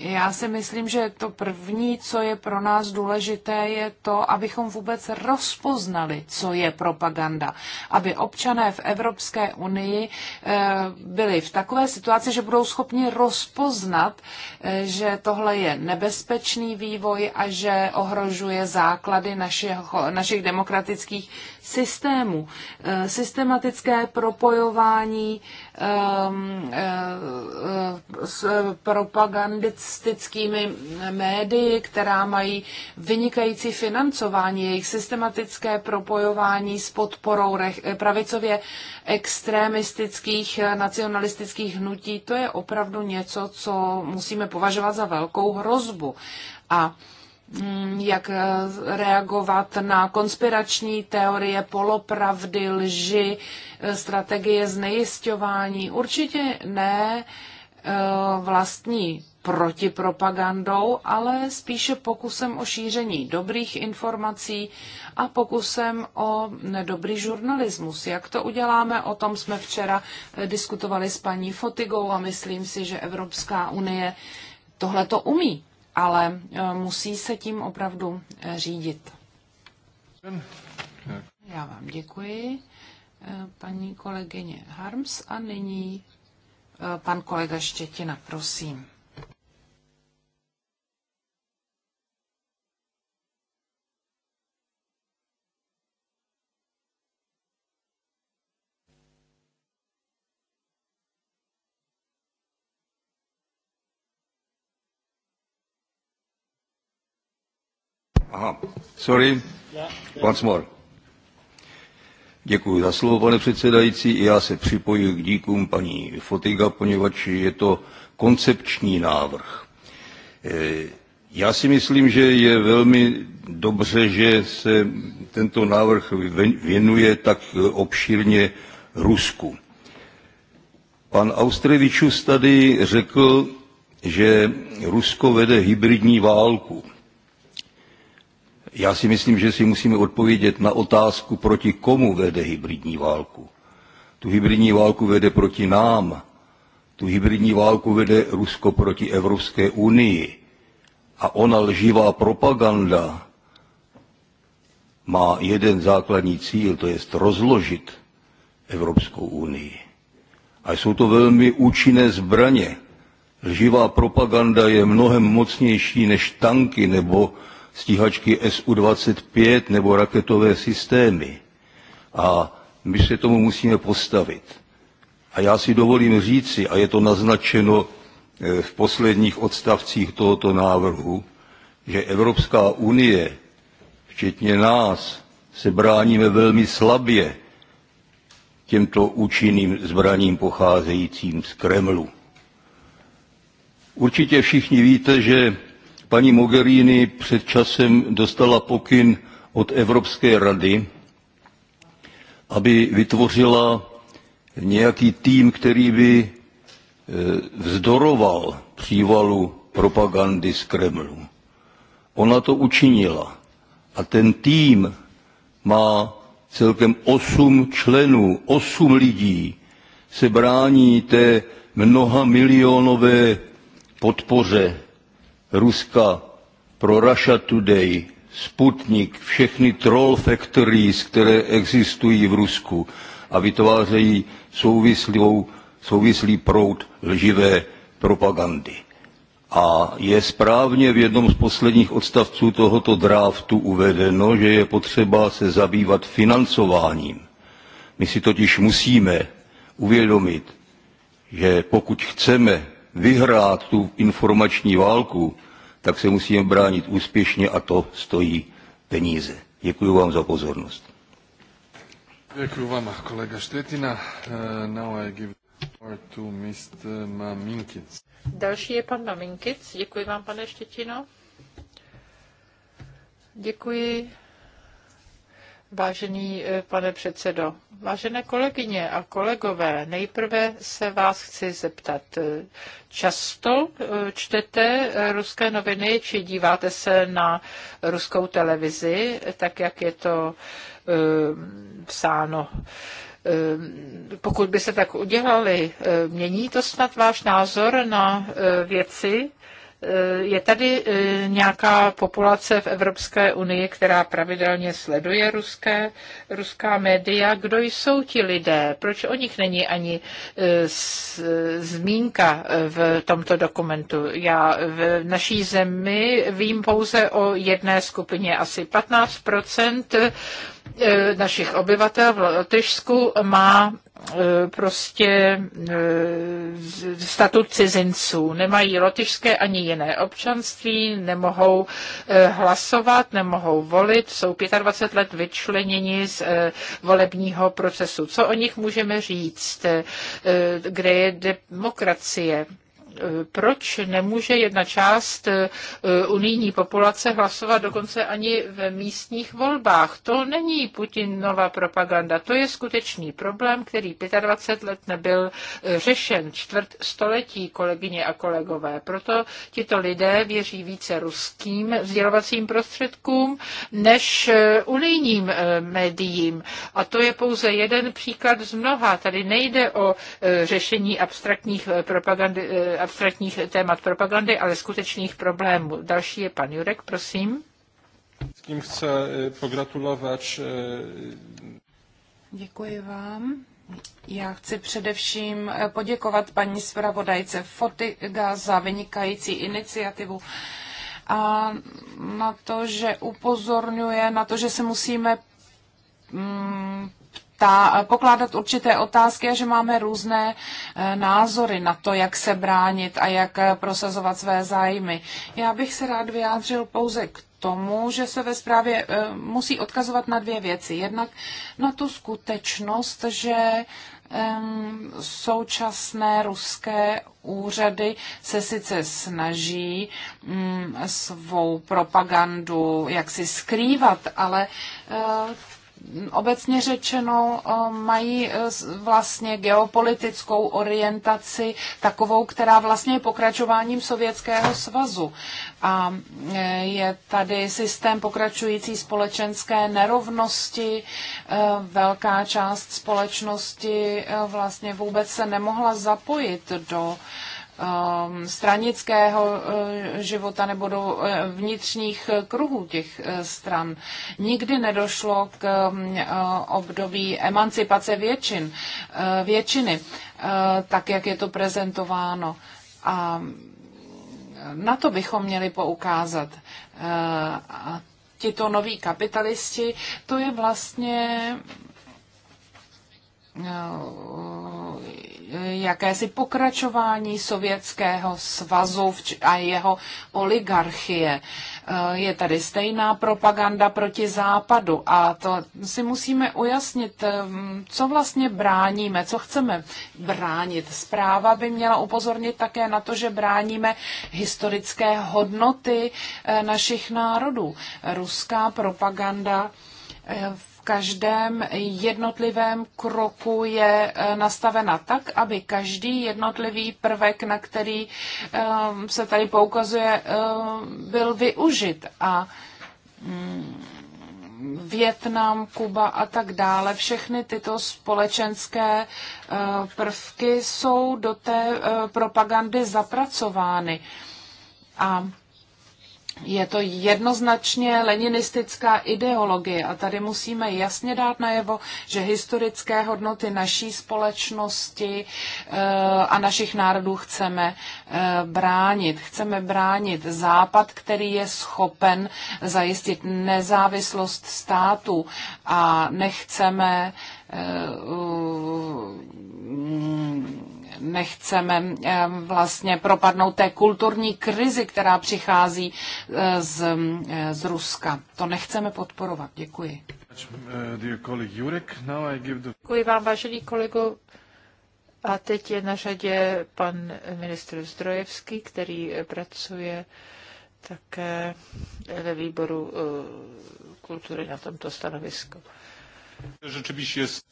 já si myslím, že to první, co je pro nás důležité, je to, abychom vůbec rozpoznali, co je propaganda. Aby občané v Evropské unii eh, byli v takové situaci, že budou schopni rozpoznat, eh, že tohle je nebezpečný vývoj a že ohrožuje základy našich, našich demokratických systému. Eh, systematické propojování ehm, eh, s eh, propagandistickými médii, která mají vynikající financování, jejich systematické propojování s podporou pravicově extremistických nacionalistických hnutí, to je opravdu něco, co musíme považovat za velkou hrozbu. A Mm, jak eh, reagovat na konspirační teorie, polopravdy, lži, eh, strategie znejistování. Určitě ne eh, vlastní protipropagandou, ale spíše pokusem o šíření dobrých informací a pokusem o dobrý žurnalismus. Jak to uděláme, o tom jsme včera diskutovali s paní Fotigou a myslím si, že Evropská unie tohle to umí ale eh, musí se tím opravdu eh, řídit. Já vám děkuji, eh, paní kolegyně Harms, a nyní pan kolega Štětina, prosím. Aha, sorry. Once more. Děkuji za slovo, pane předsedající. I já se připojuji k díkům paní Fotiga, poněvadž je to koncepční návrh. E, já si myslím, že je velmi dobře, že se tento návrh věnuje tak obšírně Rusku. Pan Austrevičus tady řekl, že Rusko vede hybridní válku. Já si myslím, že si musíme odpovědět na otázku, proti komu vede hybridní válku. Tu hybridní válku vede proti nám. Tu hybridní válku vede Rusko proti Evropské unii. A ona lživá propaganda má jeden základní cíl, to je rozložit Evropskou unii. A jsou to velmi účinné zbraně. Lživá propaganda je mnohem mocnější než tanky nebo stíhačky SU-25 nebo raketové systémy. A my se tomu musíme postavit. A já si dovolím říci, a je to naznačeno eh, v posledních odstavcích tohoto návrhu, že Evropská unie, včetně nás, se bráníme velmi slabě těmto účinným zbraním pocházejícím z Kremlu. Určitě všichni víte, že Paní Mogherini před časem dostala pokyn od Evropské rady, aby vytvořila nějaký tým, který by e, vzdoroval přívalu propagandy z Kremlu. Ona to učinila. A ten tým má celkem osm členů, osm lidí se brání té mnoha milionové podpoře Ruska, pro Russia Today, Sputnik, všechny troll factories, které existují v Rusku a vytvářejí souvislý proud lživé propagandy. A je správně v jednom z posledních odstavců tohoto dráftu uvedeno, že je potřeba se zabývat financováním. My si totiž musíme uvědomit, že pokud chceme vyhrát tu informační válku, tak se musíme bránit úspěšně a to stojí peníze. Děkuji vám za pozornost. Děkuji vám, kolega Štětina. now I give to Mr. Maminkic. Další je pan Maminkic. Děkuji vám, pane Štětino. Děkuji Vážený eh, pane předsedo, vážené kolegyně a kolegové, nejprve se vás chci zeptat. Eh, často eh, čtete ruské noviny či díváte se na ruskou televizi, tak jak je to psáno? pokud by se tak udělali, mění to snad váš názor na věci, Eh, je tady eh, nějaká populace v Evropské unii, která pravidelně sleduje ruské, ruská média. Kdo jsou ti lidé? Proč o nich není ani z, eh, zmínka v tomto dokumentu? Já v naší zemi vím pouze o jedné skupině, asi 15 E, našich obyvatel v Lotyšsku má e, prostě e, statut cizinců. Nemají lotyšské ani jiné občanství, nemohou hlasovat, nemohou volit, jsou 25 let vyčleněni z volebního procesu. Co o nich můžeme říct? Kde je demokracie? proč nemůže jedna část e, unijní populace hlasovat dokonce ani v místních volbách. To není Putinova propaganda, to je skutečný problém, který 25 let nebyl e, řešen čtvrt století, kolegyně a kolegové. Proto tito lidé věří více ruským vzdělovacím prostředkům než e, unijním médiím. A to je pouze jeden příklad z mnoha. Tady nejde o řešení abstraktních propagandy, abstraktních témat propagandy, ale skutečných problémů. Další je pan Jurek, prosím. S kým chce eh, pogratulovat? Eh, Děkuji vám. Já chci především eh, poděkovat paní zpravodajce Fotiga za vynikající iniciativu a na to, že upozorňuje na to, že se musíme mm, ta, eh, pokládat určité otázky a že máme různé eh, názory na to, jak se bránit a jak eh, prosazovat své zájmy. Já bych se rád vyjádřil pouze k tomu, že se ve zprávě musí odkazovat na dvě věci. Jednak na tu skutečnost, že současné ruské úřady se sice snaží mm, svou propagandu jaksi skrývat, ale obecně řečeno eh, mají eh, vlastně geopolitickou orientaci takovou, která vlastně je pokračováním Sovětského svazu. A eh, je tady systém pokračující společenské nerovnosti. Velká část společnosti vlastně vůbec se nemohla zapojit do Um, stranického eh, života nebo do eh, vnitřních kruhů těch eh, stran. Nikdy nedošlo k mm, období emancipace většin, většiny, tak jak je to prezentováno. A mm, na to bychom měli poukázat. A tito noví kapitalisti, to je vlastně Eh, jakési pokračování Sovětského svazu a jeho oligarchie. Eh, je tady stejná propaganda proti západu a to si musíme ujasnit, eh, co vlastně bráníme, co chceme bránit. Zpráva by měla upozornit také na to, že bráníme historické hodnoty našich národů. Ruská propaganda v každém jednotlivém kroku je eh, nastavena tak, aby každý jednotlivý prvek, na který eh, se tady poukazuje, eh, byl využit. A mm, Větnam, Kuba a tak dále, všechny tyto společenské prvky jsou do té propagandy zapracovány. A je to jednoznačně leninistická ideologie a tady musíme jasně dát najevo, že historické hodnoty naší společnosti eh, a našich národů chceme eh, bránit. Chceme bránit Západ, který je schopen zajistit nezávislost státu a nechceme eh, nechceme eh, vlastně propadnout té kulturní krizi, která přichází eh, z, eh, z Ruska. To nechceme podporovat. Děkuji. Děkuji vám, vážený kolego. A teď je na řadě pan ministr Zdrojevský, který pracuje také ve výboru kultury na tomto stanovisku.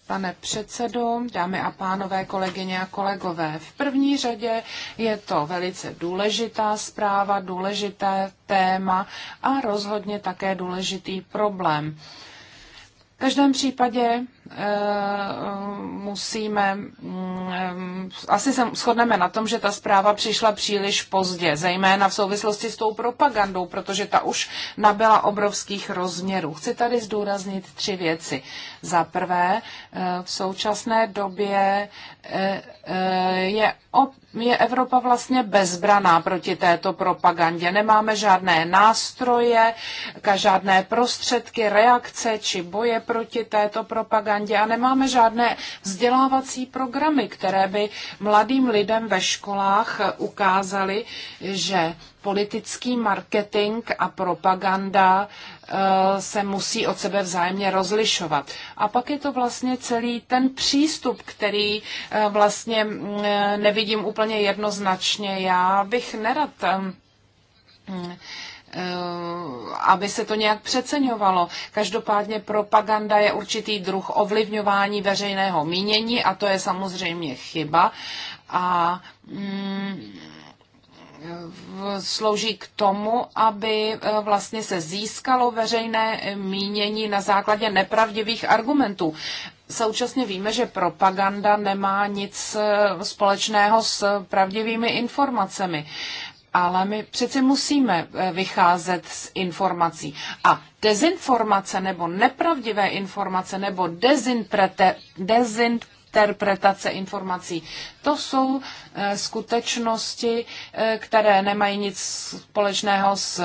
Pane předsedo, dámy a pánové, kolegyně a kolegové, v první řadě je to velice důležitá zpráva, důležité téma a rozhodně také důležitý problém. V každém případě eh, musíme, mm, eh, asi se shodneme na tom, že ta zpráva přišla příliš pozdě, zejména v souvislosti s tou propagandou, protože ta už nabyla obrovských rozměrů. Chci tady zdůraznit tři věci. Za prvé, eh, v současné době je je Evropa vlastně bezbraná proti této propagandě. Nemáme žádné nástroje, žádné prostředky, reakce či boje proti této propagandě a nemáme žádné vzdělávací programy, které by mladým lidem ve školách ukázaly, že politický marketing a propaganda eh, se musí od sebe vzájemně rozlišovat. A pak je to vlastně celý ten přístup, který eh, vlastně mm, eh, nevidím úplně jednoznačně. Já bych nerad mm, aby se to nějak přeceňovalo. Každopádně propaganda je určitý druh ovlivňování veřejného mínění a to je samozřejmě chyba. A mm, slouží k tomu, aby eh, vlastně se získalo veřejné mínění na základě nepravdivých argumentů. Současně víme, že propaganda nemá nic eh, společného s pravdivými informacemi. Ale my přeci musíme eh, vycházet z informací. A dezinformace nebo nepravdivé informace nebo dezinprete, dezint, interpretace informací. To jsou eh, skutečnosti, eh, které nemají nic společného s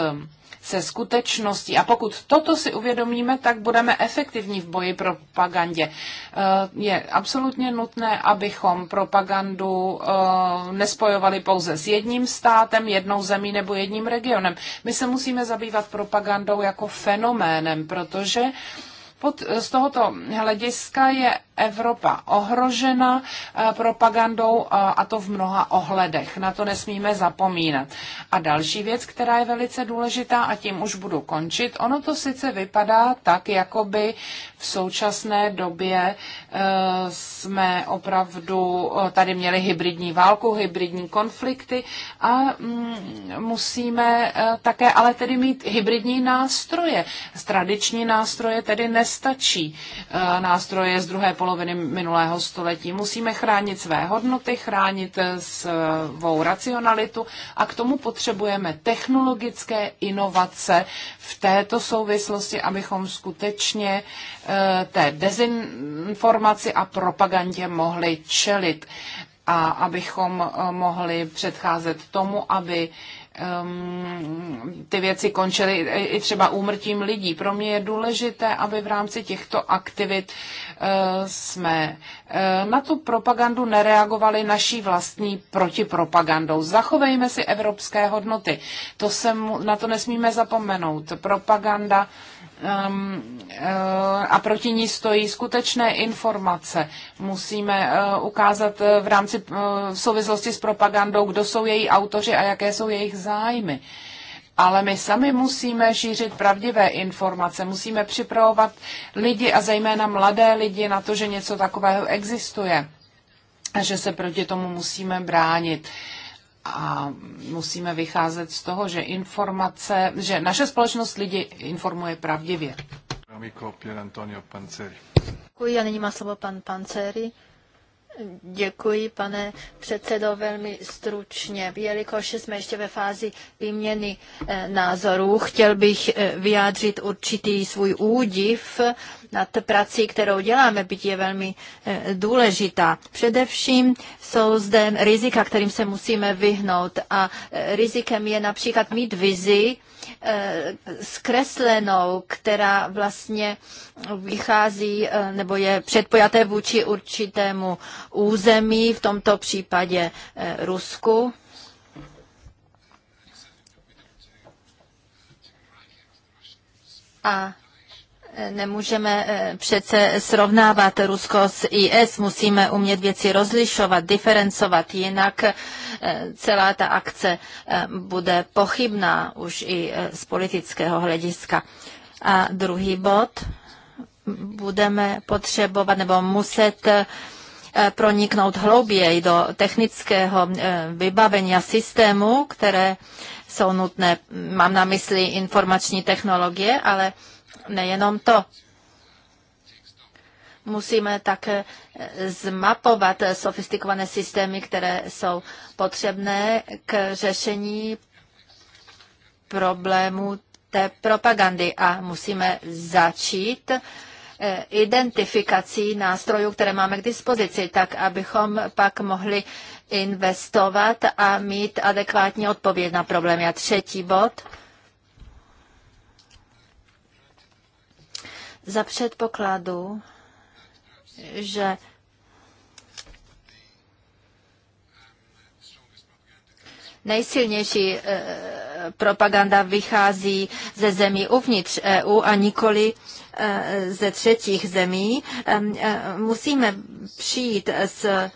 se skutečností. A pokud toto si uvědomíme, tak budeme efektivní v boji propagandě. Eh, je absolutně nutné, abychom propagandu nespojovali pouze s jedním státem, jednou zemí nebo jedním regionem. My se musíme zabývat propagandou jako fenoménem, protože pod, z tohoto hlediska je Evropa ohrožena eh, propagandou a to v mnoha ohledech. Na to nesmíme zapomínat. A další věc, která je velice důležitá a tím už budu končit, ono to sice vypadá tak, jako by v současné době eh, jsme opravdu eh, tady měli hybridní válku, hybridní konflikty a mm, musíme také ale tedy mít hybridní nástroje. Tradiční nástroje tedy nestačí. Nástroje z druhé poloviny poloviny minulého století. Musíme chránit své hodnoty, chránit eh, svou racionalitu a k tomu potřebujeme technologické inovace v této souvislosti, abychom skutečně eh, té dezinformaci a propagandě mohli čelit a abychom eh, mohli předcházet tomu, aby um, ty věci končily i třeba úmrtím lidí. Pro mě je důležité, aby v rámci těchto aktivit uh, jsme uh, na tu propagandu nereagovali naší vlastní protipropagandou. Zachovejme si evropské hodnoty. To se, na to nesmíme zapomenout. Propaganda uh, Um, eh, a proti ní stojí skutečné informace. Musíme eh, ukázat eh, v rámci v souvislosti s propagandou, kdo jsou její autoři a jaké jsou jejich zájmy. Ale my sami musíme šířit pravdivé informace, musíme připravovat lidi a zejména mladé lidi na to, že něco takového existuje a že se proti tomu musíme bránit. Uh, a musíme vycházet z toho, že informace, že naše společnost lidi informuje pravdivě. Děkuji a nyní má slovo pan Panceri. Děkuji, pane předsedo, velmi stručně. Jelikož jsme ještě ve fázi výměny eh, názorů, chtěl bych eh, vyjádřit určitý svůj údiv nad prací, kterou děláme, byť je velmi eh, důležitá. Především jsou zde rizika, kterým se musíme vyhnout. A rizikem je například mít vizi, Eh, zkreslenou, která vlastně vychází eh, nebo je předpojaté vůči určitému území, v tomto případě eh, Rusku. A Nemůžeme eh, přece srovnávat Rusko s IS, musíme umět věci rozlišovat, diferencovat, jinak eh, celá ta akce eh, bude pochybná už i z politického hlediska. A druhý bod, budeme potřebovat nebo muset proniknout hlouběji do technického vybavení a systému, které jsou nutné, mám na mysli informační technologie, ale nejenom to. Musíme také zmapovat sofistikované systémy, které jsou potřebné k řešení problému té propagandy a musíme začít eh, identifikací nástrojů, které máme k dispozici, tak abychom pak mohli investovat a mít adekvátní odpověď na problémy. A třetí bod, za předpokladu, že nejsilnější eh, propaganda vychází ze zemí uvnitř EU a nikoli eh, ze třetích zemí. Eh, musíme přijít s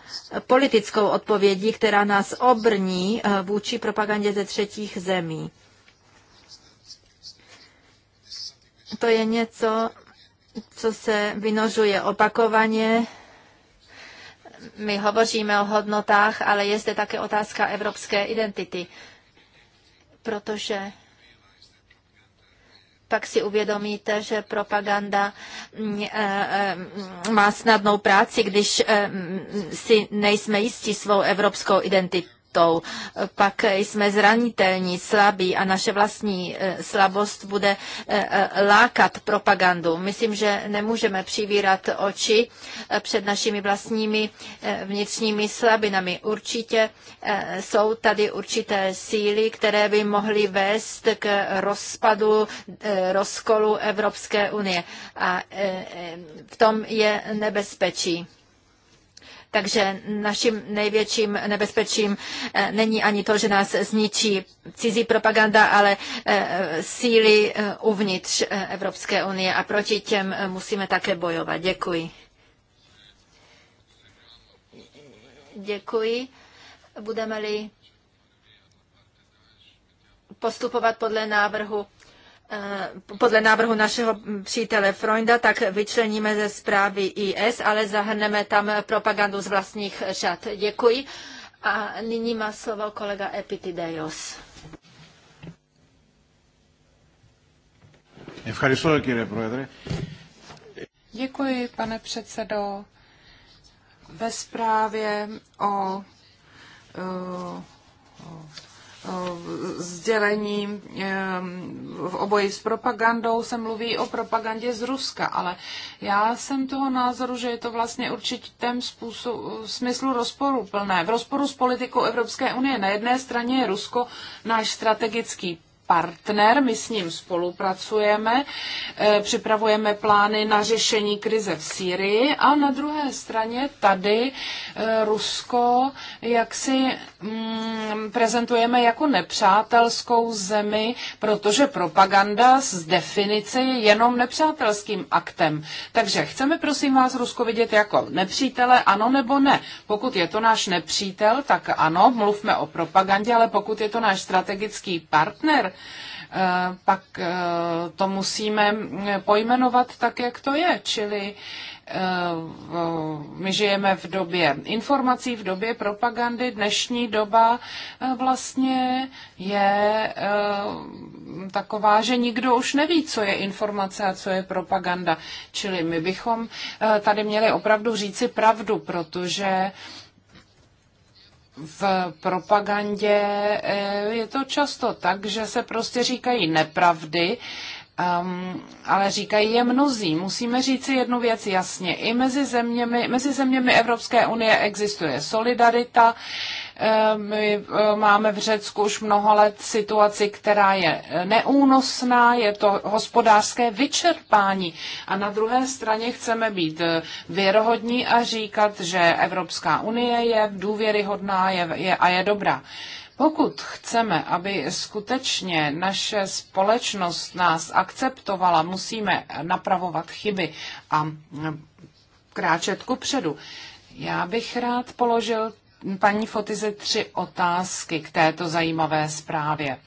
politickou odpovědí, která nás obrní vůči propagandě ze třetích zemí. To je něco, co se vynožuje opakovaně. My hovoříme o hodnotách, ale je zde také otázka evropské identity, protože pak si uvědomíte, že propaganda mm, eh, eh, má snadnou práci, když eh, mm, si nejsme jistí svou evropskou identitou nejistotou, pak jsme zranitelní, slabí a naše vlastní eh, slabost bude eh, eh, lákat propagandu. Myslím, že nemůžeme přivírat oči před našimi vlastními vnitřními slabinami. Určitě jsou tady určité síly, které by mohly vést k rozpadu, rozkolu Evropské unie. A v tom je nebezpečí. Takže naším největším nebezpečím eh, není ani to, že nás zničí cizí propaganda, ale eh, síly eh, uvnitř Evropské unie a proti těm musíme také bojovat. Děkuji. Děkuji. Budeme-li postupovat podle návrhu Eh, podle návrhu našeho přítele Freunda, tak vyčleníme ze zprávy IS, ale zahrneme tam propagandu z vlastních řad. Děkuji. A nyní má slovo kolega Epitideios. Děkuji, pane předsedo. Ve zprávě o, o sdělení v oboji s propagandou se mluví o propagandě z Ruska, ale já jsem toho názoru, že je to vlastně určitém způsobu, smyslu rozporuplné. V rozporu s politikou Evropské unie na jedné straně je Rusko náš strategický partner, my s ním spolupracujeme, eh, připravujeme plány na řešení krize v Sýrii a na druhé straně tady eh, Rusko, jak si mm, prezentujeme jako nepřátelskou zemi, protože propaganda z definice je jenom nepřátelským aktem. Takže chceme prosím vás Rusko vidět jako nepřítele, ano nebo ne. Pokud je to náš nepřítel, tak ano, mluvme o propagandě, ale pokud je to náš strategický partner, Eh, pak eh, to musíme mm, pojmenovat tak, jak to je. Čili eh, my žijeme v době informací, v době propagandy. Dnešní doba vlastně je taková, že nikdo už neví, co je informace a co je propaganda. Čili my bychom tady měli opravdu říci pravdu, protože v propagandě eh, je to často tak, že se prostě říkají nepravdy, Um, ale říkají je mnozí. Musíme říct si jednu věc jasně. I mezi zeměmi, mezi zeměmi Evropské unie existuje solidarita, Eh, my eh, máme v Řecku už mnoho let situaci, která je eh, neúnosná, je to hospodářské vyčerpání. A na druhé straně chceme být věrohodní a říkat, že Evropská unie je důvěryhodná je, je, a je dobrá. Pokud chceme, aby skutečně naše společnost nás akceptovala, musíme napravovat chyby a hm, kráčet ku předu. Já bych rád položil paní Fotize tři otázky k této zajímavé zprávě.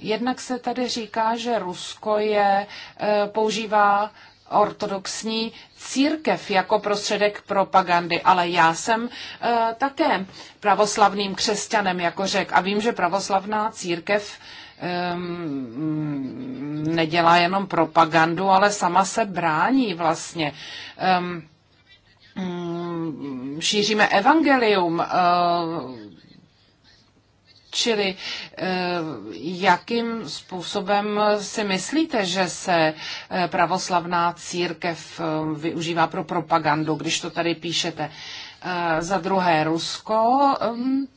Jednak se tady říká, že Rusko je, e, používá ortodoxní církev jako prostředek propagandy, ale já jsem e, také pravoslavným křesťanem, jako řek, a vím, že pravoslavná církev e, nedělá jenom propagandu, ale sama se brání vlastně. E, šíříme evangelium, eh, Čili eh, jakým způsobem si myslíte, že se eh, pravoslavná církev využívá pro propagandu, když to tady píšete? Eh, za druhé, Rusko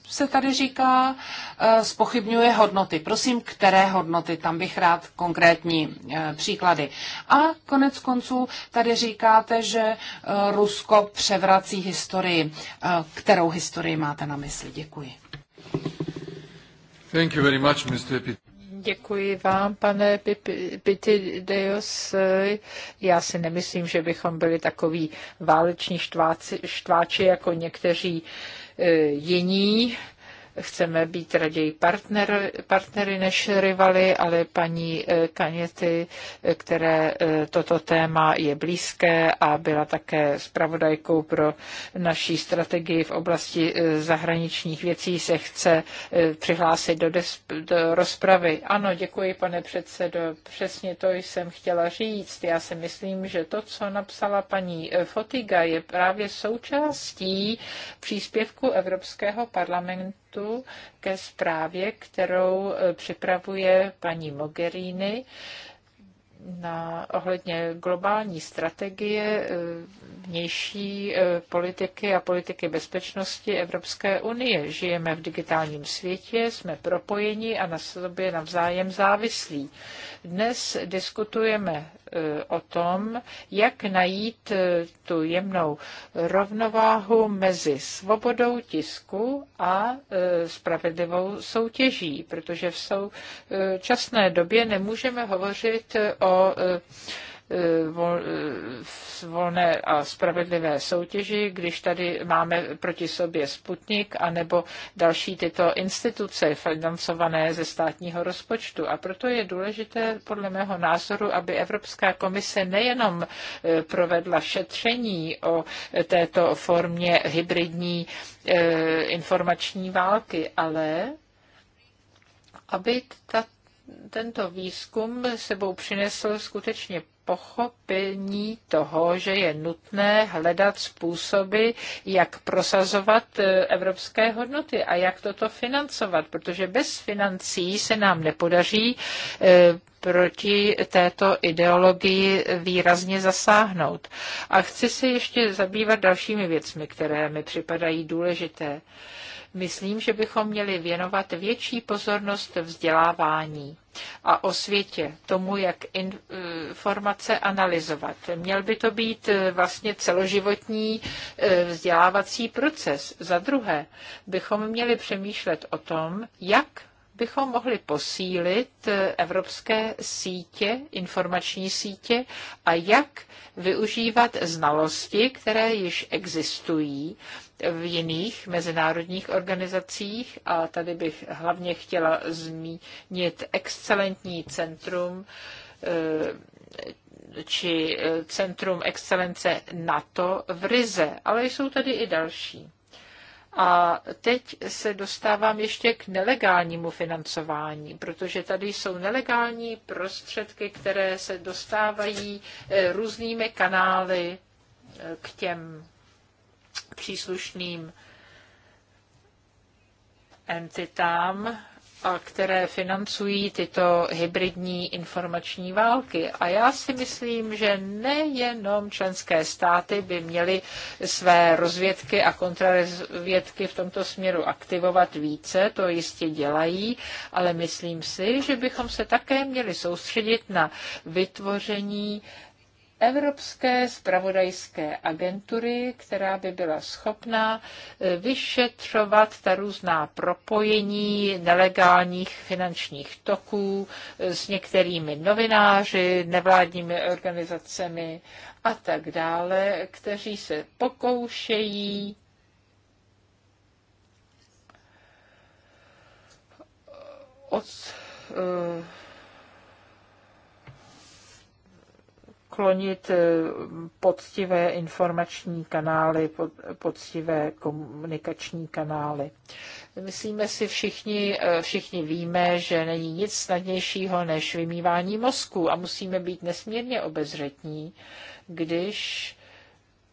se tady říká, eh, spochybňuje hodnoty. Prosím, které hodnoty? Tam bych rád konkrétní eh, příklady. A konec konců tady říkáte, že Rusko převrací historii. Kterou historii máte na mysli? Děkuji. Thank you very much, Mr. Děkuji vám, pane Pitideos. Já si nemyslím, že bychom byli takový váleční štváci, štváči jako někteří e, jiní chceme být raději partner, partnery než rivaly, ale paní eh, Kaněty, eh, které eh, toto téma je blízké a byla také zpravodajkou pro naší strategii v oblasti zahraničních věcí, se chce přihlásit do, des, do rozpravy. Ano, děkuji, pane předsedo, přesně to jsem chtěla říct. Já si myslím, že to, co napsala paní Fotiga, je právě součástí příspěvku Evropského parlamentu tématu ke zprávě, kterou eh, připravuje paní Mogherini na, ohledně globální strategie eh, vnější eh, politiky a politiky bezpečnosti Evropské unie. Žijeme v digitálním světě, jsme propojeni a na sobě navzájem závislí. Dnes diskutujeme eh, o tom, jak najít tu jemnou rovnováhu mezi svobodou tisku a spravedlivou soutěží, protože v současné době nemůžeme hovořit o o eh, eh, volné a spravedlivé soutěži, když tady máme proti sobě Sputnik nebo další tyto instituce financované ze státního rozpočtu. A proto je důležité, podle mého názoru, aby Evropská komise nejenom eh, provedla šetření o této formě hybridní informační války, ale aby tato tento výzkum sebou přinesl skutečně pochopení toho, že je nutné hledat způsoby, jak prosazovat e, evropské hodnoty a jak toto financovat, protože bez financí se nám nepodaří e, proti této ideologii výrazně zasáhnout. A chci se ještě zabývat dalšími věcmi, které mi připadají důležité. Myslím, že bychom měli věnovat větší pozornost vzdělávání a o světě, tomu, jak informace analyzovat. Měl by to být eh, vlastně celoživotní eh, vzdělávací proces. Za druhé, bychom měli přemýšlet o tom, jak bychom mohli posílit eh, evropské sítě, informační sítě a jak využívat znalosti, které již existují v jiných mezinárodních organizacích a tady bych hlavně chtěla zmínit excelentní centrum eh, či eh, Centrum excelence NATO v Rize, ale jsou tady i další. A teď se dostávám ještě k nelegálnímu financování, protože tady jsou nelegální prostředky, které se dostávají eh, různými kanály eh, k těm příslušným entitám a které financují tyto hybridní informační války. A já si myslím, že nejenom členské státy by měly své rozvědky a kontrarozvědky v tomto směru aktivovat více, to jistě dělají, ale myslím si, že bychom se také měli soustředit na vytvoření eh, Evropské spravodajské agentury, která by byla schopná eh, vyšetřovat ta různá propojení nelegálních finančních toků eh, s některými novináři, nevládními organizacemi a tak dále, kteří se pokoušejí eh, od uklonit eh, poctivé informační kanály, poctivé komunikační kanály. Myslíme si všichni, eh, všichni víme, že není nic snadnějšího než vymývání mozku a musíme být nesmírně obezřetní, když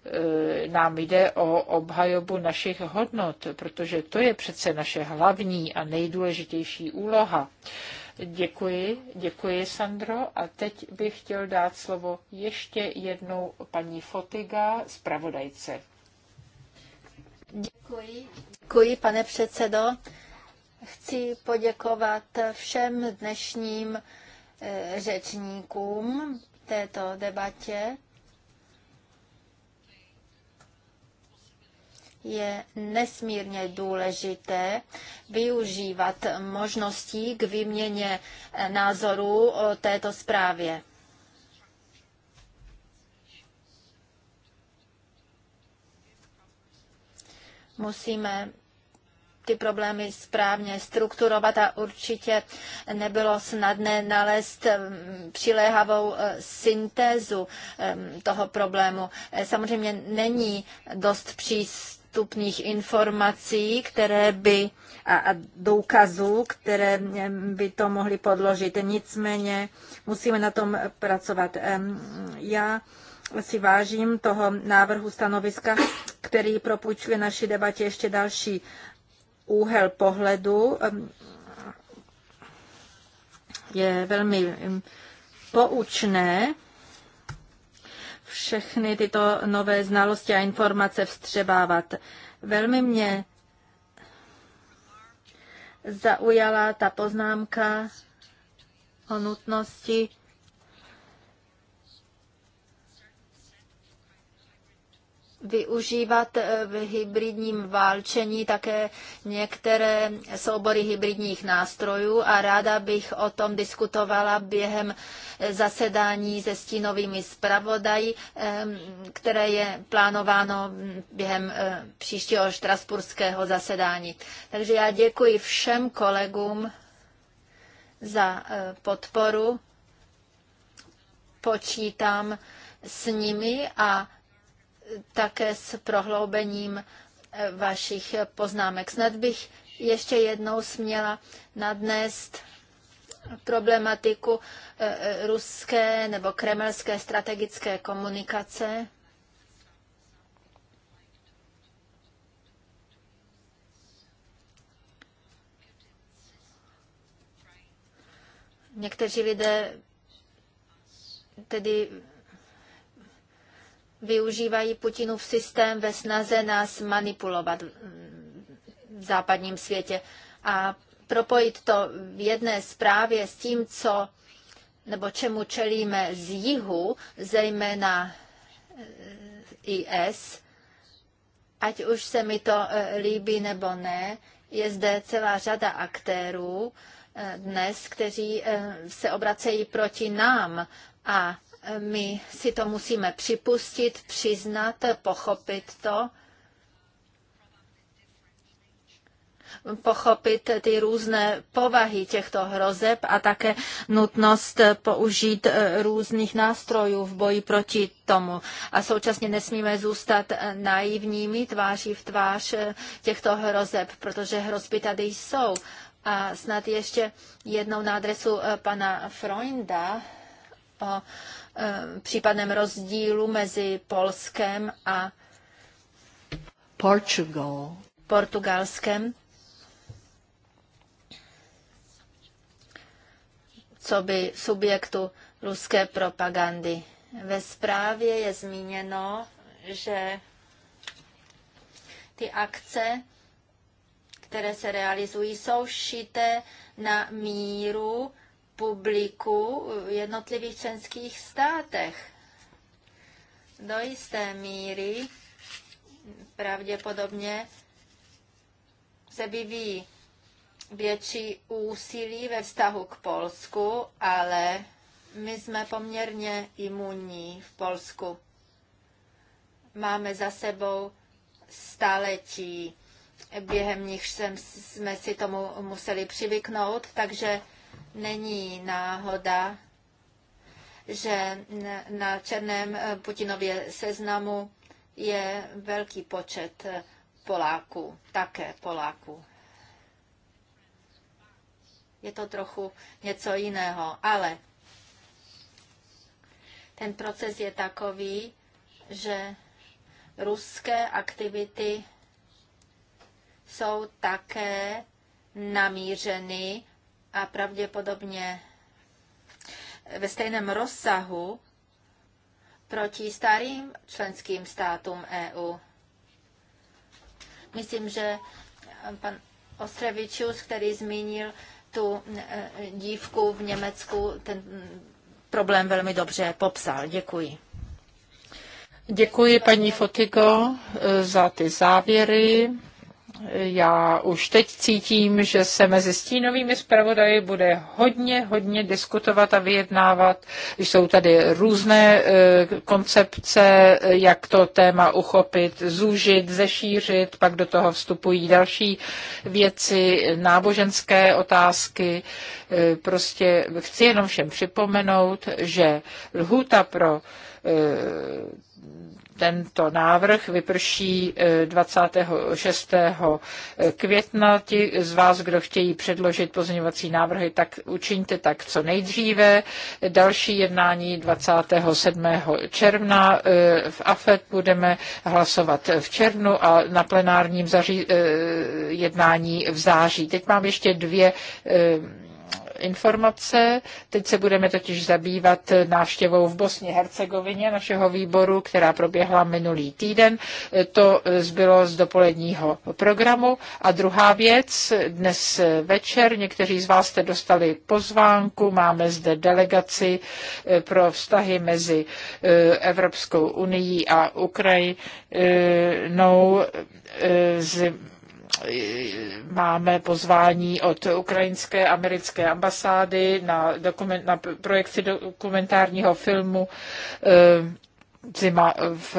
eh, nám jde o obhajobu našich hodnot, protože to je přece naše hlavní a nejdůležitější úloha. Děkuji, děkuji Sandro. A teď bych chtěl dát slovo ještě jednou paní Fotiga, zpravodajce. Děkuji, děkuji pane předsedo. Chci poděkovat všem dnešním eh, řečníkům této debatě. je nesmírně důležité využívat možností k výměně eh, názorů o této zprávě. Musíme ty problémy správně strukturovat a určitě nebylo snadné nalézt eh, přiléhavou eh, syntézu toho problému. Samozřejmě není dost příst dostupných informací, které by a, a důkazů, které by to mohly podložit. Nicméně musíme na tom pracovat. Já si vážím toho návrhu stanoviska, který propůjčuje naší debatě ještě další úhel pohledu. Je velmi poučné všechny tyto nové znalosti a informace vstřebávat. Velmi mě zaujala ta poznámka o nutnosti využívat eh, v hybridním válčení také některé soubory hybridních nástrojů a ráda bych o tom diskutovala během eh, zasedání se stínovými zpravodají, které je plánováno během eh, příštího štrasburského zasedání. Takže já děkuji všem kolegům za podporu. Počítám s nimi a také s prohloubením eh, vašich poznámek. Snad bych ještě jednou směla nadnést problematiku eh, eh, ruské nebo kremelské strategické komunikace. Někteří lidé tedy využívají Putinův systém ve snaze nás manipulovat v západním světě. A propojit to v jedné zprávě s tím, co nebo čemu čelíme z jihu, zejména eh, IS, ať už se mi to eh, líbí nebo ne, je zde celá řada aktérů eh, dnes, kteří se obracejí proti nám a my si to musíme připustit, přiznat, pochopit to. pochopit ty různé povahy těchto hrozeb a také nutnost použít eh, různých nástrojů v boji proti tomu. A současně nesmíme zůstat naivními tváří v tvář eh, těchto hrozeb, protože hrozby tady jsou. A snad ještě jednou na adresu eh, pana Freunda o Eh, případném rozdílu mezi Polskem a Portugal. Portugalskem, co by subjektu ruské propagandy. Ve zprávě je zmíněno, že ty akce, které se realizují, jsou šité na míru publiku v jednotlivých členských státech. Do jisté míry pravděpodobně se vyvíjí větší úsilí ve vztahu k Polsku, ale my jsme poměrně imunní v Polsku. Máme za sebou staletí, během nich jsme si tomu museli přivyknout, takže není náhoda, že na černém eh, Putinově seznamu je velký počet eh, Poláků, také Poláků. Je to trochu něco jiného, ale ten proces je takový, že ruské aktivity jsou také namířeny a pravděpodobně ve stejném rozsahu proti starým členským státům EU. Myslím, že pan Ostrevičus, který zmínil tu e, dívku v Německu, ten problém velmi dobře popsal. Děkuji. Děkuji paní Fotigo e, za ty závěry. Já už teď cítím, že se mezi stínovými zpravodaji bude hodně, hodně diskutovat a vyjednávat. Jsou tady různé e, koncepce, jak to téma uchopit, zúžit, zešířit, pak do toho vstupují další věci, náboženské otázky. E, prostě chci jenom všem připomenout, že lhůta pro e, tento návrh vyprší 26. Eh, května. Ti z vás, kdo chtějí předložit pozměňovací návrhy, tak učiňte tak co nejdříve. Další jednání 27. června eh, v AFET budeme hlasovat v červnu a na plenárním zaří, eh, jednání v září. Teď mám ještě dvě informace. Teď se budeme totiž zabývat návštěvou v Bosně Hercegovině našeho výboru, která proběhla minulý týden. To zbylo z dopoledního programu. A druhá věc, dnes večer, někteří z vás jste dostali pozvánku, máme zde delegaci eh, pro vztahy mezi eh, Evropskou unii a Ukrajinou eh, z máme pozvání od ukrajinské americké ambasády na, dokument, na projekci dokumentárního filmu eh, Zima v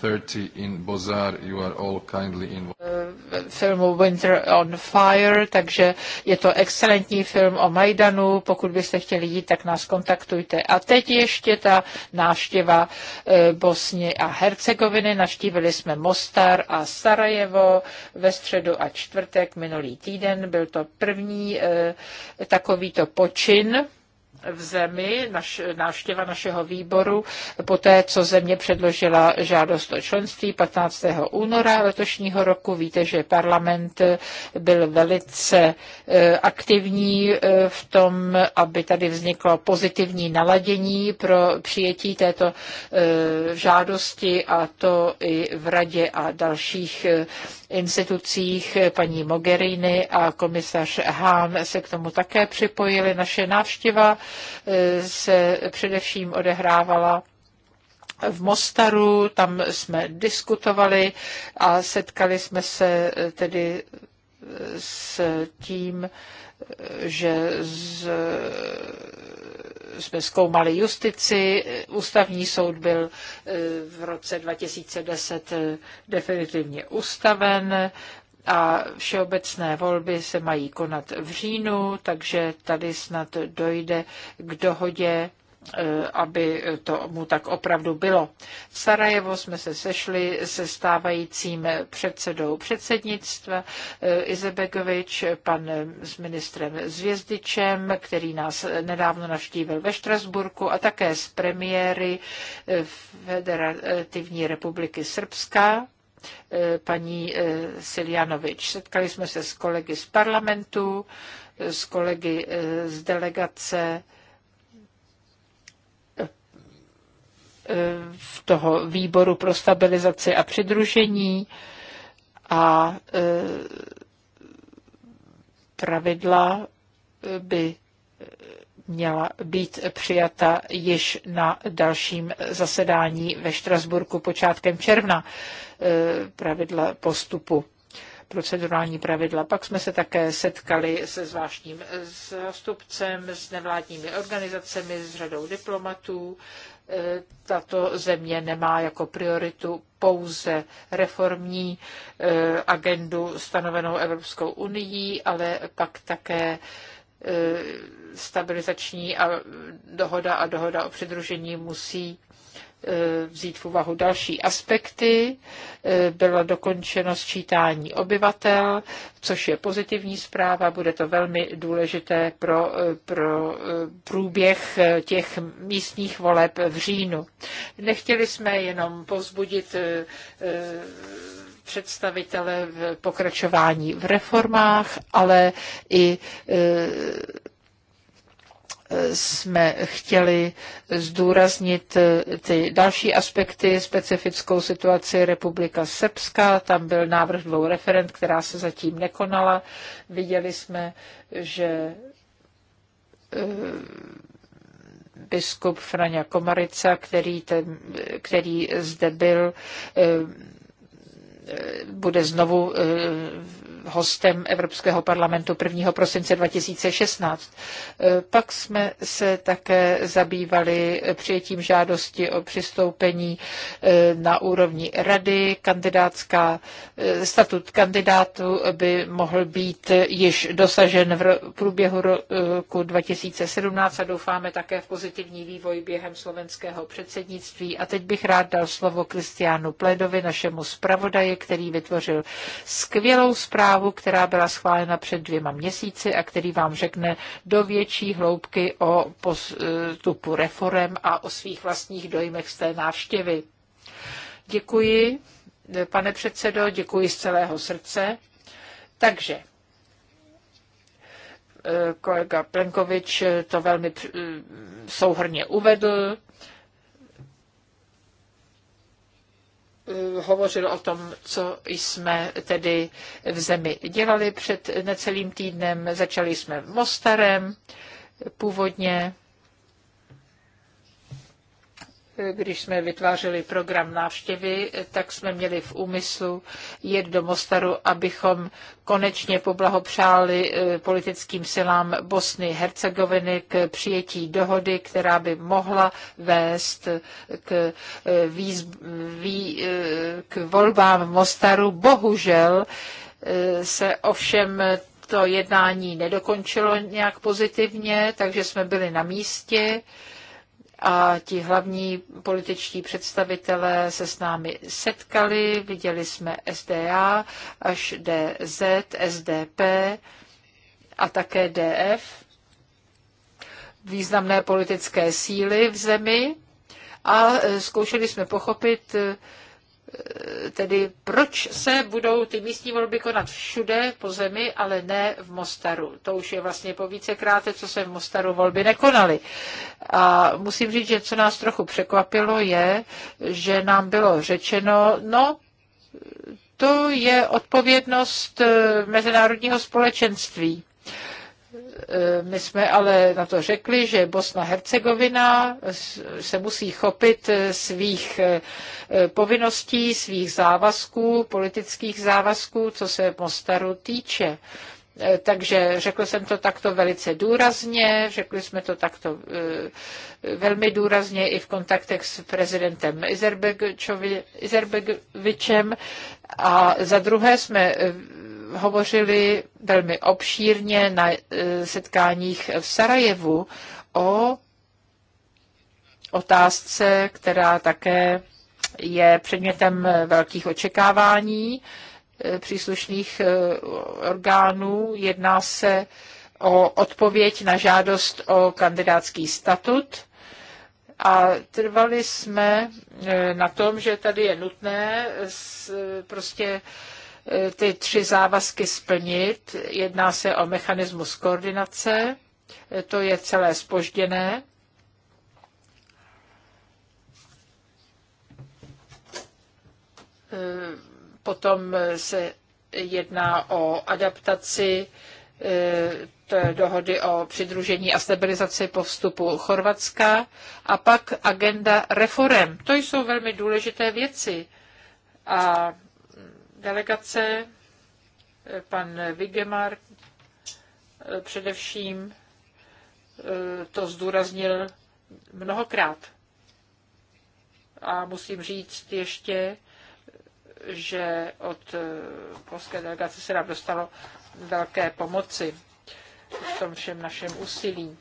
30 in Bozar, you are all kindly eh, Filmu Winter on Fire, takže je to excelentní film o Majdanu. Pokud byste chtěli jít, tak nás kontaktujte. A teď ještě ta návštěva eh, Bosny a Hercegoviny. Navštívili jsme Mostar a Sarajevo ve středu a čtvrtek minulý týden. Byl to první eh, takovýto počin v zemi, naš, návštěva našeho výboru, poté, co země předložila žádost o členství 15. února letošního roku. Víte, že parlament byl velice eh, aktivní eh, v tom, aby tady vzniklo pozitivní naladění pro přijetí této eh, žádosti a to i v radě a dalších institucích. Paní Mogherini a komisař Hahn se k tomu také připojili. Naše návštěva eh, se především odehrávala v Mostaru, tam jsme diskutovali a setkali jsme se eh, tedy eh, s tím, že z jsme zkoumali justici, ústavní soud byl e, v roce 2010 e, definitivně ustaven a všeobecné volby se mají konat v říjnu, takže tady snad dojde k dohodě Eh, aby to mu tak opravdu bylo. V Sarajevo jsme se sešli se stávajícím předsedou předsednictva eh, Izebegovič, pan eh, s ministrem Zvězdičem, který nás nedávno navštívil ve Štrasburku a také s premiéry Federativní republiky Srbska, paní Siljanovič. Setkali jsme se s kolegy z parlamentu, s kolegy z delegace v toho výboru pro stabilizaci a přidružení a e, pravidla by měla být přijata již na dalším zasedání ve Štrasburku počátkem června e, pravidla postupu procedurální pravidla. Pak jsme se také setkali se zvláštním zástupcem, s nevládními organizacemi, s řadou diplomatů E, tato země nemá jako prioritu pouze reformní e, agendu stanovenou Evropskou unii, ale pak také e, stabilizační a dohoda a dohoda o přidružení musí Eh, vzít v úvahu další aspekty. Eh, bylo dokončeno sčítání obyvatel, což je pozitivní zpráva. Bude to velmi důležité pro, eh, pro průběh těch místních voleb v říjnu. Nechtěli jsme jenom povzbudit představitele v pokračování v reformách, ale i jsme chtěli zdůraznit eh, ty další aspekty, specifickou situaci Republika Srbska. Tam byl návrh dvou referent, která se zatím nekonala. Viděli jsme, že eh, biskup Franja Komarica, který, ten, eh, který zde byl, Eh, bude znovu eh, hostem Evropského parlamentu 1. prosince 2016. Eh, pak jsme se také zabývali přijetím žádosti o přistoupení na úrovni rady. Kandidátská, statut kandidátu by mohl být již dosažen v průběhu roku 2017 a doufáme také v pozitivní vývoj během slovenského předsednictví. A teď bych rád dal slovo Kristiánu Pledovi, našemu zpravodaji, který vytvořil skvělou zprávu, která byla schválena před dvěma měsíci a který vám řekne do větší hloubky o postupu reform a o svých vlastních dojmech z té návštěvy. Děkuji, pane předsedo, děkuji z celého srdce. Takže eh, kolega Plenkovič to velmi eh, souhrně uvedl. Eh, hovořil o tom, co jsme tedy v zemi dělali před necelým týdnem. Začali jsme Mostarem původně když jsme vytvářeli program návštěvy, tak jsme měli v úmyslu jet do Mostaru, abychom konečně poblahopřáli eh, politickým silám Bosny Hercegoviny k přijetí dohody, která by mohla vést k, eh, výz, vý, eh, k volbám Mostaru. Bohužel se ovšem to jednání nedokončilo nějak pozitivně, takže jsme byli na místě a ti hlavní političtí představitelé se s námi setkali. Viděli jsme SDA až DZ, SDP a také DF, významné politické síly v zemi a e, zkoušeli jsme pochopit, Eh, tedy proč se budou ty místní volby konat všude po zemi, ale ne v Mostaru. To už je vlastně po vícekráte, co se v Mostaru volby nekonaly. A musím říct, že co nás trochu překvapilo je, že nám bylo řečeno, no, to je odpovědnost eh, mezinárodního společenství. Eh, my jsme ale na to řekli, že Bosna Hercegovina se musí chopit eh, svých eh, povinností, svých závazků, politických závazků, co se Mostaru týče. Takže řekl jsem to takto velice důrazně, řekli jsme to takto velmi důrazně i v kontaktech s prezidentem Izerbegovičem. A za druhé jsme hovořili velmi obšírně na e, setkáních v Sarajevu o otázce, která také je předmětem velkých očekávání e, příslušných e, orgánů. Jedná se o odpověď na žádost o kandidátský statut a trvali jsme na tom, že tady je nutné prostě Eh, ty tři závazky splnit. Jedná se o mechanismus koordinace, eh, to je celé spožděné. Eh, potom se jedná o adaptaci dohody o přidružení a stabilizaci po vstupu Chorvatska a pak agenda reform. To jsou velmi důležité věci. A delegace, eh, pan Wigemar eh, především eh, to zdůraznil mnohokrát. A musím říct ještě, že od polské delegace se nám dostalo velké pomoci v tom všem našem úsilí.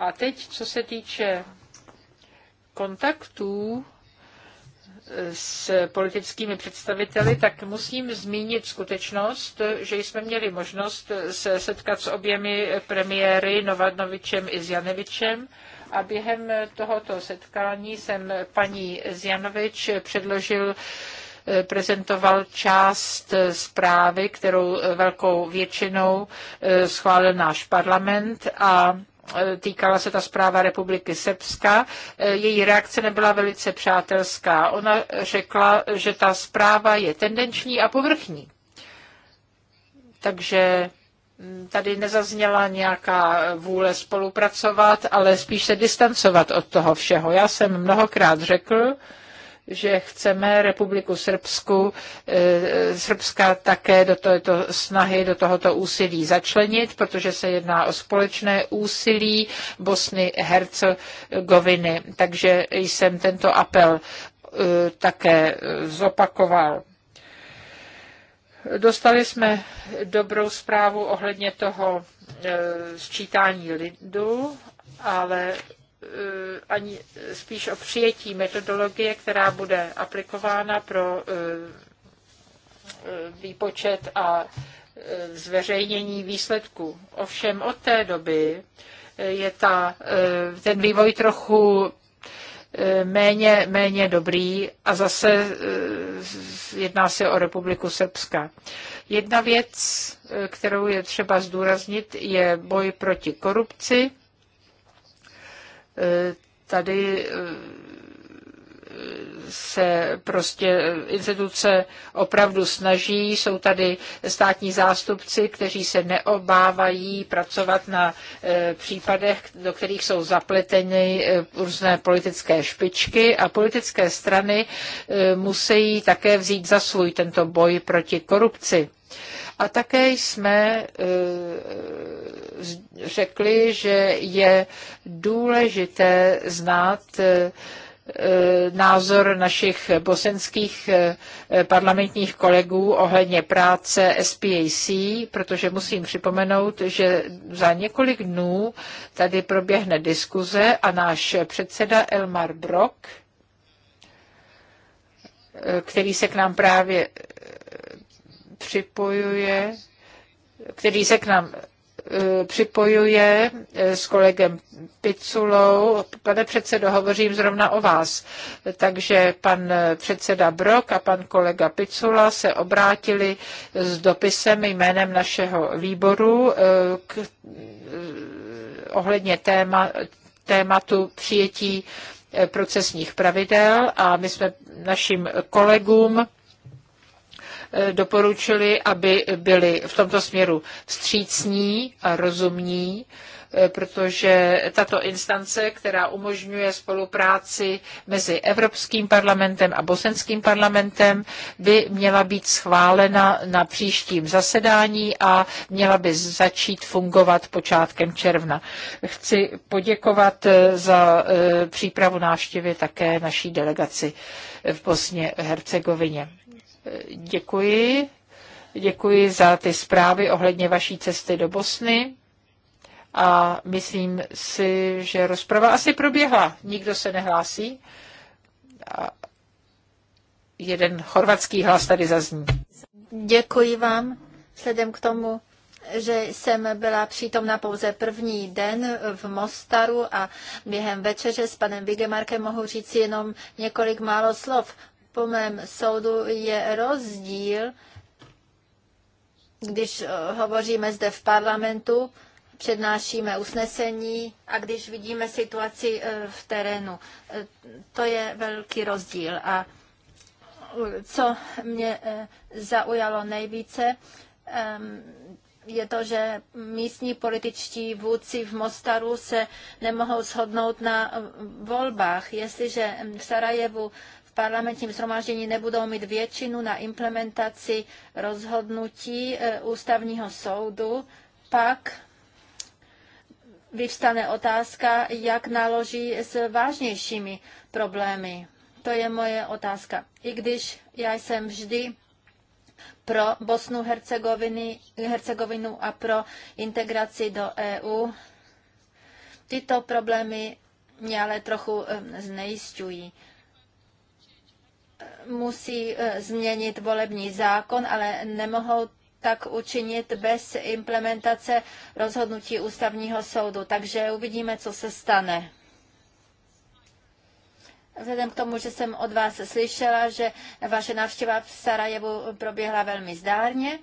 A teď, co se týče kontaktů s politickými představiteli, tak musím zmínit skutečnost, že jsme měli možnost se setkat s oběmi premiéry Novadnovičem i Zjanevičem a během tohoto setkání jsem paní Zjanovič předložil eh, prezentoval část zprávy, kterou velkou většinou eh, schválil náš parlament a E, týkala se ta zpráva Republiky Srbska. E, její reakce nebyla velice přátelská. Ona řekla, že ta zpráva je tendenční a povrchní. Takže tady nezazněla nějaká vůle spolupracovat, ale spíš se distancovat od toho všeho. Já jsem mnohokrát řekl, že chceme Republiku Srbsku, eh, Srbska také do této snahy, do tohoto úsilí začlenit, protože se jedná o společné úsilí Bosny Hercegoviny. Takže jsem tento apel eh, také eh, zopakoval. Dostali jsme dobrou zprávu ohledně toho sčítání lidu, ale Eh, ani spíš o přijetí metodologie, která bude aplikována pro eh, eh, výpočet a zveřejnění výsledků. Ovšem od té doby je ta, ten vývoj trochu méně, méně dobrý a zase jedná se o Republiku Srbska. Jedna věc, kterou je třeba zdůraznit, je boj proti korupci Tady eh, se prostě instituce opravdu snaží. Jsou tady státní zástupci, kteří se neobávají pracovat na eh, případech, do kterých jsou zapleteny eh, různé politické špičky a politické strany musí také vzít za svůj tento boj proti korupci. A také jsme eh, řekli, že je důležité znát eh, názor našich bosenských eh, parlamentních kolegů ohledně práce SPAC, protože musím připomenout, že za několik dnů tady proběhne diskuze a náš předseda Elmar Brok, který se k nám právě připojuje, který se k nám e, připojuje e, s kolegem Piculou. Pane předsedo, hovořím zrovna o vás. Takže pan předseda Brok a pan kolega Picula se obrátili s dopisem jménem našeho výboru e, k, ohledně téma, tématu přijetí procesních pravidel a my jsme našim kolegům Eh, doporučili, aby byli v tomto směru vstřícní a rozumní, eh, protože tato instance, která umožňuje spolupráci mezi Evropským parlamentem a Bosenským parlamentem, by měla být schválena na příštím zasedání a měla by začít fungovat počátkem června. Chci poděkovat eh, za přípravu návštěvy také naší delegaci v Bosně Hercegovině. Děkuji. Děkuji za ty zprávy ohledně vaší cesty do Bosny. A myslím si, že rozprava asi proběhla. Nikdo se nehlásí. A jeden chorvatský hlas tady zazní. Děkuji vám. Vzhledem k tomu, že jsem byla přítomna pouze první den v Mostaru a během večeře s panem Vigemarkem mohu říct jenom několik málo slov po mém soudu je rozdíl, když eh, hovoříme zde v parlamentu, přednášíme usnesení a když vidíme situaci eh, v terénu. Eh, to je velký rozdíl. A co mě zaujalo nejvíce, ehm, je to, že místní političtí vůdci v Mostaru se nemohou shodnout na volbách. Jestliže v Sarajevu parlamentním shromáždění nebudou mít většinu na implementaci rozhodnutí e, ústavního soudu, pak vyvstane otázka, jak naloží s vážnějšími problémy. To je moje otázka. I když já jsem vždy pro Bosnu Hercegovinu a pro integraci do EU, tyto problémy mě ale trochu e, znejistují musí eh, změnit volební zákon, ale nemohou tak učinit bez implementace rozhodnutí ústavního soudu. Takže uvidíme, co se stane. Vzhledem k tomu, že jsem od vás slyšela, že vaše návštěva v Sarajevu proběhla velmi zdárně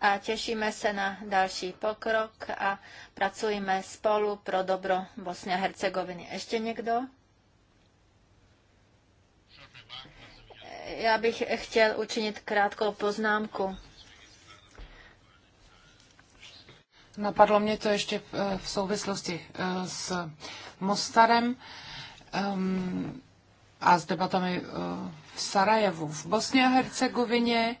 a těšíme se na další pokrok a pracujeme spolu pro dobro Bosny a Hercegoviny. Ještě někdo? Já bych chtěl učinit krátkou poznámku. Napadlo mě to ještě v eh, souvislosti eh, s Mostarem ehm, a s debatami eh, v Sarajevu. V Bosně a Hercegovině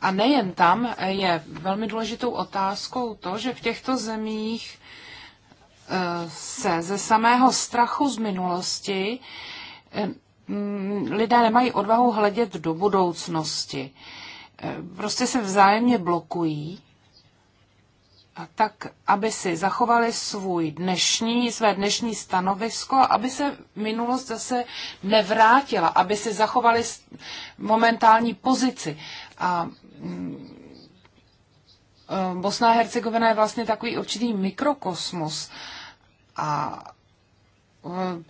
a nejen tam je velmi důležitou otázkou to, že v těchto zemích se ze samého strachu z minulosti Mm, lidé nemají odvahu hledět do budoucnosti. Eh, prostě se vzájemně blokují, a tak aby si zachovali svůj dnešní, své dnešní stanovisko, aby se minulost zase nevrátila, aby si zachovali momentální pozici. A mm, eh, Bosna a Hercegovina je vlastně takový určitý mikrokosmos. A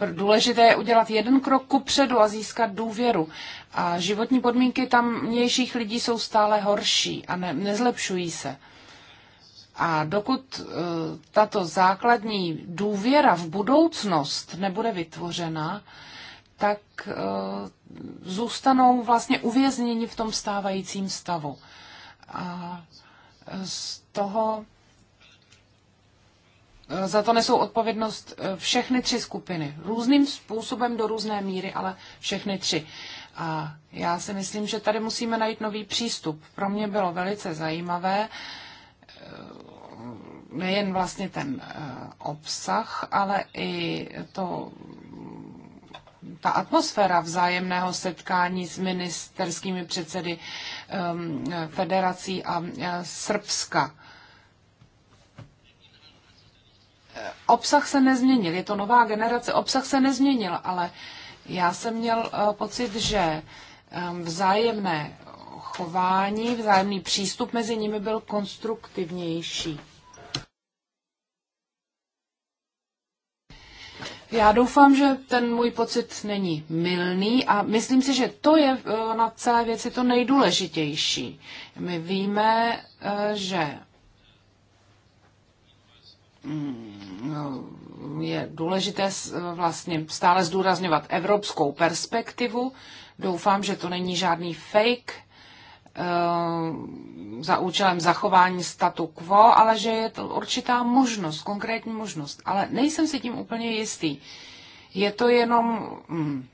Eh, důležité je udělat jeden krok kupředu a získat důvěru. A životní podmínky tamnějších lidí jsou stále horší a ne, nezlepšují se. A dokud eh, tato základní důvěra v budoucnost nebude vytvořena, tak eh, zůstanou vlastně uvězněni v tom stávajícím stavu. A z toho Eh, za to nesou odpovědnost eh, všechny tři skupiny. Různým způsobem do různé míry, ale všechny tři. A já si myslím, že tady musíme najít nový přístup. Pro mě bylo velice zajímavé eh, nejen vlastně ten obsah, ale i to, ta atmosféra vzájemného setkání s ministerskými předsedy ehm, federací a Srbska obsah se nezměnil, je to nová generace, obsah se nezměnil, ale já jsem měl eh, pocit, že ehm, vzájemné chování, vzájemný přístup mezi nimi byl konstruktivnější. Já doufám, že ten můj pocit není mylný a myslím si, že to je eh, na celé věci to nejdůležitější. My víme, eh, že Mm, no, je důležité vlastně stále zdůrazňovat evropskou perspektivu. Doufám, že to není žádný fake eh, za účelem zachování statu quo, ale že je to určitá možnost, konkrétní možnost. Ale nejsem si tím úplně jistý. Je to jenom mm,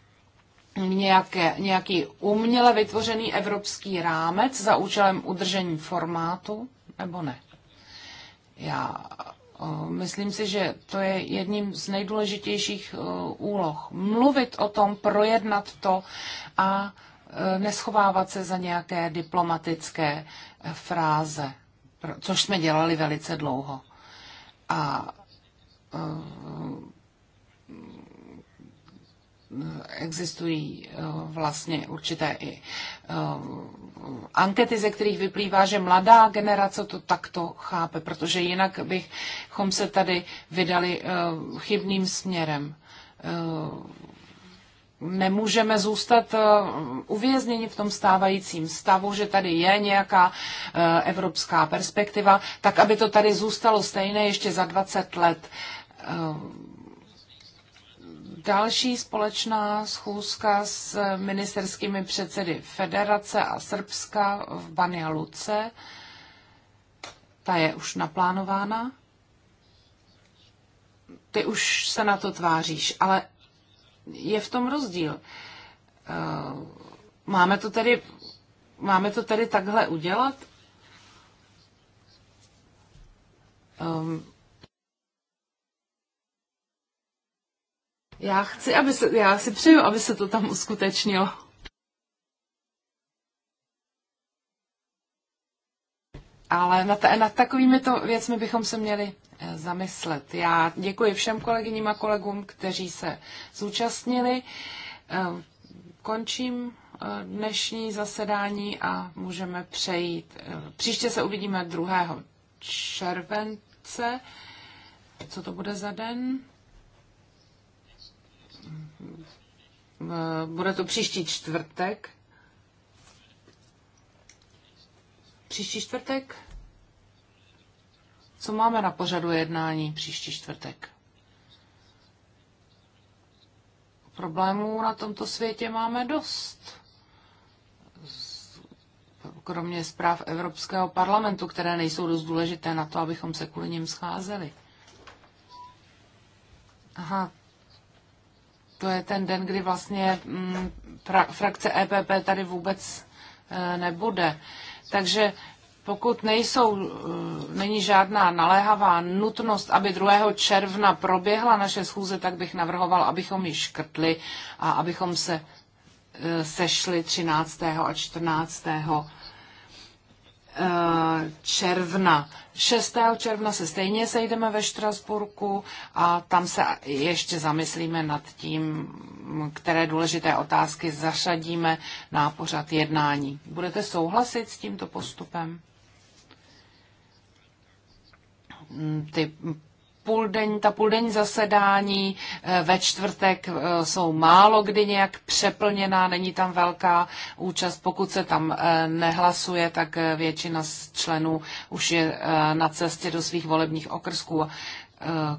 nějaké, nějaký uměle vytvořený evropský rámec za účelem udržení formátu, nebo ne? Já Myslím si, že to je jedním z nejdůležitějších e, úloh. Mluvit o tom, projednat to a e, neschovávat se za nějaké diplomatické e, fráze, což jsme dělali velice dlouho. A existují vlastně určité i ankety, ze kterých vyplývá, že mladá generace to takto chápe, protože jinak bychom se tady vydali eh, chybným směrem. Eh, nemůžeme zůstat eh, uvězněni v tom stávajícím stavu, že tady je nějaká evropská perspektiva, tak aby to tady zůstalo stejné ještě za 20 let další společná schůzka s ministerskými předsedy Federace a Srbska v Banja Luce. Ta je už naplánována. Ty už se na to tváříš, ale je v tom rozdíl. Eh, máme to tedy, máme to tedy takhle udělat? Ehm, Já chci, aby se, já si přeju, aby se to tam uskutečnilo. Ale nad, nad takovými to věcmi bychom se měli eh, zamyslet. Já děkuji všem kolegyním a kolegům, kteří se zúčastnili. Eh, končím eh, dnešní zasedání a můžeme přejít. Příště se uvidíme 2. července. Co to bude za den? Eh, bude to příští čtvrtek. Příští čtvrtek? Co máme na pořadu jednání příští čtvrtek? Problémů na tomto světě máme dost. Kromě zpráv Evropského parlamentu, které nejsou dost důležité na to, abychom se kvůli ním scházeli. Aha, to je ten den, kdy vlastně mm, pra, frakce EPP tady vůbec e, nebude. Takže pokud nejsou, e, není žádná naléhavá nutnost, aby 2. června proběhla naše schůze, tak bych navrhoval, abychom ji škrtli a abychom se e, sešli 13. a 14. června. 6. června se stejně sejdeme ve Štrasburku a tam se ještě zamyslíme nad tím, které důležité otázky zařadíme na pořad jednání. Budete souhlasit s tímto postupem? Ty půldenní, ta půldenní zasedání eh, ve čtvrtek eh, jsou málo kdy nějak přeplněná, není tam velká účast. Pokud se tam eh, nehlasuje, tak většina z členů už je na cestě do svých volebních okrsků.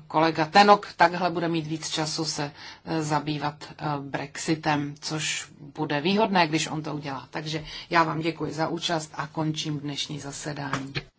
Kolega Tenok takhle bude mít víc času se zabývat Brexitem, což bude výhodné, když on to udělá. Takže já vám děkuji za účast a končím dnešní zasedání.